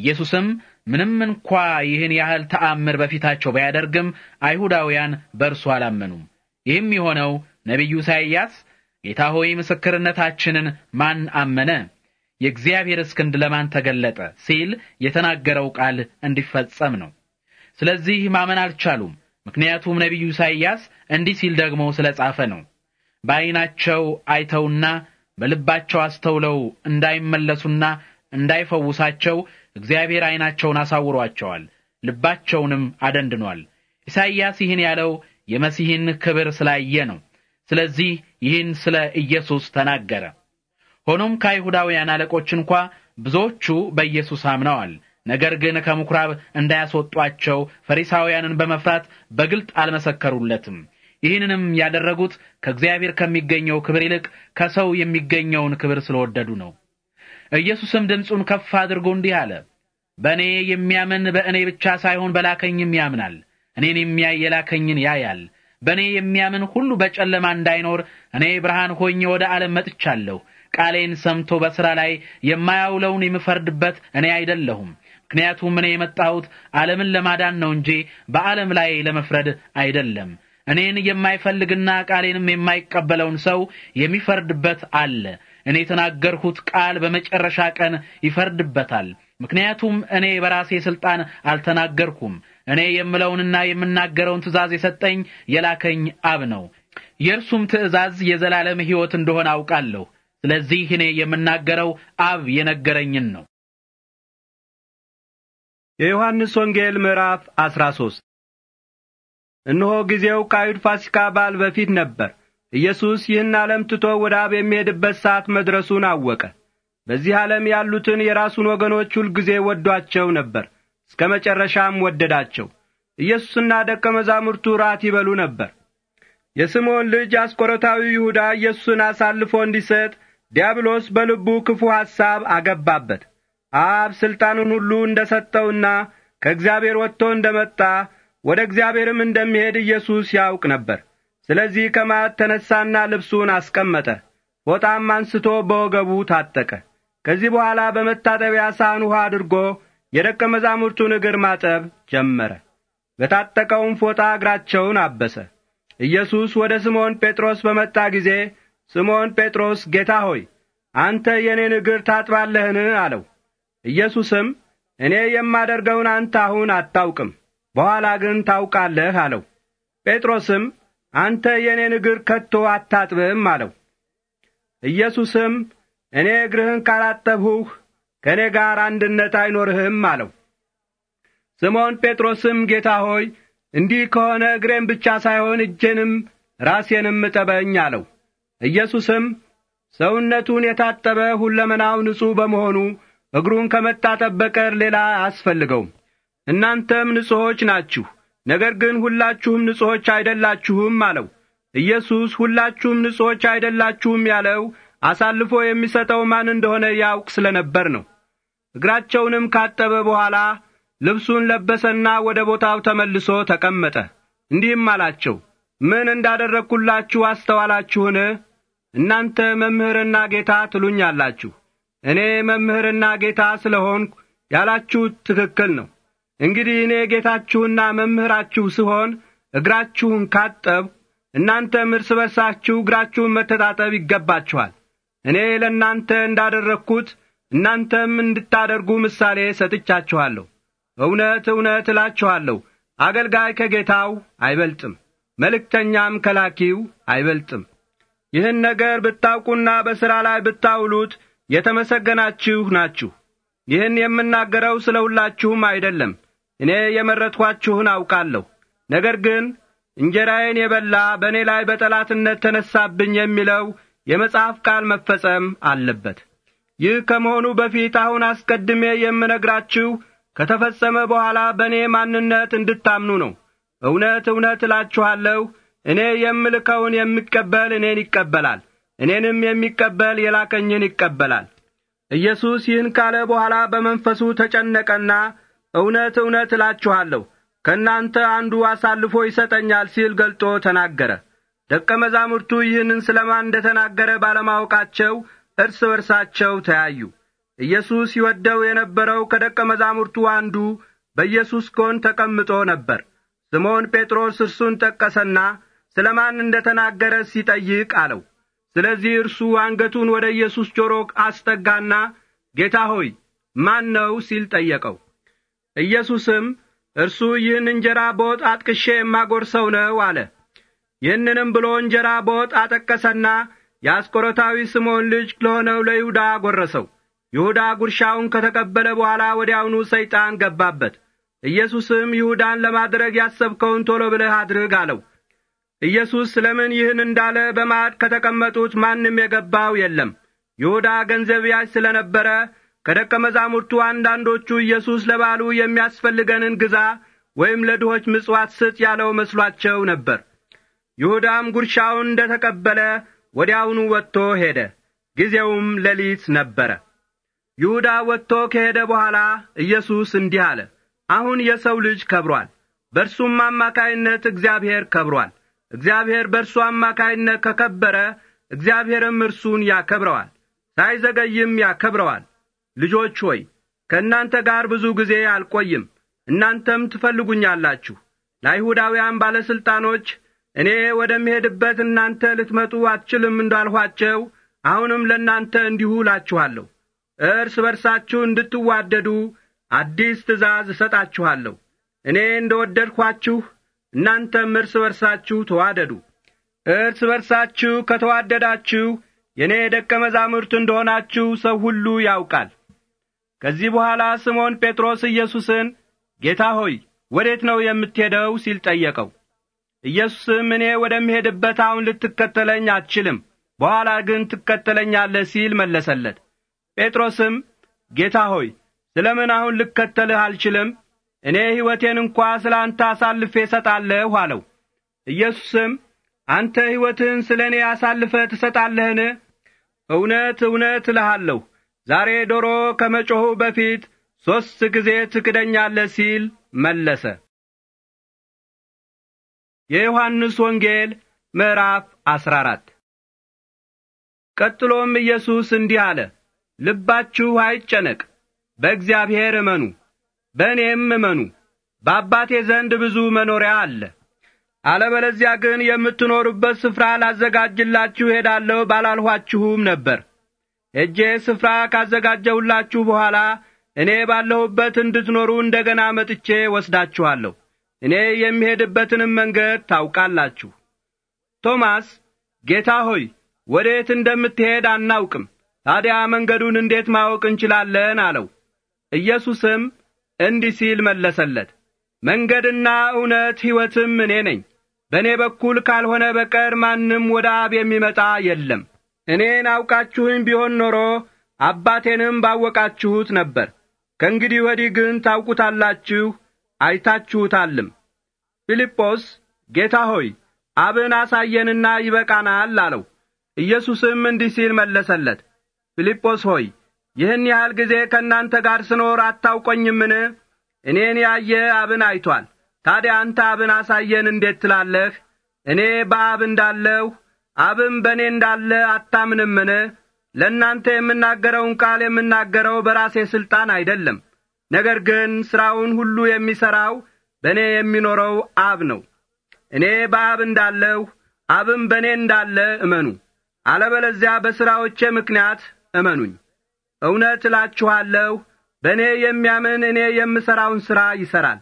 ኢየሱስም ምንም እንኳ ይህን ያህል ተአምር በፊታቸው ባያደርግም አይሁዳውያን በእርሱ አላመኑም። ይህም የሆነው ነቢዩ ኢሳይያስ ጌታ ሆይ ምስክርነታችንን ማን አመነ? የእግዚአብሔርስ ክንድ ለማን ተገለጠ? ሲል የተናገረው ቃል እንዲፈጸም ነው። ስለዚህ ማመን አልቻሉም። ምክንያቱም ነቢዩ ኢሳይያስ እንዲህ ሲል ደግሞ ስለ ጻፈ ነው። በዐይናቸው አይተውና በልባቸው አስተውለው እንዳይመለሱና እንዳይፈውሳቸው እግዚአብሔር ዐይናቸውን አሳውሯቸዋል፣ ልባቸውንም አደንድኗል። ኢሳይያስ ይህን ያለው የመሲህን ክብር ስላየ ነው። ስለዚህ ይህን ስለ ኢየሱስ ተናገረ። ሆኖም ከአይሁዳውያን አለቆች እንኳ ብዙዎቹ በኢየሱስ አምነዋል። ነገር ግን ከምኵራብ እንዳያስወጧቸው ፈሪሳውያንን በመፍራት በግልጥ አልመሰከሩለትም። ይህንንም ያደረጉት ከእግዚአብሔር ከሚገኘው ክብር ይልቅ ከሰው የሚገኘውን ክብር ስለወደዱ ነው። ኢየሱስም ድምፁን ከፍ አድርጎ እንዲህ አለ፣ በእኔ የሚያምን በእኔ ብቻ ሳይሆን በላከኝም ያምናል። እኔን የሚያይ የላከኝን ያያል። በእኔ የሚያምን ሁሉ በጨለማ እንዳይኖር እኔ ብርሃን ሆኜ ወደ ዓለም መጥቻለሁ። ቃሌን ሰምቶ በሥራ ላይ የማያውለውን የምፈርድበት እኔ አይደለሁም። ምክንያቱም እኔ የመጣሁት ዓለምን ለማዳን ነው እንጂ በዓለም ላይ ለመፍረድ አይደለም። እኔን የማይፈልግና ቃሌንም የማይቀበለውን ሰው የሚፈርድበት አለ። እኔ የተናገርሁት ቃል በመጨረሻ ቀን ይፈርድበታል። ምክንያቱም እኔ በራሴ ስልጣን አልተናገርኩም። እኔ የምለውንና የምናገረውን ትእዛዝ የሰጠኝ የላከኝ አብ ነው። የእርሱም ትእዛዝ የዘላለም ሕይወት እንደሆነ አውቃለሁ። ስለዚህ እኔ የምናገረው አብ የነገረኝን ነው። የዮሐንስ ወንጌል ምዕራፍ 13 እነሆ ጊዜው ከአይሁድ ፋሲካ በዓል በፊት ነበር። ኢየሱስ ይህን ዓለም ትቶ ወደ አብ የሚሄድበት ሰዓት መድረሱን አወቀ። በዚህ ዓለም ያሉትን የራሱን ወገኖች ሁልጊዜ ወዷቸው ነበር፣ እስከ መጨረሻም ወደዳቸው። ኢየሱስና ደቀ መዛሙርቱ ራት ይበሉ ነበር። የስምዖን ልጅ አስቆረታዊ ይሁዳ ኢየሱስን አሳልፎ እንዲሰጥ ዲያብሎስ በልቡ ክፉ ሐሳብ አገባበት። አብ ሥልጣኑን ሁሉ እንደ ሰጠውና ከእግዚአብሔር ወጥቶ እንደ መጣ ወደ እግዚአብሔርም እንደሚሄድ ኢየሱስ ያውቅ ነበር። ስለዚህ ከማዕድ ተነሳና ልብሱን አስቀመጠ። ፎጣም አንስቶ በወገቡ ታጠቀ። ከዚህ በኋላ በመታጠቢያ ሳህን ውሃ አድርጎ የደቀ መዛሙርቱን እግር ማጠብ ጀመረ። በታጠቀውም ፎጣ እግራቸውን አበሰ። ኢየሱስ ወደ ስምዖን ጴጥሮስ በመጣ ጊዜ ስምዖን ጴጥሮስ ጌታ ሆይ አንተ የእኔን እግር ታጥባለህን? አለው። ኢየሱስም እኔ የማደርገውን አንተ አሁን አታውቅም፣ በኋላ ግን ታውቃለህ አለው። ጴጥሮስም አንተ የእኔን እግር ከቶ አታጥብም አለው። ኢየሱስም እኔ እግርህን ካላጠብሁህ ከእኔ ጋር አንድነት አይኖርህም አለው። ስምዖን ጴጥሮስም ጌታ ሆይ እንዲህ ከሆነ እግሬን ብቻ ሳይሆን እጄንም ራሴንም እጠበኝ አለው። ኢየሱስም ሰውነቱን የታጠበ ሁለመናው ንጹሕ በመሆኑ እግሩን ከመታጠብ በቀር ሌላ አያስፈልገውም። እናንተም ንጹሖች ናችሁ ነገር ግን ሁላችሁም ንጹሖች አይደላችሁም አለው። ኢየሱስ ሁላችሁም ንጹሖች አይደላችሁም ያለው አሳልፎ የሚሰጠው ማን እንደሆነ ያውቅ ስለ ነበር ነው። እግራቸውንም ካጠበ በኋላ ልብሱን ለበሰና ወደ ቦታው ተመልሶ ተቀመጠ። እንዲህም አላቸው፣ ምን እንዳደረግሁላችሁ አስተዋላችሁን? እናንተ መምህርና ጌታ ትሉኛላችሁ። እኔ መምህርና ጌታ ስለ ሆንሁ ያላችሁት ትክክል ነው። እንግዲህ እኔ ጌታችሁና መምህራችሁ ስሆን እግራችሁን ካጠብ እናንተም እርስ በርሳችሁ እግራችሁን መተጣጠብ ይገባችኋል። እኔ ለእናንተ እንዳደረግሁት እናንተም እንድታደርጉ ምሳሌ ሰጥቻችኋለሁ። እውነት እውነት እላችኋለሁ፣ አገልጋይ ከጌታው አይበልጥም፣ መልእክተኛም ከላኪው አይበልጥም። ይህን ነገር ብታውቁና በሥራ ላይ ብታውሉት የተመሰገናችሁ ናችሁ። ይህን የምናገረው ስለ ሁላችሁም አይደለም እኔ የመረጥኋችሁን አውቃለሁ። ነገር ግን እንጀራዬን የበላ በእኔ ላይ በጠላትነት ተነሳብኝ የሚለው የመጽሐፍ ቃል መፈጸም አለበት። ይህ ከመሆኑ በፊት አሁን አስቀድሜ የምነግራችሁ ከተፈጸመ በኋላ በእኔ ማንነት እንድታምኑ ነው። እውነት እውነት እላችኋለሁ፣ እኔ የምልከውን የሚቀበል እኔን ይቀበላል፣ እኔንም የሚቀበል የላከኝን ይቀበላል። ኢየሱስ ይህን ካለ በኋላ በመንፈሱ ተጨነቀና እውነት እውነት እላችኋለሁ ከእናንተ አንዱ አሳልፎ ይሰጠኛል ሲል ገልጦ ተናገረ። ደቀ መዛሙርቱ ይህንን ስለ ማን እንደ ተናገረ ባለማወቃቸው እርስ በርሳቸው ተያዩ። ኢየሱስ ይወደው የነበረው ከደቀ መዛሙርቱ አንዱ በኢየሱስ ጎን ተቀምጦ ነበር። ስምዖን ጴጥሮስ እርሱን ጠቀሰና ስለ ማን እንደ ተናገረ ሲጠይቅ አለው። ስለዚህ እርሱ አንገቱን ወደ ኢየሱስ ጆሮ አስጠጋና ጌታ ሆይ ማን ነው ሲል ጠየቀው። ኢየሱስም እርሱ ይህን እንጀራ በወጥ አጥቅሼ የማጎርሰው ነው አለ። ይህንንም ብሎ እንጀራ በወጥ አጠቀሰና የአስቆሮታዊ ስምዖን ልጅ ለሆነው ለይሁዳ አጐረሰው። ይሁዳ ጉርሻውን ከተቀበለ በኋላ ወዲያውኑ ሰይጣን ገባበት። ኢየሱስም ይሁዳን ለማድረግ ያሰብከውን ቶሎ ብለህ አድርግ አለው። ኢየሱስ ስለምን ይህን እንዳለ በማዕድ ከተቀመጡት ማንም የገባው የለም። ይሁዳ ገንዘብ ያዥ ስለ ነበረ ከደቀ መዛሙርቱ አንዳንዶቹ ኢየሱስ ለበዓሉ የሚያስፈልገንን ግዛ ወይም ለድሆች ምጽዋት ስጥ ያለው መስሏቸው ነበር። ይሁዳም ጉርሻውን እንደ ተቀበለ ወዲያውኑ ወጥቶ ሄደ። ጊዜውም ሌሊት ነበረ። ይሁዳ ወጥቶ ከሄደ በኋላ ኢየሱስ እንዲህ አለ፣ አሁን የሰው ልጅ ከብሯል፣ በእርሱም አማካይነት እግዚአብሔር ከብሯል። እግዚአብሔር በእርሱ አማካይነት ከከበረ፣ እግዚአብሔርም እርሱን ያከብረዋል፣ ሳይዘገይም ያከብረዋል። ልጆች ሆይ ከእናንተ ጋር ብዙ ጊዜ አልቆይም፣ እናንተም ትፈልጉኛላችሁ። ለአይሁዳውያን ባለሥልጣኖች እኔ ወደምሄድበት እናንተ ልትመጡ አትችልም እንዳልኋቸው አሁንም ለእናንተ እንዲሁ እላችኋለሁ። እርስ በርሳችሁ እንድትዋደዱ አዲስ ትእዛዝ እሰጣችኋለሁ። እኔ እንደ ወደድኳችሁ እናንተም እርስ በርሳችሁ ተዋደዱ። እርስ በርሳችሁ ከተዋደዳችሁ የእኔ ደቀ መዛሙርት እንደሆናችሁ ሰው ሁሉ ያውቃል። ከዚህ በኋላ ስምዖን ጴጥሮስ ኢየሱስን ጌታ ሆይ ወዴት ነው የምትሄደው ሲል ጠየቀው። ኢየሱስም እኔ ወደምሄድበት አሁን ልትከተለኝ አትችልም፣ በኋላ ግን ትከተለኛለህ ሲል መለሰለት። ጴጥሮስም ጌታ ሆይ ስለ ምን አሁን ልከተልህ አልችልም? እኔ ሕይወቴን እንኳ ስለ አንተ አሳልፌ እሰጣለሁ አለው። ኢየሱስም አንተ ሕይወትህን ስለ እኔ አሳልፈ ትሰጣለህን? እውነት እውነት እልሃለሁ ዛሬ ዶሮ ከመጮኹ በፊት ሦስት ጊዜ ትክደኛለህ ሲል መለሰ። የዮሐንስ ወንጌል ምዕራፍ አስራ አራት ቀጥሎም ኢየሱስ እንዲህ አለ፣ ልባችሁ አይጨነቅ፣ በእግዚአብሔር እመኑ፣ በእኔም እመኑ። በአባቴ ዘንድ ብዙ መኖሪያ አለ። አለበለዚያ ግን የምትኖሩበት ስፍራ ላዘጋጅላችሁ ሄዳለሁ ባላልኋችሁም ነበር። እጄ ስፍራ ካዘጋጀሁላችሁ በኋላ እኔ ባለሁበት እንድትኖሩ እንደ ገና መጥቼ ወስዳችኋለሁ። እኔ የሚሄድበትንም መንገድ ታውቃላችሁ። ቶማስ ጌታ ሆይ ወዴት እንደምትሄድ አናውቅም፣ ታዲያ መንገዱን እንዴት ማወቅ እንችላለን? አለው። ኢየሱስም እንዲህ ሲል መለሰለት፣ መንገድና እውነት ሕይወትም እኔ ነኝ። በእኔ በኩል ካልሆነ በቀር ማንም ወደ አብ የሚመጣ የለም። እኔን አውቃችሁኝ ቢሆን ኖሮ አባቴንም ባወቃችሁት ነበር። ከእንግዲህ ወዲህ ግን ታውቁታላችሁ፣ አይታችሁታልም። ፊልጶስ ጌታ ሆይ አብን አሳየንና ይበቃናል አለው። ኢየሱስም እንዲህ ሲል መለሰለት፣ ፊልጶስ ሆይ ይህን ያህል ጊዜ ከእናንተ ጋር ስኖር አታውቆኝምን? እኔን ያየ አብን አይቶአል። ታዲያ አንተ አብን አሳየን እንዴት ትላለህ? እኔ በአብ እንዳለሁ አብም በእኔ እንዳለ አታምንምን? ለእናንተ የምናገረውን ቃል የምናገረው በራሴ ሥልጣን አይደለም። ነገር ግን ሥራውን ሁሉ የሚሠራው በእኔ የሚኖረው አብ ነው። እኔ በአብ እንዳለሁ አብም በእኔ እንዳለ እመኑ። አለበለዚያ በሥራዎቼ ምክንያት እመኑኝ። እውነት እላችኋለሁ በእኔ የሚያምን እኔ የምሠራውን ሥራ ይሠራል፣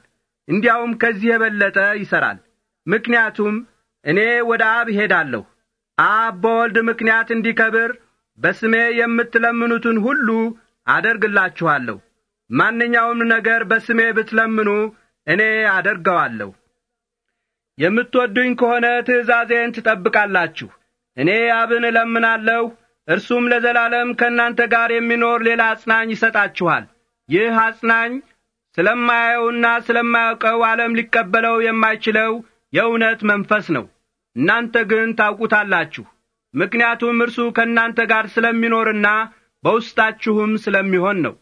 እንዲያውም ከዚህ የበለጠ ይሠራል። ምክንያቱም እኔ ወደ አብ እሄዳለሁ። አብ በወልድ ምክንያት እንዲከብር በስሜ የምትለምኑትን ሁሉ አደርግላችኋለሁ። ማንኛውም ነገር በስሜ ብትለምኑ እኔ አደርገዋለሁ። የምትወዱኝ ከሆነ ትእዛዜን ትጠብቃላችሁ። እኔ አብን እለምናለሁ፣ እርሱም ለዘላለም ከእናንተ ጋር የሚኖር ሌላ አጽናኝ ይሰጣችኋል። ይህ አጽናኝ ስለማያየውና ስለማያውቀው ዓለም ሊቀበለው የማይችለው የእውነት መንፈስ ነው። እናንተ ግን ታውቁታላችሁ፣ ምክንያቱም እርሱ ከእናንተ ጋር ስለሚኖርና በውስጣችሁም ስለሚሆን ነው።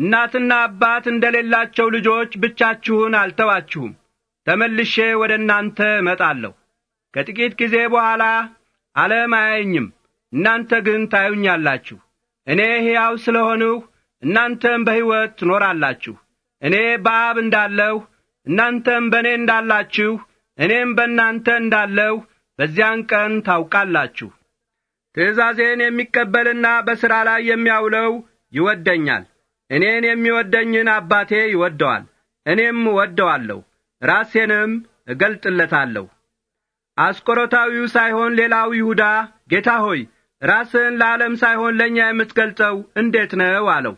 እናትና አባት እንደሌላቸው ልጆች ብቻችሁን አልተዋችሁም፣ ተመልሼ ወደ እናንተ እመጣለሁ። ከጥቂት ጊዜ በኋላ ዓለም አያየኝም፣ እናንተ ግን ታዩኛላችሁ። እኔ ሕያው ስለ ሆንሁ እናንተም በሕይወት ትኖራላችሁ። እኔ በአብ እንዳለሁ እናንተም በእኔ እንዳላችሁ እኔም በእናንተ እንዳለሁ በዚያን ቀን ታውቃላችሁ። ትእዛዜን የሚቀበልና በሥራ ላይ የሚያውለው ይወደኛል። እኔን የሚወደኝን አባቴ ይወደዋል፣ እኔም እወደዋለሁ፣ ራሴንም እገልጥለታለሁ። አስቆሮታዊው ሳይሆን ሌላው ይሁዳ ጌታ ሆይ ራስን ለዓለም ሳይሆን ለእኛ የምትገልጸው እንዴት ነው አለው።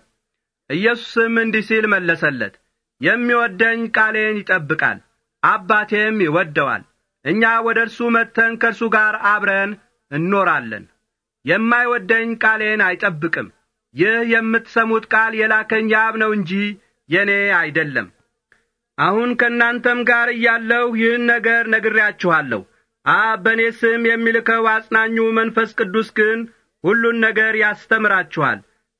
ኢየሱስም እንዲህ ሲል መለሰለት፣ የሚወደኝ ቃሌን ይጠብቃል፣ አባቴም ይወደዋል። እኛ ወደ እርሱ መጥተን ከእርሱ ጋር አብረን እኖራለን። የማይወደኝ ቃሌን አይጠብቅም። ይህ የምትሰሙት ቃል የላከኝ የአብ ነው እንጂ የእኔ አይደለም። አሁን ከእናንተም ጋር እያለሁ ይህን ነገር ነግሬያችኋለሁ። አብ በእኔ ስም የሚልከው አጽናኙ መንፈስ ቅዱስ ግን ሁሉን ነገር ያስተምራችኋል፣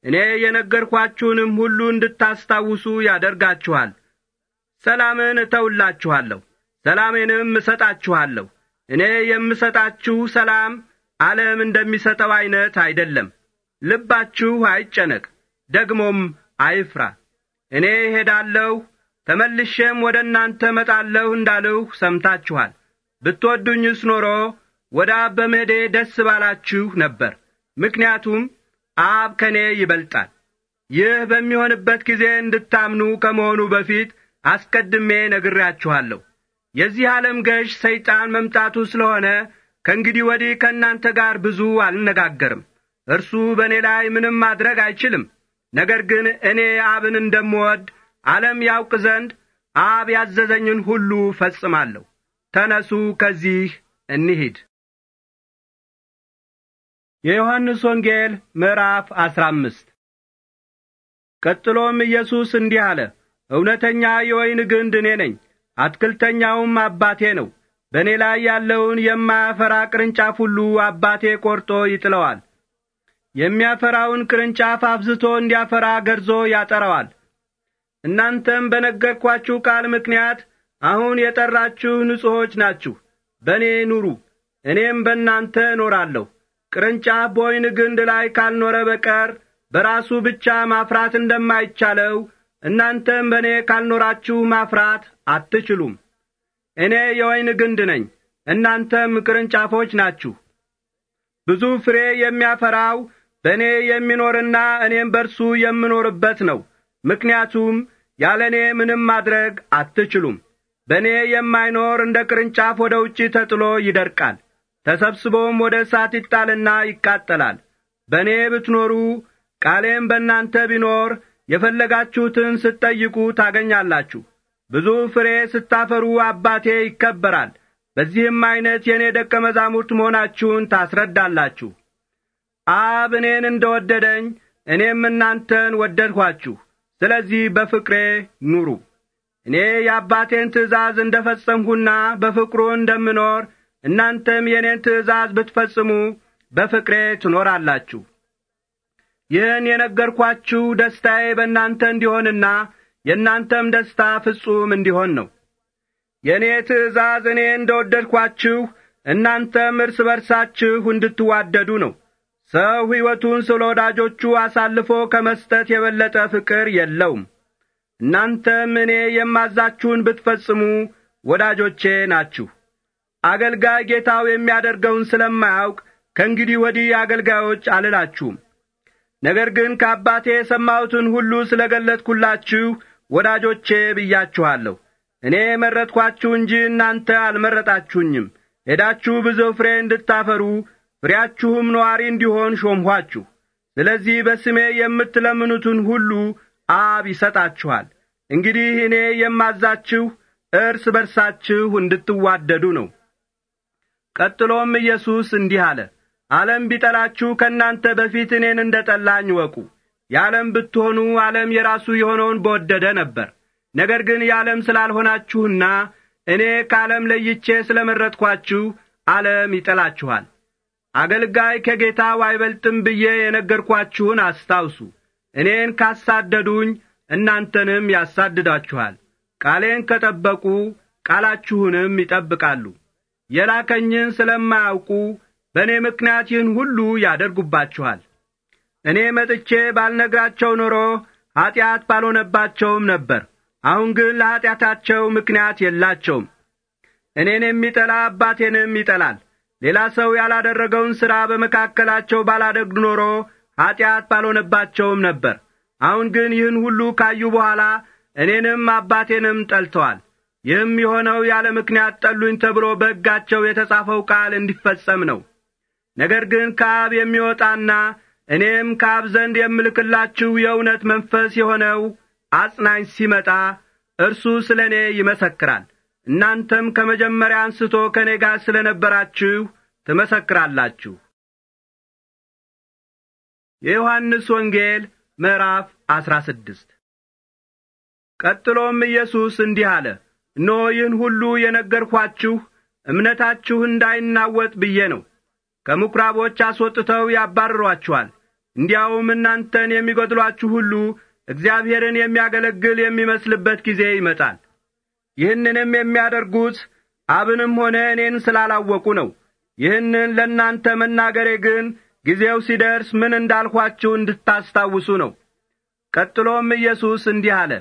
እኔ የነገርኳችሁንም ሁሉ እንድታስታውሱ ያደርጋችኋል። ሰላምን እተውላችኋለሁ፣ ሰላሜንም እሰጣችኋለሁ። እኔ የምሰጣችሁ ሰላም ዓለም እንደሚሰጠው ዐይነት አይደለም። ልባችሁ አይጨነቅ፣ ደግሞም አይፍራ። እኔ ሄዳለሁ ተመልሼም ወደ እናንተ መጣለሁ እንዳልሁ ሰምታችኋል። ብትወዱኝስ ኖሮ ወደ አብ በመሄዴ ደስ ባላችሁ ነበር። ምክንያቱም አብ ከእኔ ይበልጣል። ይህ በሚሆንበት ጊዜ እንድታምኑ ከመሆኑ በፊት አስቀድሜ ነግሬያችኋለሁ። የዚህ ዓለም ገዥ ሰይጣን መምጣቱ ስለሆነ ከእንግዲህ ወዲህ ከእናንተ ጋር ብዙ አልነጋገርም። እርሱ በእኔ ላይ ምንም ማድረግ አይችልም። ነገር ግን እኔ አብን እንደምወድ ዓለም ያውቅ ዘንድ አብ ያዘዘኝን ሁሉ ፈጽማለሁ። ተነሱ፣ ከዚህ እንሂድ። የዮሐንስ ወንጌል ምዕራፍ አስራ አምስት ቀጥሎም ኢየሱስ እንዲህ አለ እውነተኛ የወይን ግንድ እኔ ነኝ፣ አትክልተኛውም አባቴ ነው። በእኔ ላይ ያለውን የማያፈራ ቅርንጫፍ ሁሉ አባቴ ቈርጦ ይጥለዋል። የሚያፈራውን ቅርንጫፍ አብዝቶ እንዲያፈራ ገርዞ ያጠረዋል። እናንተም በነገርኳችሁ ቃል ምክንያት አሁን የጠራችሁ ንጹሖች ናችሁ። በእኔ ኑሩ፣ እኔም በእናንተ እኖራለሁ። ቅርንጫፍ በወይን ግንድ ላይ ካልኖረ በቀር በራሱ ብቻ ማፍራት እንደማይቻለው እናንተም በእኔ ካልኖራችሁ ማፍራት አትችሉም። እኔ የወይን ግንድ ነኝ፣ እናንተም ቅርንጫፎች ናችሁ። ብዙ ፍሬ የሚያፈራው በእኔ የሚኖርና እኔም በርሱ የምኖርበት ነው። ምክንያቱም ያለ እኔ ምንም ማድረግ አትችሉም። በእኔ የማይኖር እንደ ቅርንጫፍ ወደ ውጪ ተጥሎ ይደርቃል፣ ተሰብስቦም ወደ እሳት ይጣልና ይቃጠላል። በእኔ ብትኖሩ ቃሌም በእናንተ ቢኖር የፈለጋችሁትን ስትጠይቁ ታገኛላችሁ። ብዙ ፍሬ ስታፈሩ አባቴ ይከበራል። በዚህም ዐይነት የእኔ ደቀ መዛሙርት መሆናችሁን ታስረዳላችሁ። አብ እኔን እንደ ወደደኝ እኔም እናንተን ወደድኋችሁ። ስለዚህ በፍቅሬ ኑሩ። እኔ የአባቴን ትእዛዝ እንደ ፈጸምሁና በፍቅሩ እንደምኖር እናንተም የእኔን ትእዛዝ ብትፈጽሙ በፍቅሬ ትኖራላችሁ። ይህን የነገርኳችሁ ደስታዬ በእናንተ እንዲሆንና የእናንተም ደስታ ፍጹም እንዲሆን ነው። የእኔ ትእዛዝ እኔ እንደ ወደድኳችሁ እናንተም እርስ በርሳችሁ እንድትዋደዱ ነው። ሰው ሕይወቱን ስለ ወዳጆቹ አሳልፎ ከመስጠት የበለጠ ፍቅር የለውም። እናንተም እኔ የማዛችሁን ብትፈጽሙ ወዳጆቼ ናችሁ። አገልጋይ ጌታው የሚያደርገውን ስለማያውቅ ከእንግዲህ ወዲህ አገልጋዮች አልላችሁም ነገር ግን ከአባቴ የሰማሁትን ሁሉ ስለ ገለጥኩላችሁ ወዳጆቼ ብያችኋለሁ። እኔ መረጥኳችሁ እንጂ እናንተ አልመረጣችሁኝም። ሄዳችሁ ብዙ ፍሬ እንድታፈሩ ፍሬያችሁም ነዋሪ እንዲሆን ሾምኋችሁ። ስለዚህ በስሜ የምትለምኑትን ሁሉ አብ ይሰጣችኋል። እንግዲህ እኔ የማዛችሁ እርስ በርሳችሁ እንድትዋደዱ ነው። ቀጥሎም ኢየሱስ እንዲህ አለ። ዓለም ቢጠላችሁ ከእናንተ በፊት እኔን እንደ ጠላኝ ወቁ። የዓለም ብትሆኑ ዓለም የራሱ የሆነውን በወደደ ነበር። ነገር ግን የዓለም ስላልሆናችሁና እኔ ከዓለም ለይቼ ስለ መረጥኳችሁ ዓለም ይጠላችኋል። አገልጋይ ከጌታው አይበልጥም ብዬ የነገርኳችሁን አስታውሱ። እኔን ካሳደዱኝ እናንተንም ያሳድዳችኋል። ቃሌን ከጠበቁ ቃላችሁንም ይጠብቃሉ። የላከኝን ስለማያውቁ በእኔ ምክንያት ይህን ሁሉ ያደርጉባችኋል። እኔ መጥቼ ባልነግራቸው ኖሮ ኀጢአት ባልሆነባቸውም ነበር። አሁን ግን ለኀጢአታቸው ምክንያት የላቸውም። እኔን የሚጠላ አባቴንም ይጠላል። ሌላ ሰው ያላደረገውን ሥራ በመካከላቸው ባላደግዱ ኖሮ ኀጢአት ባልሆነባቸውም ነበር። አሁን ግን ይህን ሁሉ ካዩ በኋላ እኔንም አባቴንም ጠልተዋል። ይህም የሆነው ያለ ምክንያት ጠሉኝ ተብሎ በሕጋቸው የተጻፈው ቃል እንዲፈጸም ነው። ነገር ግን ከአብ የሚወጣና እኔም ከአብ ዘንድ የምልክላችሁ የእውነት መንፈስ የሆነው አጽናኝ ሲመጣ እርሱ ስለ እኔ ይመሰክራል። እናንተም ከመጀመሪያ አንስቶ ከእኔ ጋር ስለ ነበራችሁ ትመሰክራላችሁ። የዮሐንስ ወንጌል ምዕራፍ አስራ ስድስት ቀጥሎም ኢየሱስ እንዲህ አለ፣ እነሆ ይህን ሁሉ የነገርኳችሁ እምነታችሁ እንዳይናወጥ ብዬ ነው። ከምኵራቦች አስወጥተው ያባርሯችኋል። እንዲያውም እናንተን የሚገድሏችሁ ሁሉ እግዚአብሔርን የሚያገለግል የሚመስልበት ጊዜ ይመጣል። ይህንንም የሚያደርጉት አብንም ሆነ እኔን ስላላወቁ ነው። ይህንን ለእናንተ መናገሬ ግን ጊዜው ሲደርስ ምን እንዳልኋችሁ እንድታስታውሱ ነው። ቀጥሎም ኢየሱስ እንዲህ አለ፣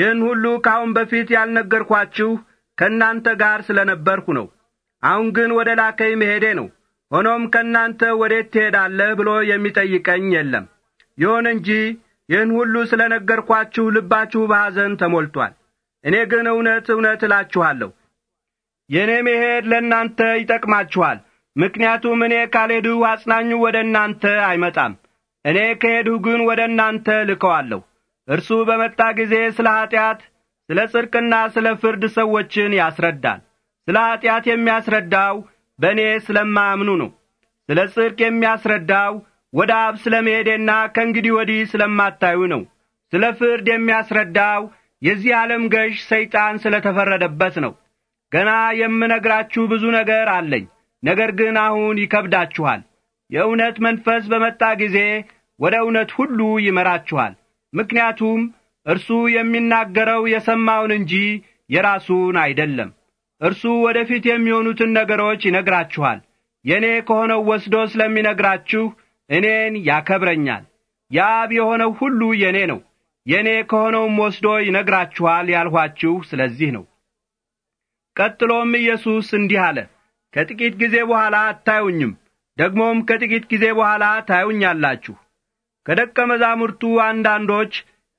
ይህን ሁሉ ከአሁን በፊት ያልነገርኳችሁ ከእናንተ ጋር ስለ ነበርሁ ነው። አሁን ግን ወደ ላከኝ መሄዴ ነው። ሆኖም ከእናንተ ወዴት ትሄዳለህ ብሎ የሚጠይቀኝ የለም። ይሁን እንጂ ይህን ሁሉ ስለ ነገርኳችሁ ልባችሁ በሐዘን ተሞልቶአል። እኔ ግን እውነት እውነት እላችኋለሁ የእኔ መሄድ ለእናንተ ይጠቅማችኋል። ምክንያቱም እኔ ካልሄድሁ አጽናኙ ወደ እናንተ አይመጣም። እኔ ከሄድሁ ግን ወደ እናንተ ልከዋለሁ። እርሱ በመጣ ጊዜ ስለ ኀጢአት፣ ስለ ጽድቅና ስለ ፍርድ ሰዎችን ያስረዳል። ስለ ኀጢአት የሚያስረዳው በእኔ ስለማያምኑ ነው። ስለ ጽድቅ የሚያስረዳው ወደ አብ ስለ መሄዴና ከእንግዲህ ወዲህ ስለማታዩ ነው። ስለ ፍርድ የሚያስረዳው የዚህ ዓለም ገዥ ሰይጣን ስለ ተፈረደበት ነው። ገና የምነግራችሁ ብዙ ነገር አለኝ፣ ነገር ግን አሁን ይከብዳችኋል። የእውነት መንፈስ በመጣ ጊዜ ወደ እውነት ሁሉ ይመራችኋል። ምክንያቱም እርሱ የሚናገረው የሰማውን እንጂ የራሱን አይደለም። እርሱ ወደፊት የሚሆኑትን ነገሮች ይነግራችኋል። የእኔ ከሆነው ወስዶ ስለሚነግራችሁ እኔን ያከብረኛል። የአብ የሆነው ሁሉ የእኔ ነው፣ የእኔ ከሆነውም ወስዶ ይነግራችኋል ያልኋችሁ ስለዚህ ነው። ቀጥሎም ኢየሱስ እንዲህ አለ፣ ከጥቂት ጊዜ በኋላ አታዩኝም፣ ደግሞም ከጥቂት ጊዜ በኋላ ታዩኛላችሁ። ከደቀ መዛሙርቱ አንዳንዶች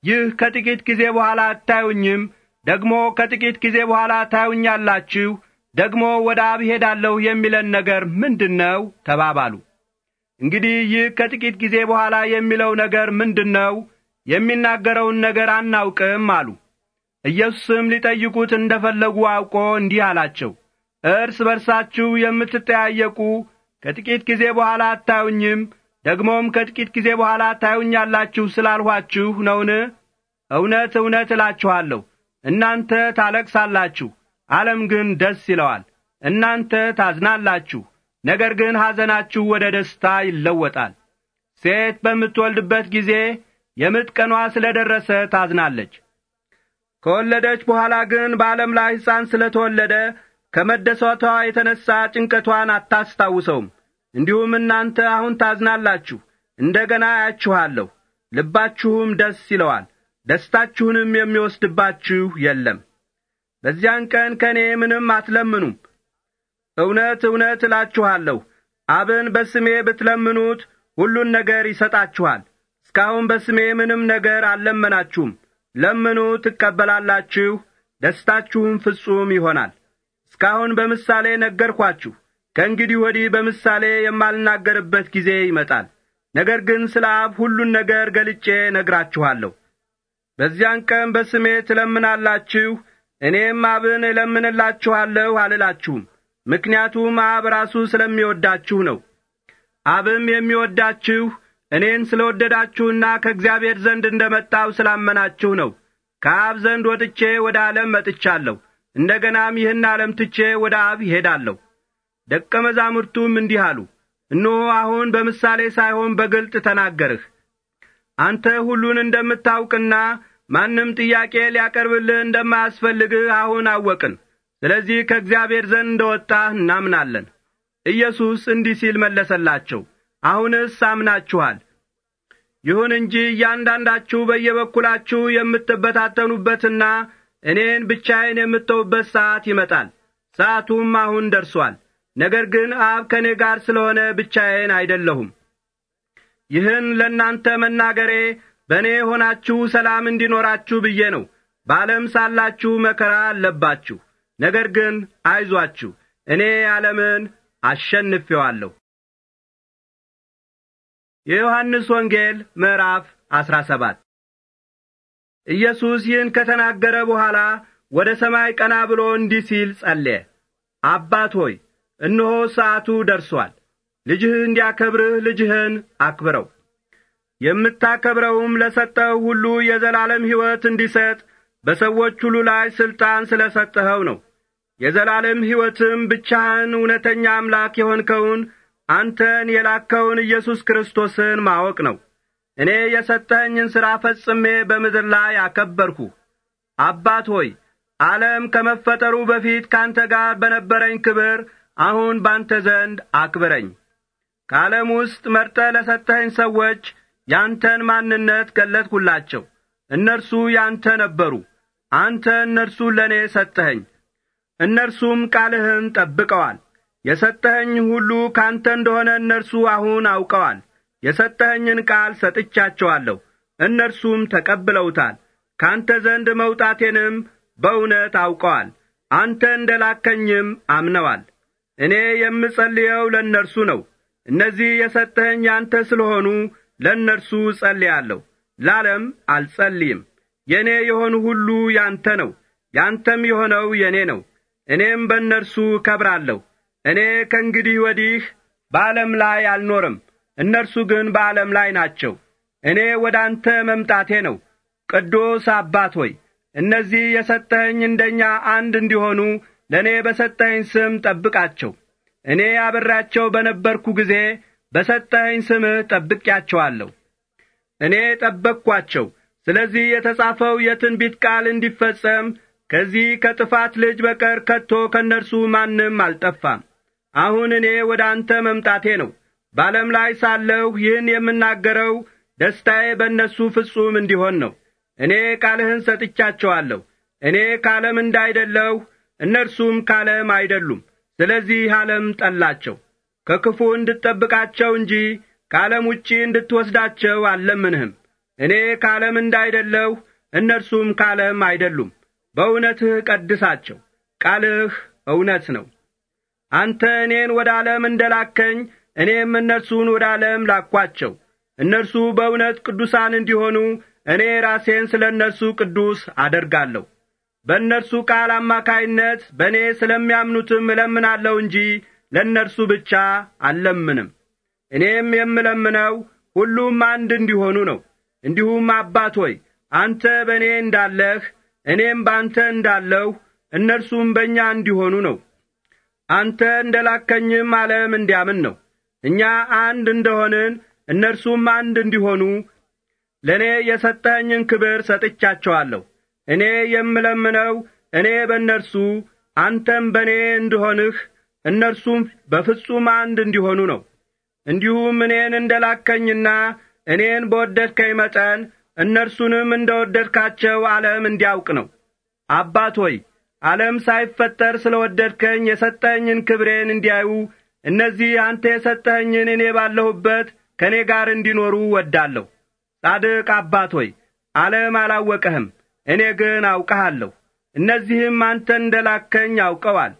ይህ ከጥቂት ጊዜ በኋላ አታዩኝም ደግሞ ከጥቂት ጊዜ በኋላ ታዩኛላችሁ፣ ደግሞ ወደ አብ ሄዳለሁ የሚለን ነገር ምንድን ነው ተባባሉ። እንግዲህ ይህ ከጥቂት ጊዜ በኋላ የሚለው ነገር ምንድን ነው? የሚናገረውን ነገር አናውቅም አሉ። ኢየሱስም ሊጠይቁት እንደ ፈለጉ አውቆ እንዲህ አላቸው፣ እርስ በርሳችሁ የምትጠያየቁ ከጥቂት ጊዜ በኋላ አታዩኝም፣ ደግሞም ከጥቂት ጊዜ በኋላ ታዩኛላችሁ ስላልኋችሁ ነውን? እውነት እውነት እላችኋለሁ እናንተ ታለቅሳላችሁ፣ ዓለም ግን ደስ ይለዋል። እናንተ ታዝናላችሁ፣ ነገር ግን ሐዘናችሁ ወደ ደስታ ይለወጣል። ሴት በምትወልድበት ጊዜ የምጥ ቀኗ ስለ ደረሰ ታዝናለች። ከወለደች በኋላ ግን በዓለም ላይ ሕፃን ስለ ተወለደ ከመደሰቷ የተነሣ ጭንቀቷን አታስታውሰውም። እንዲሁም እናንተ አሁን ታዝናላችሁ፣ እንደ ገና አያችኋለሁ፣ ልባችሁም ደስ ይለዋል። ደስታችሁንም የሚወስድባችሁ የለም። በዚያን ቀን ከእኔ ምንም አትለምኑም። እውነት እውነት እላችኋለሁ አብን በስሜ ብትለምኑት ሁሉን ነገር ይሰጣችኋል። እስካሁን በስሜ ምንም ነገር አልለመናችሁም። ለምኑ ትቀበላላችሁ፣ ደስታችሁም ፍጹም ይሆናል። እስካሁን በምሳሌ ነገርኳችሁ። ከእንግዲህ ወዲህ በምሳሌ የማልናገርበት ጊዜ ይመጣል። ነገር ግን ስለ አብ ሁሉን ነገር ገልጬ ነግራችኋለሁ። በዚያን ቀን በስሜ ትለምናላችሁ፣ እኔም አብን እለምንላችኋለሁ አልላችሁም። ምክንያቱም አብ ራሱ ስለሚወዳችሁ ነው። አብም የሚወዳችሁ እኔን ስለ ወደዳችሁና ከእግዚአብሔር ዘንድ እንደ መጣሁ ስላመናችሁ ነው። ከአብ ዘንድ ወጥቼ ወደ ዓለም መጥቻለሁ፣ እንደ ገናም ይህን ዓለም ትቼ ወደ አብ ይሄዳለሁ። ደቀ መዛሙርቱም እንዲህ አሉ፣ እነሆ አሁን በምሳሌ ሳይሆን በግልጥ ተናገርህ አንተ ሁሉን እንደምታውቅና ማንም ጥያቄ ሊያቀርብልህ እንደማያስፈልግህ አሁን አወቅን። ስለዚህ ከእግዚአብሔር ዘንድ እንደ እናምናለን። ኢየሱስ እንዲህ ሲል መለሰላቸው፣ አሁንስ አምናችኋል። ይሁን እንጂ እያንዳንዳችሁ በየበኩላችሁ የምትበታተኑበትና እኔን ብቻዬን የምተውበት ሰዓት ይመጣል። ሰዓቱም አሁን ደርሷል። ነገር ግን አብ ከእኔ ጋር ስለሆነ ብቻዬን አይደለሁም። ይህን ለእናንተ መናገሬ በእኔ የሆናችሁ ሰላም እንዲኖራችሁ ብዬ ነው። በዓለም ሳላችሁ መከራ አለባችሁ። ነገር ግን አይዟችሁ፣ እኔ ዓለምን አሸንፌዋለሁ። የዮሐንስ ወንጌል ምዕራፍ አስራ ሰባት ኢየሱስ ይህን ከተናገረ በኋላ ወደ ሰማይ ቀና ብሎ እንዲህ ሲል ጸለየ። አባት ሆይ እነሆ ሰዓቱ ደርሷል። ልጅህ እንዲያከብርህ ልጅህን አክብረው። የምታከብረውም ለሰጠኸው ሁሉ የዘላለም ሕይወት እንዲሰጥ በሰዎች ሁሉ ላይ ሥልጣን ስለ ሰጠኸው ነው። የዘላለም ሕይወትም ብቻህን እውነተኛ አምላክ የሆንከውን አንተን የላከውን ኢየሱስ ክርስቶስን ማወቅ ነው። እኔ የሰጠኸኝን ሥራ ፈጽሜ በምድር ላይ አከበርኩ። አባት ሆይ ዓለም ከመፈጠሩ በፊት ካንተ ጋር በነበረኝ ክብር አሁን ባንተ ዘንድ አክብረኝ። ከዓለም ውስጥ መርጠ ለሰጠኸኝ ሰዎች ያንተን ማንነት ገለጥሁላቸው። እነርሱ ያንተ ነበሩ፣ አንተ እነርሱን ለእኔ ሰጠኸኝ። እነርሱም ቃልህን ጠብቀዋል። የሰጠኸኝ ሁሉ ካንተ እንደሆነ እነርሱ አሁን አውቀዋል። የሰጠኸኝን ቃል ሰጥቻቸዋለሁ፣ እነርሱም ተቀብለውታል። ካንተ ዘንድ መውጣቴንም በእውነት አውቀዋል። አንተ እንደ ላከኝም አምነዋል። እኔ የምጸልየው ለእነርሱ ነው። እነዚህ የሰጠኸኝ አንተ ስለሆኑ ለእነርሱ ጸልያለሁ፣ ላለም አልጸልይም። የእኔ የሆኑ ሁሉ ያንተ ነው፣ ያንተም የሆነው የእኔ ነው። እኔም በእነርሱ እከብራለሁ። እኔ ከእንግዲህ ወዲህ በዓለም ላይ አልኖርም፣ እነርሱ ግን በዓለም ላይ ናቸው። እኔ ወደ አንተ መምጣቴ ነው። ቅዱስ አባት ሆይ እነዚህ የሰጠኸኝ እንደኛ አንድ እንዲሆኑ ለእኔ በሰጠኸኝ ስም ጠብቃቸው። እኔ ያበራቸው በነበርኩ ጊዜ በሰጠኸኝ ስምህ ጠብቄያቸዋለሁ። እኔ ጠበቅኳቸው። ስለዚህ የተጻፈው የትንቢት ቃል እንዲፈጸም ከዚህ ከጥፋት ልጅ በቀር ከቶ ከእነርሱ ማንም አልጠፋም። አሁን እኔ ወደ አንተ መምጣቴ ነው። በዓለም ላይ ሳለሁ ይህን የምናገረው ደስታዬ በእነሱ ፍጹም እንዲሆን ነው። እኔ ቃልህን ሰጥቻቸዋለሁ። እኔ ከዓለም እንዳይደለሁ፣ እነርሱም ከዓለም አይደሉም። ስለዚህ ዓለም ጠላቸው። ከክፉ እንድትጠብቃቸው እንጂ ከዓለም ውጪ እንድትወስዳቸው አልለምንህም። እኔ ከዓለም እንዳይደለሁ እነርሱም ከዓለም አይደሉም። በእውነትህ ቀድሳቸው፣ ቃልህ እውነት ነው። አንተ እኔን ወደ ዓለም እንደላከኝ እኔም እነርሱን ወደ ዓለም ላኳቸው። እነርሱ በእውነት ቅዱሳን እንዲሆኑ እኔ ራሴን ስለ እነርሱ ቅዱስ አደርጋለሁ። በእነርሱ ቃል አማካይነት በእኔ ስለሚያምኑትም እለምናለሁ እንጂ ለእነርሱ ብቻ አልለምንም። እኔም የምለምነው ሁሉም አንድ እንዲሆኑ ነው። እንዲሁም አባት ሆይ አንተ በእኔ እንዳለህ እኔም በአንተ እንዳለሁ እነርሱም በእኛ እንዲሆኑ ነው። አንተ እንደ ላከኝም ዓለም እንዲያምን ነው። እኛ አንድ እንደሆንን እነርሱም አንድ እንዲሆኑ ለእኔ የሰጠኸኝን ክብር ሰጥቻቸዋለሁ እኔ የምለምነው እኔ በእነርሱ አንተም በእኔ እንድሆንህ እነርሱም በፍጹም አንድ እንዲሆኑ ነው። እንዲሁም እኔን እንደ ላከኝና እኔን በወደድከኝ መጠን እነርሱንም እንደ ወደድካቸው ዓለም እንዲያውቅ ነው። አባት ሆይ ዓለም ሳይፈጠር ስለ ወደድከኝ የሰጠኝን ክብሬን እንዲያዩ እነዚህ አንተ የሰጠኸኝን እኔ ባለሁበት ከእኔ ጋር እንዲኖሩ ወዳለሁ። ጻድቅ አባት ሆይ ዓለም አላወቀህም እኔ ግን አውቀሃለሁ፣ እነዚህም አንተ እንደ ላከኝ አውቀዋል።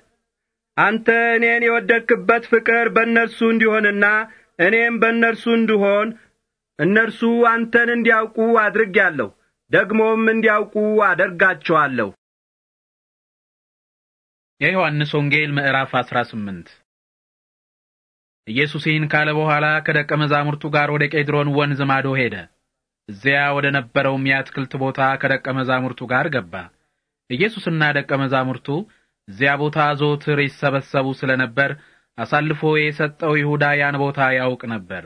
አንተ እኔን የወደድክበት ፍቅር በእነርሱ እንዲሆንና እኔም በእነርሱ እንድሆን እነርሱ አንተን እንዲያውቁ አድርጌአለሁ፣ ደግሞም እንዲያውቁ አደርጋቸዋለሁ። የዮሐንስ ወንጌል ምዕራፍ 18 ኢየሱስ ይህን ካለ በኋላ ከደቀ መዛሙርቱ ጋር ወደ ቄድሮን ወንዝ ማዶ ሄደ። እዚያ ወደ ነበረውም የአትክልት ቦታ ከደቀ መዛሙርቱ ጋር ገባ። ኢየሱስና ደቀ መዛሙርቱ እዚያ ቦታ ዘወትር ይሰበሰቡ ስለነበር አሳልፎ የሰጠው ይሁዳ ያን ቦታ ያውቅ ነበር።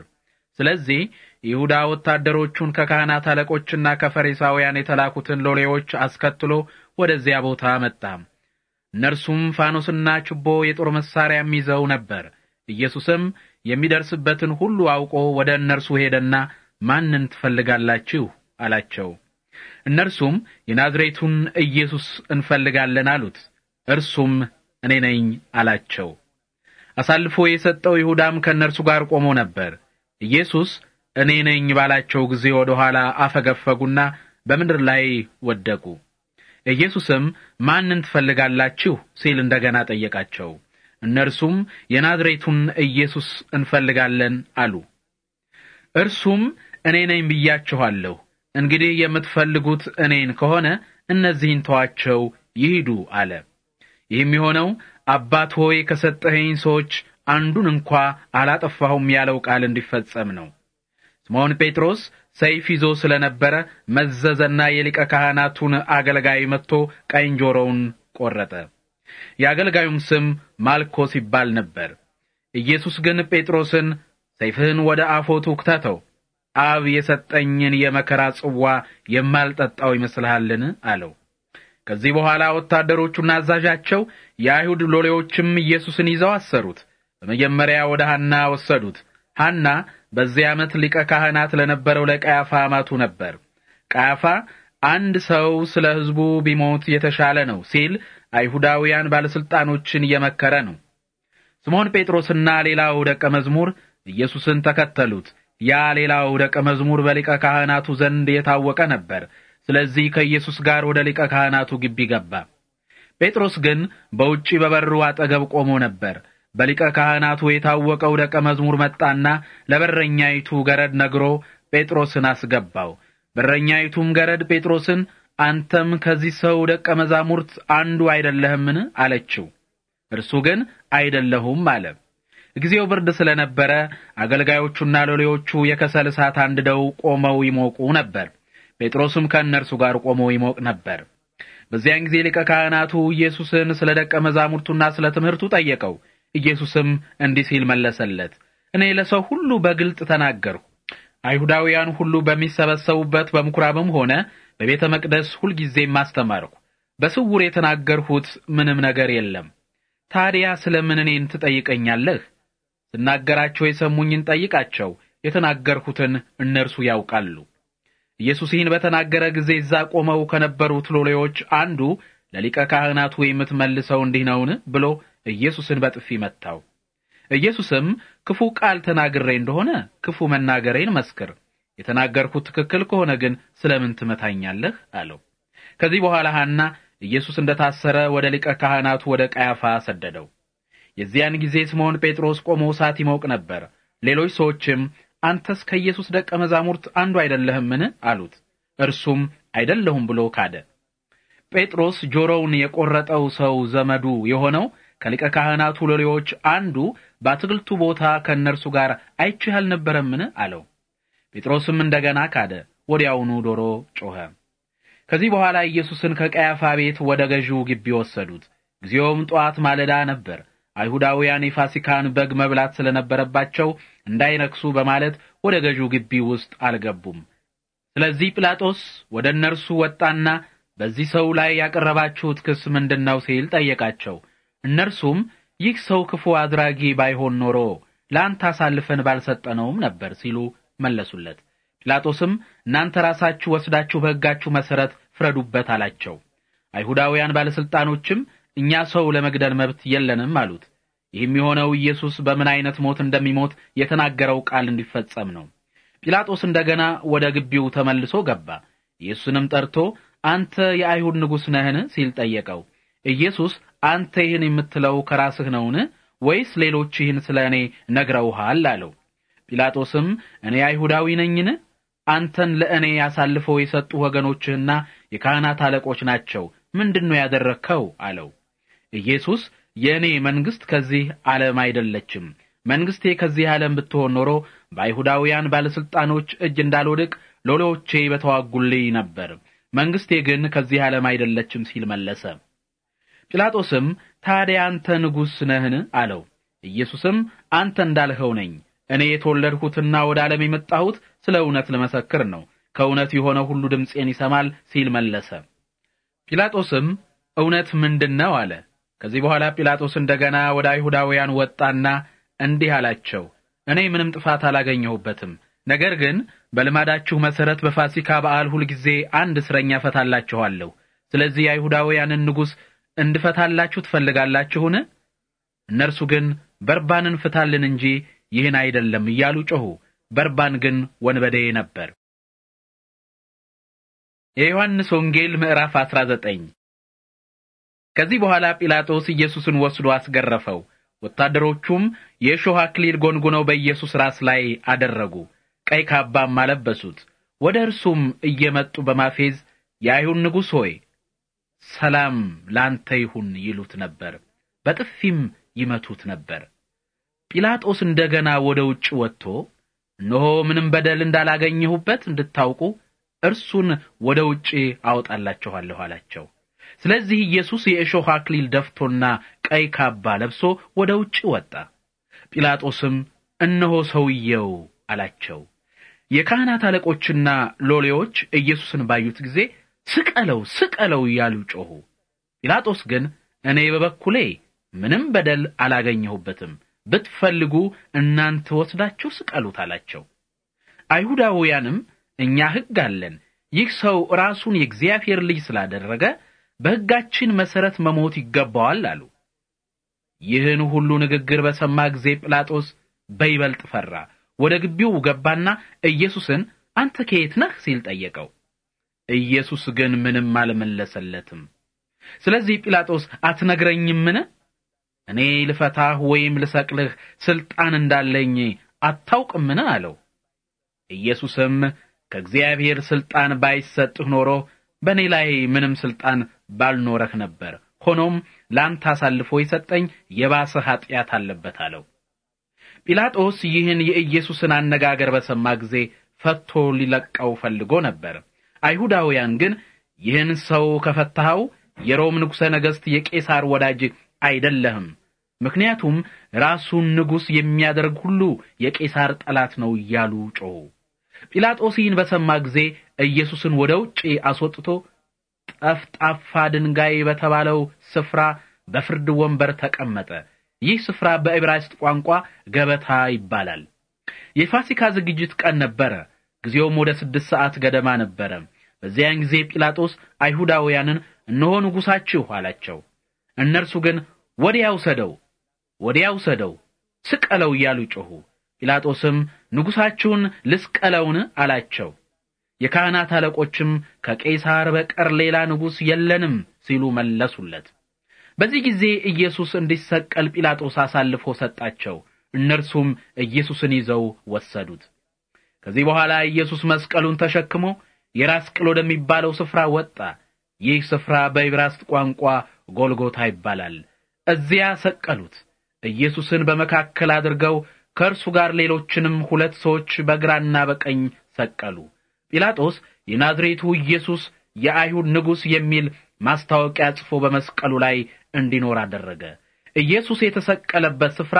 ስለዚህ ይሁዳ ወታደሮቹን ከካህናት አለቆችና ከፈሪሳውያን የተላኩትን ሎሌዎች አስከትሎ ወደዚያ ቦታ መጣ። እነርሱም ፋኖስና ችቦ የጦር መሳሪያም ይዘው ነበር። ኢየሱስም የሚደርስበትን ሁሉ አውቆ ወደ እነርሱ ሄደና ማንን ትፈልጋላችሁ አላቸው። እነርሱም የናዝሬቱን ኢየሱስ እንፈልጋለን አሉት። እርሱም እኔ ነኝ አላቸው። አሳልፎ የሰጠው ይሁዳም ከእነርሱ ጋር ቆሞ ነበር። ኢየሱስ እኔ ነኝ ባላቸው ጊዜ ወደ ኋላ አፈገፈጉና በምድር ላይ ወደቁ። ኢየሱስም ማንን ትፈልጋላችሁ ሲል እንደገና ጠየቃቸው። እነርሱም የናዝሬቱን ኢየሱስ እንፈልጋለን አሉ። እርሱም እኔ ነኝ ብያችኋለሁ። እንግዲህ የምትፈልጉት እኔን ከሆነ እነዚህን ተዋቸው ይሂዱ አለ። ይህም የሆነው አባት ሆይ ከሰጠኸኝ ሰዎች አንዱን እንኳ አላጠፋሁም ያለው ቃል እንዲፈጸም ነው። ስምዖን ጴጥሮስ ሰይፍ ይዞ ስለነበረ መዘዘና የሊቀ ካህናቱን አገልጋይ መጥቶ ቀኝ ጆሮውን ቆረጠ። የአገልጋዩም ስም ማልኮስ ይባል ነበር። ኢየሱስ ግን ጴጥሮስን ሰይፍህን ወደ አፎቱ ክተተው አብ የሰጠኝን የመከራ ጽዋ የማልጠጣው ይመስልሃልን? አለው። ከዚህ በኋላ ወታደሮቹና አዛዣቸው የአይሁድ ሎሌዎችም ኢየሱስን ይዘው አሰሩት። በመጀመሪያ ወደ ሐና ወሰዱት። ሐና በዚህ ዓመት ሊቀ ካህናት ለነበረው ለቀያፋ አማቱ ነበር። ቀያፋ አንድ ሰው ስለ ሕዝቡ ቢሞት የተሻለ ነው ሲል አይሁዳውያን ባለሥልጣኖችን እየመከረ ነው። ስምዖን ጴጥሮስና ሌላው ደቀ መዝሙር ኢየሱስን ተከተሉት። ያ ሌላው ደቀ መዝሙር በሊቀ ካህናቱ ዘንድ የታወቀ ነበር። ስለዚህ ከኢየሱስ ጋር ወደ ሊቀ ካህናቱ ግቢ ገባ። ጴጥሮስ ግን በውጪ በበሩ አጠገብ ቆሞ ነበር። በሊቀ ካህናቱ የታወቀው ደቀ መዝሙር መጣና ለበረኛይቱ ገረድ ነግሮ ጴጥሮስን አስገባው። በረኛይቱም ገረድ ጴጥሮስን አንተም ከዚህ ሰው ደቀ መዛሙርት አንዱ አይደለህምን? አለችው። እርሱ ግን አይደለሁም አለ። ጊዜው ብርድ ስለነበረ አገልጋዮቹና ሎሌዎቹ የከሰል እሳት አንድደው ቆመው ይሞቁ ነበር። ጴጥሮስም ከእነርሱ ጋር ቆሞ ይሞቅ ነበር። በዚያን ጊዜ ሊቀ ካህናቱ ኢየሱስን ስለ ደቀ መዛሙርቱና ስለ ትምህርቱ ጠየቀው። ኢየሱስም እንዲህ ሲል መለሰለት፣ እኔ ለሰው ሁሉ በግልጥ ተናገርሁ። አይሁዳውያን ሁሉ በሚሰበሰቡበት በምኩራብም ሆነ በቤተ መቅደስ ሁልጊዜም አስተማርሁ። በስውር የተናገርሁት ምንም ነገር የለም። ታዲያ ምን እኔን ትጠይቀኛለህ? ስናገራቸው የሰሙኝን ጠይቃቸው፣ የተናገርሁትን እነርሱ ያውቃሉ። ኢየሱስ ይህን በተናገረ ጊዜ እዛ ቆመው ከነበሩት ሎሌዎች አንዱ ለሊቀ ካህናቱ የምትመልሰው እንዲህ ነውን? ብሎ ኢየሱስን በጥፊ መታው። ኢየሱስም ክፉ ቃል ተናግሬ እንደሆነ ክፉ መናገሬን መስክር፣ የተናገርኩት ትክክል ከሆነ ግን ስለምን ትመታኛለህ? አለው። ከዚህ በኋላ ሐና ኢየሱስ እንደታሰረ ወደ ሊቀ ካህናቱ ወደ ቀያፋ ሰደደው። የዚያን ጊዜ ስምዖን ጴጥሮስ ቆሞ እሳት ይሞቅ ነበር። ሌሎች ሰዎችም አንተስ ከኢየሱስ ደቀ መዛሙርት አንዱ አይደለህምን አሉት። እርሱም አይደለሁም ብሎ ካደ። ጴጥሮስ ጆሮውን የቆረጠው ሰው ዘመዱ የሆነው ከሊቀ ካህናቱ ሎሌዎች አንዱ በአትክልቱ ቦታ ከእነርሱ ጋር አይቼህ አልነበረምን አለው። ጴጥሮስም እንደገና ካደ። ወዲያውኑ ዶሮ ጮኸ። ከዚህ በኋላ ኢየሱስን ከቀያፋ ቤት ወደ ገዢው ግቢ ወሰዱት። ጊዜውም ጠዋት ማለዳ ነበር። አይሁዳውያን የፋሲካን በግ መብላት ስለነበረባቸው እንዳይነክሱ በማለት ወደ ገዢው ግቢ ውስጥ አልገቡም። ስለዚህ ጲላጦስ ወደ እነርሱ ወጣና በዚህ ሰው ላይ ያቀረባችሁት ክስ ምንድነው? ሲል ጠየቃቸው። እነርሱም ይህ ሰው ክፉ አድራጊ ባይሆን ኖሮ ለአንተ አሳልፈን ባልሰጠነውም ነበር ሲሉ መለሱለት። ጲላጦስም እናንተ ራሳችሁ ወስዳችሁ በሕጋችሁ መሠረት ፍረዱበት አላቸው። አይሁዳውያን ባለሥልጣኖችም እኛ ሰው ለመግደል መብት የለንም አሉት። የሚሆነው ኢየሱስ በምን አይነት ሞት እንደሚሞት የተናገረው ቃል እንዲፈጸም ነው። ጲላጦስ እንደገና ወደ ግቢው ተመልሶ ገባ። ኢየሱስንም ጠርቶ አንተ የአይሁድ ንጉሥ ነህን ሲል ጠየቀው። ኢየሱስ አንተ ይህን የምትለው ከራስህ ነውን ወይስ ሌሎች ይህን ስለ እኔ ነግረውሃል አለው። ጲላጦስም እኔ አይሁዳዊ ነኝን? አንተን ለእኔ ያሳልፈው የሰጡ ወገኖችህና የካህናት አለቆች ናቸው። ምንድን ነው ያደረግከው? አለው። ኢየሱስ የእኔ መንግሥት ከዚህ ዓለም አይደለችም። መንግሥቴ ከዚህ ዓለም ብትሆን ኖሮ በአይሁዳውያን ባለሥልጣኖች እጅ እንዳልወድቅ ሎሎዎቼ በተዋጉልኝ ነበር። መንግሥቴ ግን ከዚህ ዓለም አይደለችም ሲል መለሰ። ጲላጦስም ታዲያ አንተ ንጉሥ ነህን? አለው። ኢየሱስም አንተ እንዳልኸው ነኝ። እኔ የተወለድሁትና ወደ ዓለም የመጣሁት ስለ እውነት ለመሰክር ነው። ከእውነት የሆነ ሁሉ ድምፄን ይሰማል ሲል መለሰ። ጲላጦስም እውነት ምንድን ነው? አለ። ከዚህ በኋላ ጲላጦስ እንደገና ወደ አይሁዳውያን ወጣና እንዲህ አላቸው፣ እኔ ምንም ጥፋት አላገኘሁበትም። ነገር ግን በልማዳችሁ መሰረት በፋሲካ በዓል ሁልጊዜ አንድ እስረኛ እፈታላችኋለሁ። ስለዚህ የአይሁዳውያንን ንጉሥ እንድፈታላችሁ ትፈልጋላችሁን? እነርሱ ግን በርባንን ፍታልን እንጂ ይህን አይደለም እያሉ ጮኹ። በርባን ግን ወንበዴ ነበር። የዮሐንስ ወንጌል ምዕራፍ 19 ከዚህ በኋላ ጲላጦስ ኢየሱስን ወስዶ አስገረፈው። ወታደሮቹም የእሾህ አክሊል ጎንጉነው በኢየሱስ ራስ ላይ አደረጉ፣ ቀይ ካባም አለበሱት። ወደ እርሱም እየመጡ በማፌዝ የአይሁድ ንጉሥ ሆይ ሰላም ላንተ ይሁን ይሉት ነበር፣ በጥፊም ይመቱት ነበር። ጲላጦስ እንደገና ወደ ውጭ ወጥቶ እነሆ ምንም በደል እንዳላገኘሁበት እንድታውቁ እርሱን ወደ ውጭ አወጣላችኋለሁ አላቸው። ስለዚህ ኢየሱስ የእሾህ አክሊል ደፍቶና ቀይ ካባ ለብሶ ወደ ውጭ ወጣ። ጲላጦስም እነሆ ሰውየው አላቸው። የካህናት አለቆችና ሎሌዎች ኢየሱስን ባዩት ጊዜ ስቀለው፣ ስቀለው እያሉ ጮኹ። ጲላጦስ ግን እኔ በበኩሌ ምንም በደል አላገኘሁበትም፣ ብትፈልጉ እናንተ ወስዳችሁ ስቀሉት አላቸው። አይሁዳውያንም እኛ ሕግ አለን፣ ይህ ሰው ራሱን የእግዚአብሔር ልጅ ስላደረገ በሕጋችን መሠረት መሞት ይገባዋል አሉ። ይህን ሁሉ ንግግር በሰማ ጊዜ ጲላጦስ በይበልጥ ፈራ። ወደ ግቢው ገባና ኢየሱስን አንተ ከየት ነህ ሲል ጠየቀው። ኢየሱስ ግን ምንም አልመለሰለትም። ስለዚህ ጲላጦስ አትነግረኝምን? እኔ ልፈታህ ወይም ልሰቅልህ ሥልጣን እንዳለኝ አታውቅምን? አለው። ኢየሱስም ከእግዚአብሔር ሥልጣን ባይሰጥህ ኖሮ በእኔ ላይ ምንም ሥልጣን ባልኖረህ ነበር። ሆኖም ላንተ አሳልፎ የሰጠኝ የባሰ ኃጢአት አለበት አለው። ጲላጦስ ይህን የኢየሱስን አነጋገር በሰማ ጊዜ ፈቶ ሊለቀው ፈልጎ ነበር። አይሁዳውያን ግን ይህን ሰው ከፈታኸው የሮም ንጉሠ ነገሥት የቄሳር ወዳጅ አይደለህም፣ ምክንያቱም ራሱን ንጉሥ የሚያደርግ ሁሉ የቄሳር ጠላት ነው እያሉ ጮኹ። ጲላጦስ ይህን በሰማ ጊዜ ኢየሱስን ወደ ውጪ አስወጥቶ ጠፍጣፋ ድንጋይ በተባለው ስፍራ በፍርድ ወንበር ተቀመጠ። ይህ ስፍራ በዕብራይስጥ ቋንቋ ገበታ ይባላል። የፋሲካ ዝግጅት ቀን ነበረ። ጊዜውም ወደ ስድስት ሰዓት ገደማ ነበረ። በዚያን ጊዜ ጲላጦስ አይሁዳውያንን እነሆ ንጉሣችሁ አላቸው። እነርሱ ግን ወዲያው ሰደው ወዲያው ሰደው ስቀለው እያሉ ጮኹ። ጲላጦስም ንጉሣችሁን ልስቀለውን አላቸው። የካህናት አለቆችም ከቄሳር በቀር ሌላ ንጉሥ የለንም ሲሉ መለሱለት። በዚህ ጊዜ ኢየሱስ እንዲሰቀል ጲላጦስ አሳልፎ ሰጣቸው። እነርሱም ኢየሱስን ይዘው ወሰዱት። ከዚህ በኋላ ኢየሱስ መስቀሉን ተሸክሞ የራስ ቅል ወደሚባለው ስፍራ ወጣ። ይህ ስፍራ በዕብራይስጥ ቋንቋ ጎልጎታ ይባላል። እዚያ ሰቀሉት። ኢየሱስን በመካከል አድርገው ከእርሱ ጋር ሌሎችንም ሁለት ሰዎች በግራና በቀኝ ሰቀሉ። ጲላጦስ የናዝሬቱ ኢየሱስ የአይሁድ ንጉሥ የሚል ማስታወቂያ ጽፎ በመስቀሉ ላይ እንዲኖር አደረገ። ኢየሱስ የተሰቀለበት ስፍራ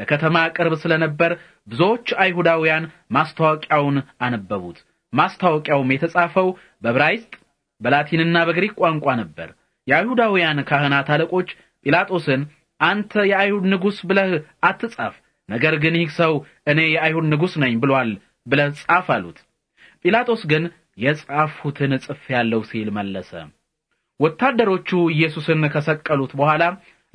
ለከተማ ቅርብ ስለነበር ብዙዎች አይሁዳውያን ማስታወቂያውን አነበቡት። ማስታወቂያውም የተጻፈው በዕብራይስጥ በላቲንና በግሪክ ቋንቋ ነበር። የአይሁዳውያን ካህናት አለቆች ጲላጦስን አንተ የአይሁድ ንጉሥ ብለህ አትጻፍ፣ ነገር ግን ይህ ሰው እኔ የአይሁድ ንጉሥ ነኝ ብሏል ብለህ ጻፍ አሉት። ጲላጦስ ግን የጻፍሁትን ያለው ሲል መለሰ። ወታደሮቹ ኢየሱስን ከሰቀሉት በኋላ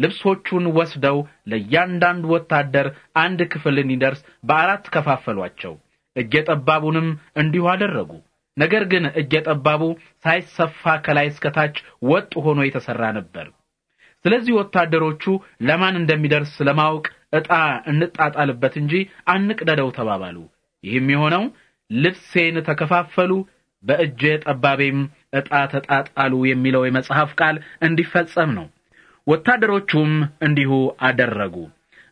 ልብሶቹን ወስደው ለእያንዳንዱ ወታደር አንድ ክፍል እንዲደርስ በአራት ከፋፈሏቸው። እጀ ጠባቡንም እንዲሁ አደረጉ። ነገር ግን እጀ ጠባቡ ሳይሰፋ ከላይ እስከታች ወጥ ሆኖ የተሰራ ነበር። ስለዚህ ወታደሮቹ ለማን እንደሚደርስ ለማወቅ ዕጣ እንጣጣልበት እንጂ አንቅደደው ተባባሉ። ይህም የሆነው ልብሴን ተከፋፈሉ፣ በእጄ ጠባቤም ዕጣ ተጣጣሉ የሚለው የመጽሐፍ ቃል እንዲፈጸም ነው። ወታደሮቹም እንዲሁ አደረጉ።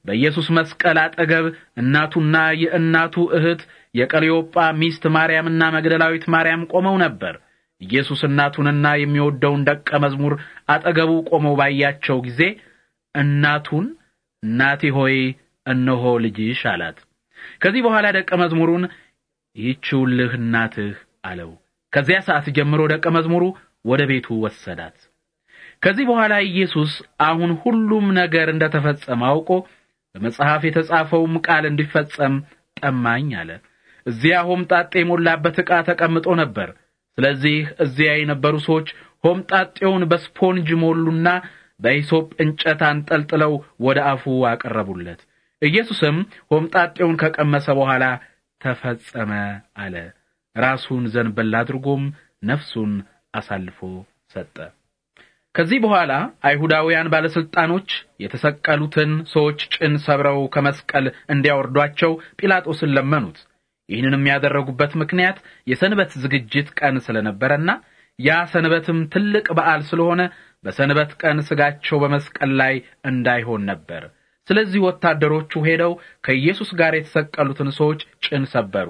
በኢየሱስ መስቀል አጠገብ እናቱና የእናቱ እህት የቀልዮጳ ሚስት ማርያምና መግደላዊት ማርያም ቆመው ነበር። ኢየሱስ እናቱንና የሚወደውን ደቀ መዝሙር አጠገቡ ቆመው ባያቸው ጊዜ እናቱን እናቴ ሆይ እነሆ ልጅሽ አላት። ከዚህ በኋላ ደቀ መዝሙሩን ይችውልህ እናትህ አለው። ከዚያ ሰዓት ጀምሮ ደቀ መዝሙሩ ወደ ቤቱ ወሰዳት። ከዚህ በኋላ ኢየሱስ አሁን ሁሉም ነገር ተፈጸመ አውቆ በመጽሐፍ የተጻፈውም ቃል እንዲፈጸም ጠማኝ አለ። እዚያ ሆምጣጤ የሞላበት ዕቃ ተቀምጦ ነበር። ስለዚህ እዚያ የነበሩ ሰዎች ሆምጣጤውን በስፖንጅ ሞሉና በኢሶጵ እንጨት አንጠልጥለው ወደ አፉ አቀረቡለት። ኢየሱስም ሆምጣጤውን ከቀመሰ በኋላ ተፈጸመ አለ። ራሱን ዘንበል አድርጎም ነፍሱን አሳልፎ ሰጠ። ከዚህ በኋላ አይሁዳውያን ባለስልጣኖች የተሰቀሉትን ሰዎች ጭን ሰብረው ከመስቀል እንዲያወርዷቸው ጲላጦስን ለመኑት። ይህንን የሚያደረጉበት ምክንያት የሰንበት ዝግጅት ቀን ስለነበረና ያ ሰንበትም ትልቅ በዓል ስለሆነ በሰንበት ቀን ስጋቸው በመስቀል ላይ እንዳይሆን ነበር። ስለዚህ ወታደሮቹ ሄደው ከኢየሱስ ጋር የተሰቀሉትን ሰዎች ጭን ሰበሩ።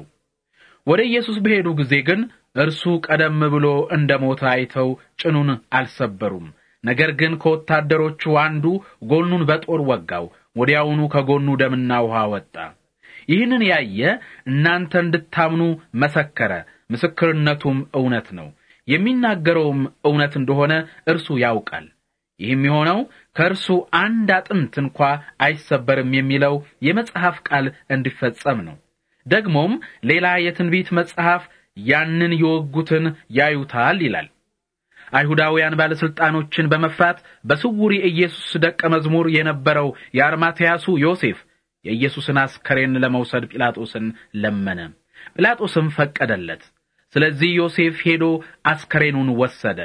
ወደ ኢየሱስ በሄዱ ጊዜ ግን እርሱ ቀደም ብሎ እንደሞተ አይተው ጭኑን አልሰበሩም። ነገር ግን ከወታደሮቹ አንዱ ጎኑን በጦር ወጋው። ወዲያውኑ ከጎኑ ደምና ውሃ ወጣ። ይህንን ያየ እናንተ እንድታምኑ መሰከረ፣ ምስክርነቱም እውነት ነው። የሚናገረውም እውነት እንደሆነ እርሱ ያውቃል። ይህም የሆነው ከእርሱ አንድ አጥንት እንኳ አይሰበርም የሚለው የመጽሐፍ ቃል እንዲፈጸም ነው። ደግሞም ሌላ የትንቢት መጽሐፍ ያንን የወጉትን ያዩታል ይላል። አይሁዳውያን ባለሥልጣኖችን በመፍራት በስውር የኢየሱስ ደቀ መዝሙር የነበረው የአርማትያሱ ዮሴፍ የኢየሱስን አስከሬን ለመውሰድ ጲላጦስን ለመነ። ጲላጦስም ፈቀደለት። ስለዚህ ዮሴፍ ሄዶ አስከሬኑን ወሰደ።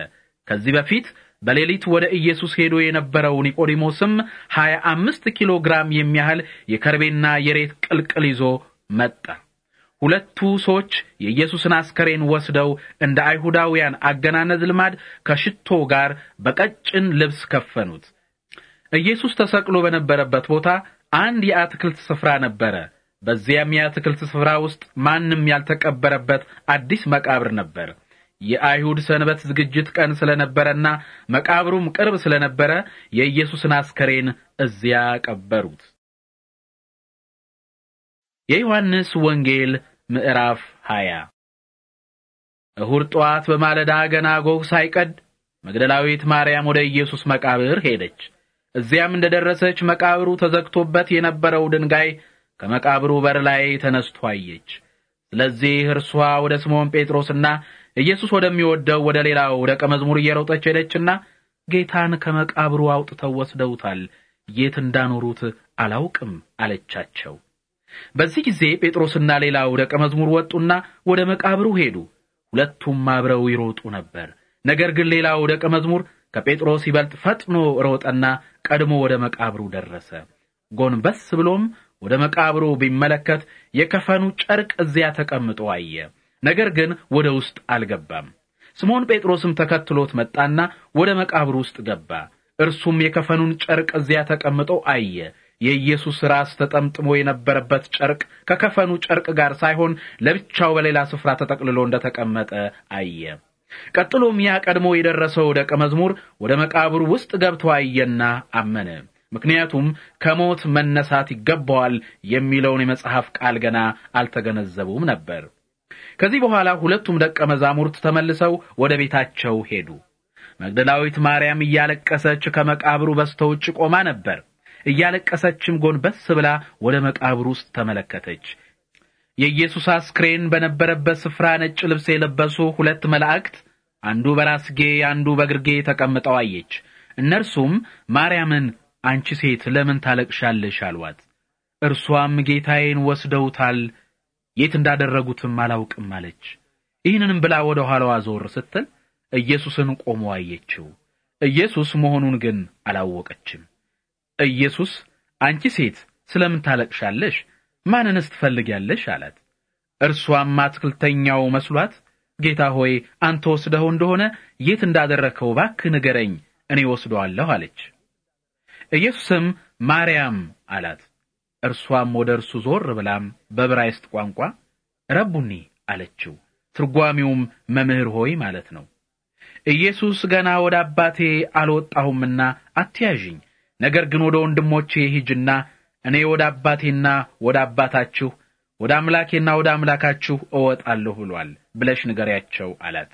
ከዚህ በፊት በሌሊት ወደ ኢየሱስ ሄዶ የነበረው ኒቆዲሞስም ሀያ አምስት ኪሎ ግራም የሚያህል የከርቤና የሬት ቅልቅል ይዞ መጣ። ሁለቱ ሰዎች የኢየሱስን አስከሬን ወስደው እንደ አይሁዳውያን አገናነዝ ልማድ ከሽቶ ጋር በቀጭን ልብስ ከፈኑት። ኢየሱስ ተሰቅሎ በነበረበት ቦታ አንድ የአትክልት ስፍራ ነበረ። በዚያም የአትክልት ስፍራ ውስጥ ማንም ያልተቀበረበት አዲስ መቃብር ነበር። የአይሁድ ሰንበት ዝግጅት ቀን ስለነበረና መቃብሩም ቅርብ ስለነበረ የኢየሱስን አስከሬን እዚያ ቀበሩት። የዮሐንስ ወንጌል ምዕራፍ 20 እሁድ ጠዋት በማለዳ ገና ጎህ ሳይቀድ መግደላዊት ማርያም ወደ ኢየሱስ መቃብር ሄደች። እዚያም እንደደረሰች መቃብሩ ተዘግቶበት የነበረው ድንጋይ ከመቃብሩ በር ላይ ተነስቶ አየች። ስለዚህ እርሷ ወደ ስምዖን ጴጥሮስና ኢየሱስ ወደሚወደው ወደ ሌላው ደቀ መዝሙር እየሮጠች ሄደችና ጌታን ከመቃብሩ አውጥተው ወስደውታል፣ የት እንዳኖሩት አላውቅም አለቻቸው። በዚህ ጊዜ ጴጥሮስና ሌላው ደቀ መዝሙር ወጡና ወደ መቃብሩ ሄዱ። ሁለቱም አብረው ይሮጡ ነበር። ነገር ግን ሌላው ደቀ መዝሙር ከጴጥሮስ ይበልጥ ፈጥኖ ሮጠና ቀድሞ ወደ መቃብሩ ደረሰ። ጎንበስ ብሎም ወደ መቃብሩ ቢመለከት የከፈኑ ጨርቅ እዚያ ተቀምጦ አየ። ነገር ግን ወደ ውስጥ አልገባም። ስምዖን ጴጥሮስም ተከትሎት መጣና ወደ መቃብር ውስጥ ገባ። እርሱም የከፈኑን ጨርቅ እዚያ ተቀምጦ አየ። የኢየሱስ ራስ ተጠምጥሞ የነበረበት ጨርቅ ከከፈኑ ጨርቅ ጋር ሳይሆን ለብቻው በሌላ ስፍራ ተጠቅልሎ እንደተቀመጠ አየ። ቀጥሎም ያ ቀድሞ የደረሰው ደቀ መዝሙር ወደ መቃብሩ ውስጥ ገብቶ አየና አመነ። ምክንያቱም ከሞት መነሳት ይገባዋል የሚለውን የመጽሐፍ ቃል ገና አልተገነዘቡም ነበር። ከዚህ በኋላ ሁለቱም ደቀ መዛሙርት ተመልሰው ወደ ቤታቸው ሄዱ። መግደላዊት ማርያም እያለቀሰች ከመቃብሩ በስተውጭ ቆማ ነበር። እያለቀሰችም ጎንበስ ብላ ወደ መቃብሩ ውስጥ ተመለከተች። የኢየሱስ አስክሬን በነበረበት ስፍራ ነጭ ልብስ የለበሱ ሁለት መላእክት አንዱ በራስጌ አንዱ በግርጌ ተቀምጠው አየች። እነርሱም ማርያምን አንቺ ሴት ለምን ታለቅሻለሽ? አሏት። እርሷም ጌታዬን ወስደውታል የት እንዳደረጉትም አላውቅም አለች። ይህንንም ብላ ወደ ኋላዋ ዞር ስትል ኢየሱስን ቆሞ አየችው። ኢየሱስ መሆኑን ግን አላወቀችም። ኢየሱስ አንቺ ሴት ስለምን ታለቅሻለሽ? ማንንስ ትፈልጊያለሽ? አላት። እርሷም አትክልተኛው መስሏት ጌታ ሆይ አንተ ወስደኸው እንደሆነ የት እንዳደረከው እባክህ ንገረኝ፣ እኔ ወስደዋለሁ አለች። ኢየሱስም ማርያም አላት። እርሷም ወደ እርሱ ዞር ብላም በዕብራይስጥ ቋንቋ ረቡኒ አለችው። ትርጓሚውም መምህር ሆይ ማለት ነው። ኢየሱስ ገና ወደ አባቴ አልወጣሁምና አትያዥኝ፣ ነገር ግን ወደ ወንድሞቼ ሂጅና እኔ ወደ አባቴና ወደ አባታችሁ ወደ አምላኬና ወደ አምላካችሁ እወጣለሁ ብሏል ብለሽ ንገሪያቸው አላት።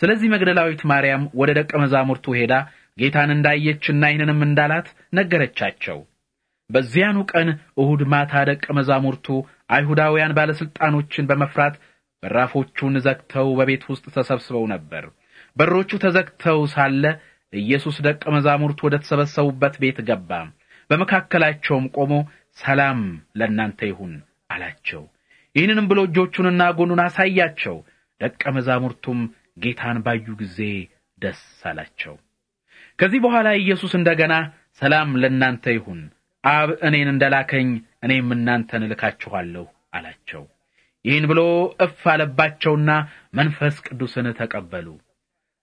ስለዚህ መግደላዊት ማርያም ወደ ደቀ መዛሙርቱ ሄዳ ጌታን እንዳየችና ይህንንም እንዳላት ነገረቻቸው። በዚያኑ ቀን እሁድ ማታ ደቀ መዛሙርቱ አይሁዳውያን ባለሥልጣኖችን በመፍራት በራፎቹን ዘግተው በቤት ውስጥ ተሰብስበው ነበር። በሮቹ ተዘግተው ሳለ ኢየሱስ ደቀ መዛሙርቱ ወደ ተሰበሰቡበት ቤት ገባ። በመካከላቸውም ቆሞ ሰላም ለእናንተ ይሁን አላቸው። ይህንንም ብሎ እጆቹንና ጎኑን አሳያቸው። ደቀ መዛሙርቱም ጌታን ባዩ ጊዜ ደስ አላቸው። ከዚህ በኋላ ኢየሱስ እንደገና ሰላም ለእናንተ ይሁን አብ እኔን እንደላከኝ እኔም እናንተን እልካችኋለሁ አላቸው። ይህን ብሎ እፍ አለባቸውና መንፈስ ቅዱስን ተቀበሉ።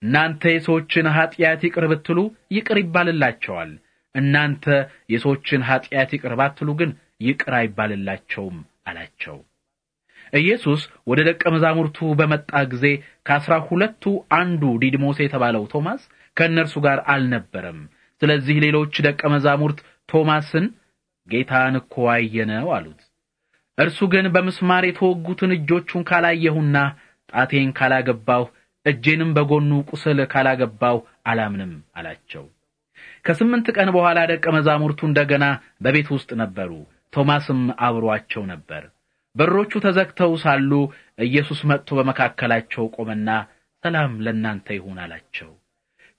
እናንተ የሰዎችን ኀጢአት ይቅር ብትሉ ይቅር ይባልላቸዋል፣ እናንተ የሰዎችን ኀጢአት ይቅር ባትሉ ግን ይቅር አይባልላቸውም አላቸው። ኢየሱስ ወደ ደቀ መዛሙርቱ በመጣ ጊዜ ከአሥራ ሁለቱ አንዱ ዲድሞስ የተባለው ቶማስ ከእነርሱ ጋር አልነበረም። ስለዚህ ሌሎች ደቀ መዛሙርት ቶማስን ጌታን እኮ አየነው አሉት። እርሱ ግን በምስማር የተወጉትን እጆቹን ካላየሁና ጣቴን ካላገባሁ እጄንም በጎኑ ቁስል ካላገባሁ አላምንም አላቸው። ከስምንት ቀን በኋላ ደቀ መዛሙርቱ እንደገና በቤት ውስጥ ነበሩ። ቶማስም አብሮአቸው ነበር። በሮቹ ተዘግተው ሳሉ ኢየሱስ መጥቶ በመካከላቸው ቆመና ሰላም ለእናንተ ይሁን አላቸው።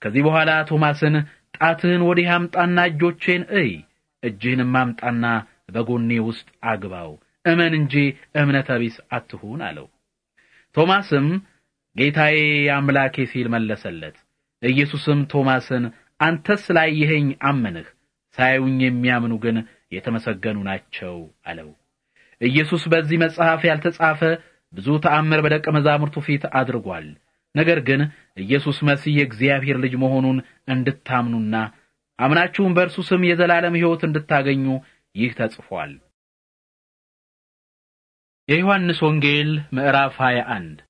ከዚህ በኋላ ቶማስን ጣትህን ወዲህ አምጣና እጆቼን እይ፣ እጅህንም አምጣና በጎኔ ውስጥ አግባው፣ እመን እንጂ እምነት ቢስ አትሁን አለው። ቶማስም ጌታዬ አምላኬ ሲል መለሰለት። ኢየሱስም ቶማስን አንተስ ስላየኸኝ አመንህ፣ ሳይውኝ የሚያምኑ ግን የተመሰገኑ ናቸው አለው። ኢየሱስ በዚህ መጽሐፍ ያልተጻፈ ብዙ ተአምር በደቀ መዛሙርቱ ፊት አድርጓል። ነገር ግን ኢየሱስ መሲህ የእግዚአብሔር ልጅ መሆኑን እንድታምኑና አምናችሁም በእርሱ ስም የዘላለም ሕይወት እንድታገኙ ይህ ተጽፏል። የዮሐንስ ወንጌል ምዕራፍ 21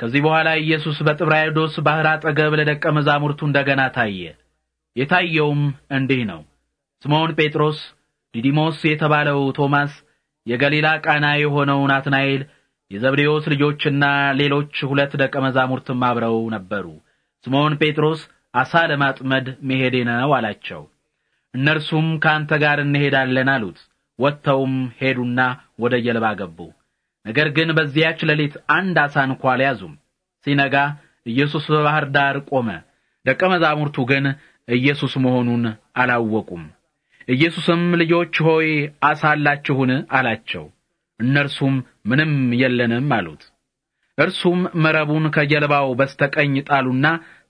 ከዚህ በኋላ ኢየሱስ በጥብራይዶስ ባህር አጠገብ ለደቀ መዛሙርቱ እንደገና ታየ። የታየውም እንዲህ ነው። ስምዖን ጴጥሮስ፣ ዲዲሞስ የተባለው ቶማስ፣ የገሊላ ቃና የሆነው ናትናኤል የዘብዴዎስ ልጆችና ሌሎች ሁለት ደቀ መዛሙርትም አብረው ነበሩ። ስምዖን ጴጥሮስ አሳ ለማጥመድ መሄዴ ነው አላቸው። እነርሱም ከአንተ ጋር እንሄዳለን አሉት። ወጥተውም ሄዱና ወደ ጀልባ ገቡ። ነገር ግን በዚያች ሌሊት አንድ አሳ እንኳ አልያዙም። ሲነጋ ኢየሱስ በባህር ዳር ቆመ። ደቀ መዛሙርቱ ግን ኢየሱስ መሆኑን አላወቁም። ኢየሱስም ልጆች ሆይ አሳ አላችሁን? አላቸው። እነርሱም ምንም የለንም አሉት። እርሱም መረቡን ከጀልባው በስተቀኝ ጣሉና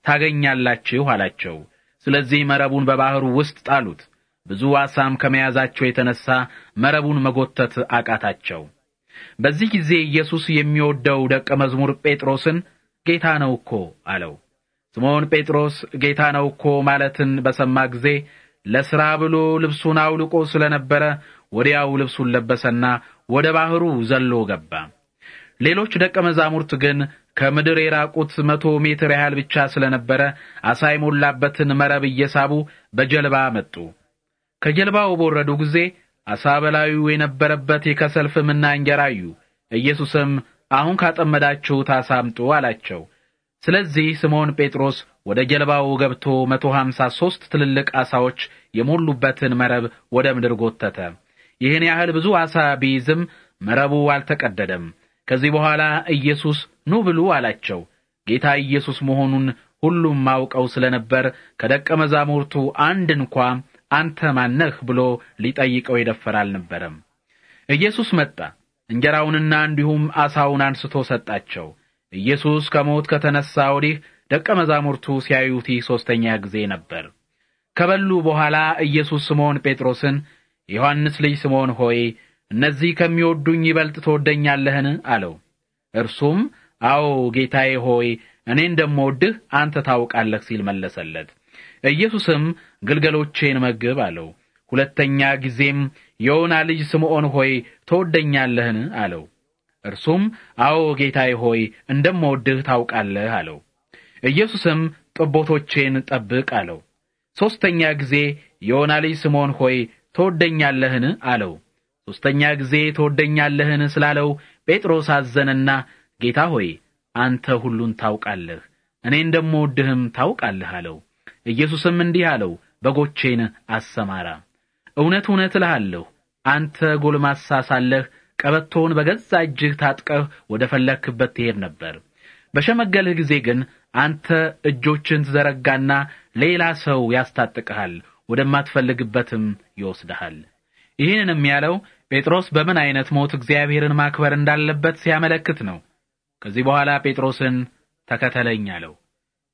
ታገኛላችሁ አላቸው። ስለዚህ መረቡን በባህሩ ውስጥ ጣሉት። ብዙ አሳም ከመያዛቸው የተነሳ መረቡን መጎተት አቃታቸው። በዚህ ጊዜ ኢየሱስ የሚወደው ደቀ መዝሙር ጴጥሮስን ጌታ ነው እኮ አለው። ስምዖን ጴጥሮስ ጌታ ነው እኮ ማለትን በሰማ ጊዜ ለሥራ ብሎ ልብሱን አውልቆ ስለነበረ ወዲያው ልብሱን ለበሰና ወደ ባህሩ ዘሎ ገባ። ሌሎች ደቀ መዛሙርት ግን ከምድር የራቁት መቶ ሜትር ያህል ብቻ ስለነበረ አሳ የሞላበትን መረብ እየሳቡ በጀልባ መጡ። ከጀልባው በወረዱ ጊዜ አሳ በላዩ የነበረበት የከሰል ፍምና እንጀራ አዩ። ኢየሱስም አሁን ካጠመዳችሁት አሳ አምጡ አላቸው። ስለዚህ ስምዖን ጴጥሮስ ወደ ጀልባው ገብቶ መቶ ሀምሳ ሦስት ትልልቅ ዓሣዎች የሞሉበትን መረብ ወደ ምድር ጎተተ። ይህን ያህል ብዙ ዓሣ ቢይዝም መረቡ አልተቀደደም። ከዚህ በኋላ ኢየሱስ ኑ ብሉ አላቸው። ጌታ ኢየሱስ መሆኑን ሁሉም አውቀው ስለነበር ከደቀ መዛሙርቱ አንድ እንኳ አንተ ማነህ ብሎ ሊጠይቀው የደፈረ አልነበረም። ኢየሱስ መጣ፣ እንጀራውንና እንዲሁም ዓሣውን አንስቶ ሰጣቸው። ኢየሱስ ከሞት ከተነሣ ወዲህ ደቀ መዛሙርቱ ሲያዩት ይህ ሦስተኛ ጊዜ ነበር። ከበሉ በኋላ ኢየሱስ ስምዖን ጴጥሮስን የዮሐንስ ልጅ ስምዖን ሆይ እነዚህ ከሚወዱኝ ይበልጥ ትወደኛለህን? አለው። እርሱም አዎ ጌታዬ ሆይ እኔ እንደምወድህ አንተ ታውቃለህ ሲል መለሰለት። ኢየሱስም ግልገሎቼን መግብ አለው። ሁለተኛ ጊዜም የዮና ልጅ ስምዖን ሆይ ትወደኛለህን? አለው። እርሱም አዎ ጌታዬ ሆይ እንደምወድህ ታውቃለህ አለው። ኢየሱስም ጥቦቶቼን ጠብቅ አለው። ሦስተኛ ጊዜ የዮና ልጅ ስምዖን ሆይ ትወደኛለህን አለው። ሦስተኛ ጊዜ ትወደኛለህን ስላለው ጴጥሮስ አዘነና ጌታ ሆይ አንተ ሁሉን ታውቃለህ፣ እኔ እንደምወድህም ታውቃለህ አለው። ኢየሱስም እንዲህ አለው፣ በጎቼን አሰማራ። እውነት እውነት እልሃለሁ አንተ ጎልማሳ ሳለህ ቀበቶውን በገዛ እጅህ ታጥቀህ ወደ ፈለክበት ትሄድ ነበር። በሸመገልህ ጊዜ ግን አንተ እጆችን ትዘረጋና ሌላ ሰው ያስታጥቅሃል፣ ወደማትፈልግበትም ይወስድሃል። ይህንንም ያለው ጴጥሮስ በምን አይነት ሞት እግዚአብሔርን ማክበር እንዳለበት ሲያመለክት ነው። ከዚህ በኋላ ጴጥሮስን ተከተለኝ አለው።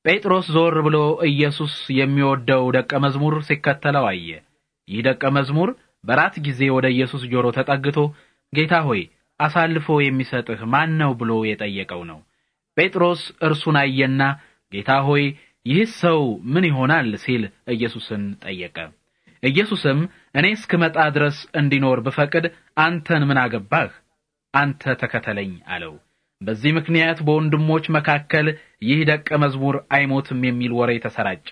ጴጥሮስ ዞር ብሎ ኢየሱስ የሚወደው ደቀ መዝሙር ሲከተለው አየ። ይህ ደቀ መዝሙር በራት ጊዜ ወደ ኢየሱስ ጆሮ ተጠግቶ ጌታ ሆይ አሳልፎ የሚሰጥህ ማን ነው ብሎ የጠየቀው ነው። ጴጥሮስ እርሱን አየና ጌታ ሆይ ይህ ሰው ምን ይሆናል ሲል ኢየሱስን ጠየቀ። ኢየሱስም እኔ እስክመጣ ድረስ እንዲኖር ብፈቅድ አንተን ምን አገባህ? አንተ ተከተለኝ አለው። በዚህ ምክንያት በወንድሞች መካከል ይህ ደቀ መዝሙር አይሞትም የሚል ወሬ ተሰራጨ።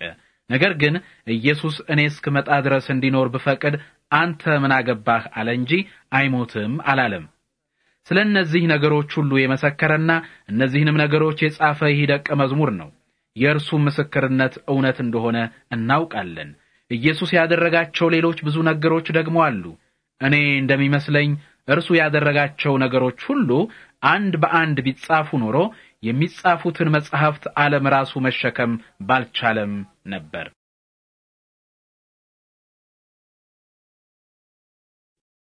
ነገር ግን ኢየሱስ እኔ እስክመጣ ድረስ እንዲኖር ብፈቅድ አንተ ምን አገባህ አለ እንጂ አይሞትም አላለም። ስለ እነዚህ ነገሮች ሁሉ የመሰከረና እነዚህንም ነገሮች የጻፈ ይህ ደቀ መዝሙር ነው። የእርሱ ምስክርነት እውነት እንደሆነ እናውቃለን። ኢየሱስ ያደረጋቸው ሌሎች ብዙ ነገሮች ደግሞ አሉ። እኔ እንደሚመስለኝ እርሱ ያደረጋቸው ነገሮች ሁሉ አንድ በአንድ ቢጻፉ ኖሮ የሚጻፉትን መጻሕፍት ዓለም ራሱ መሸከም ባልቻለም ነበር።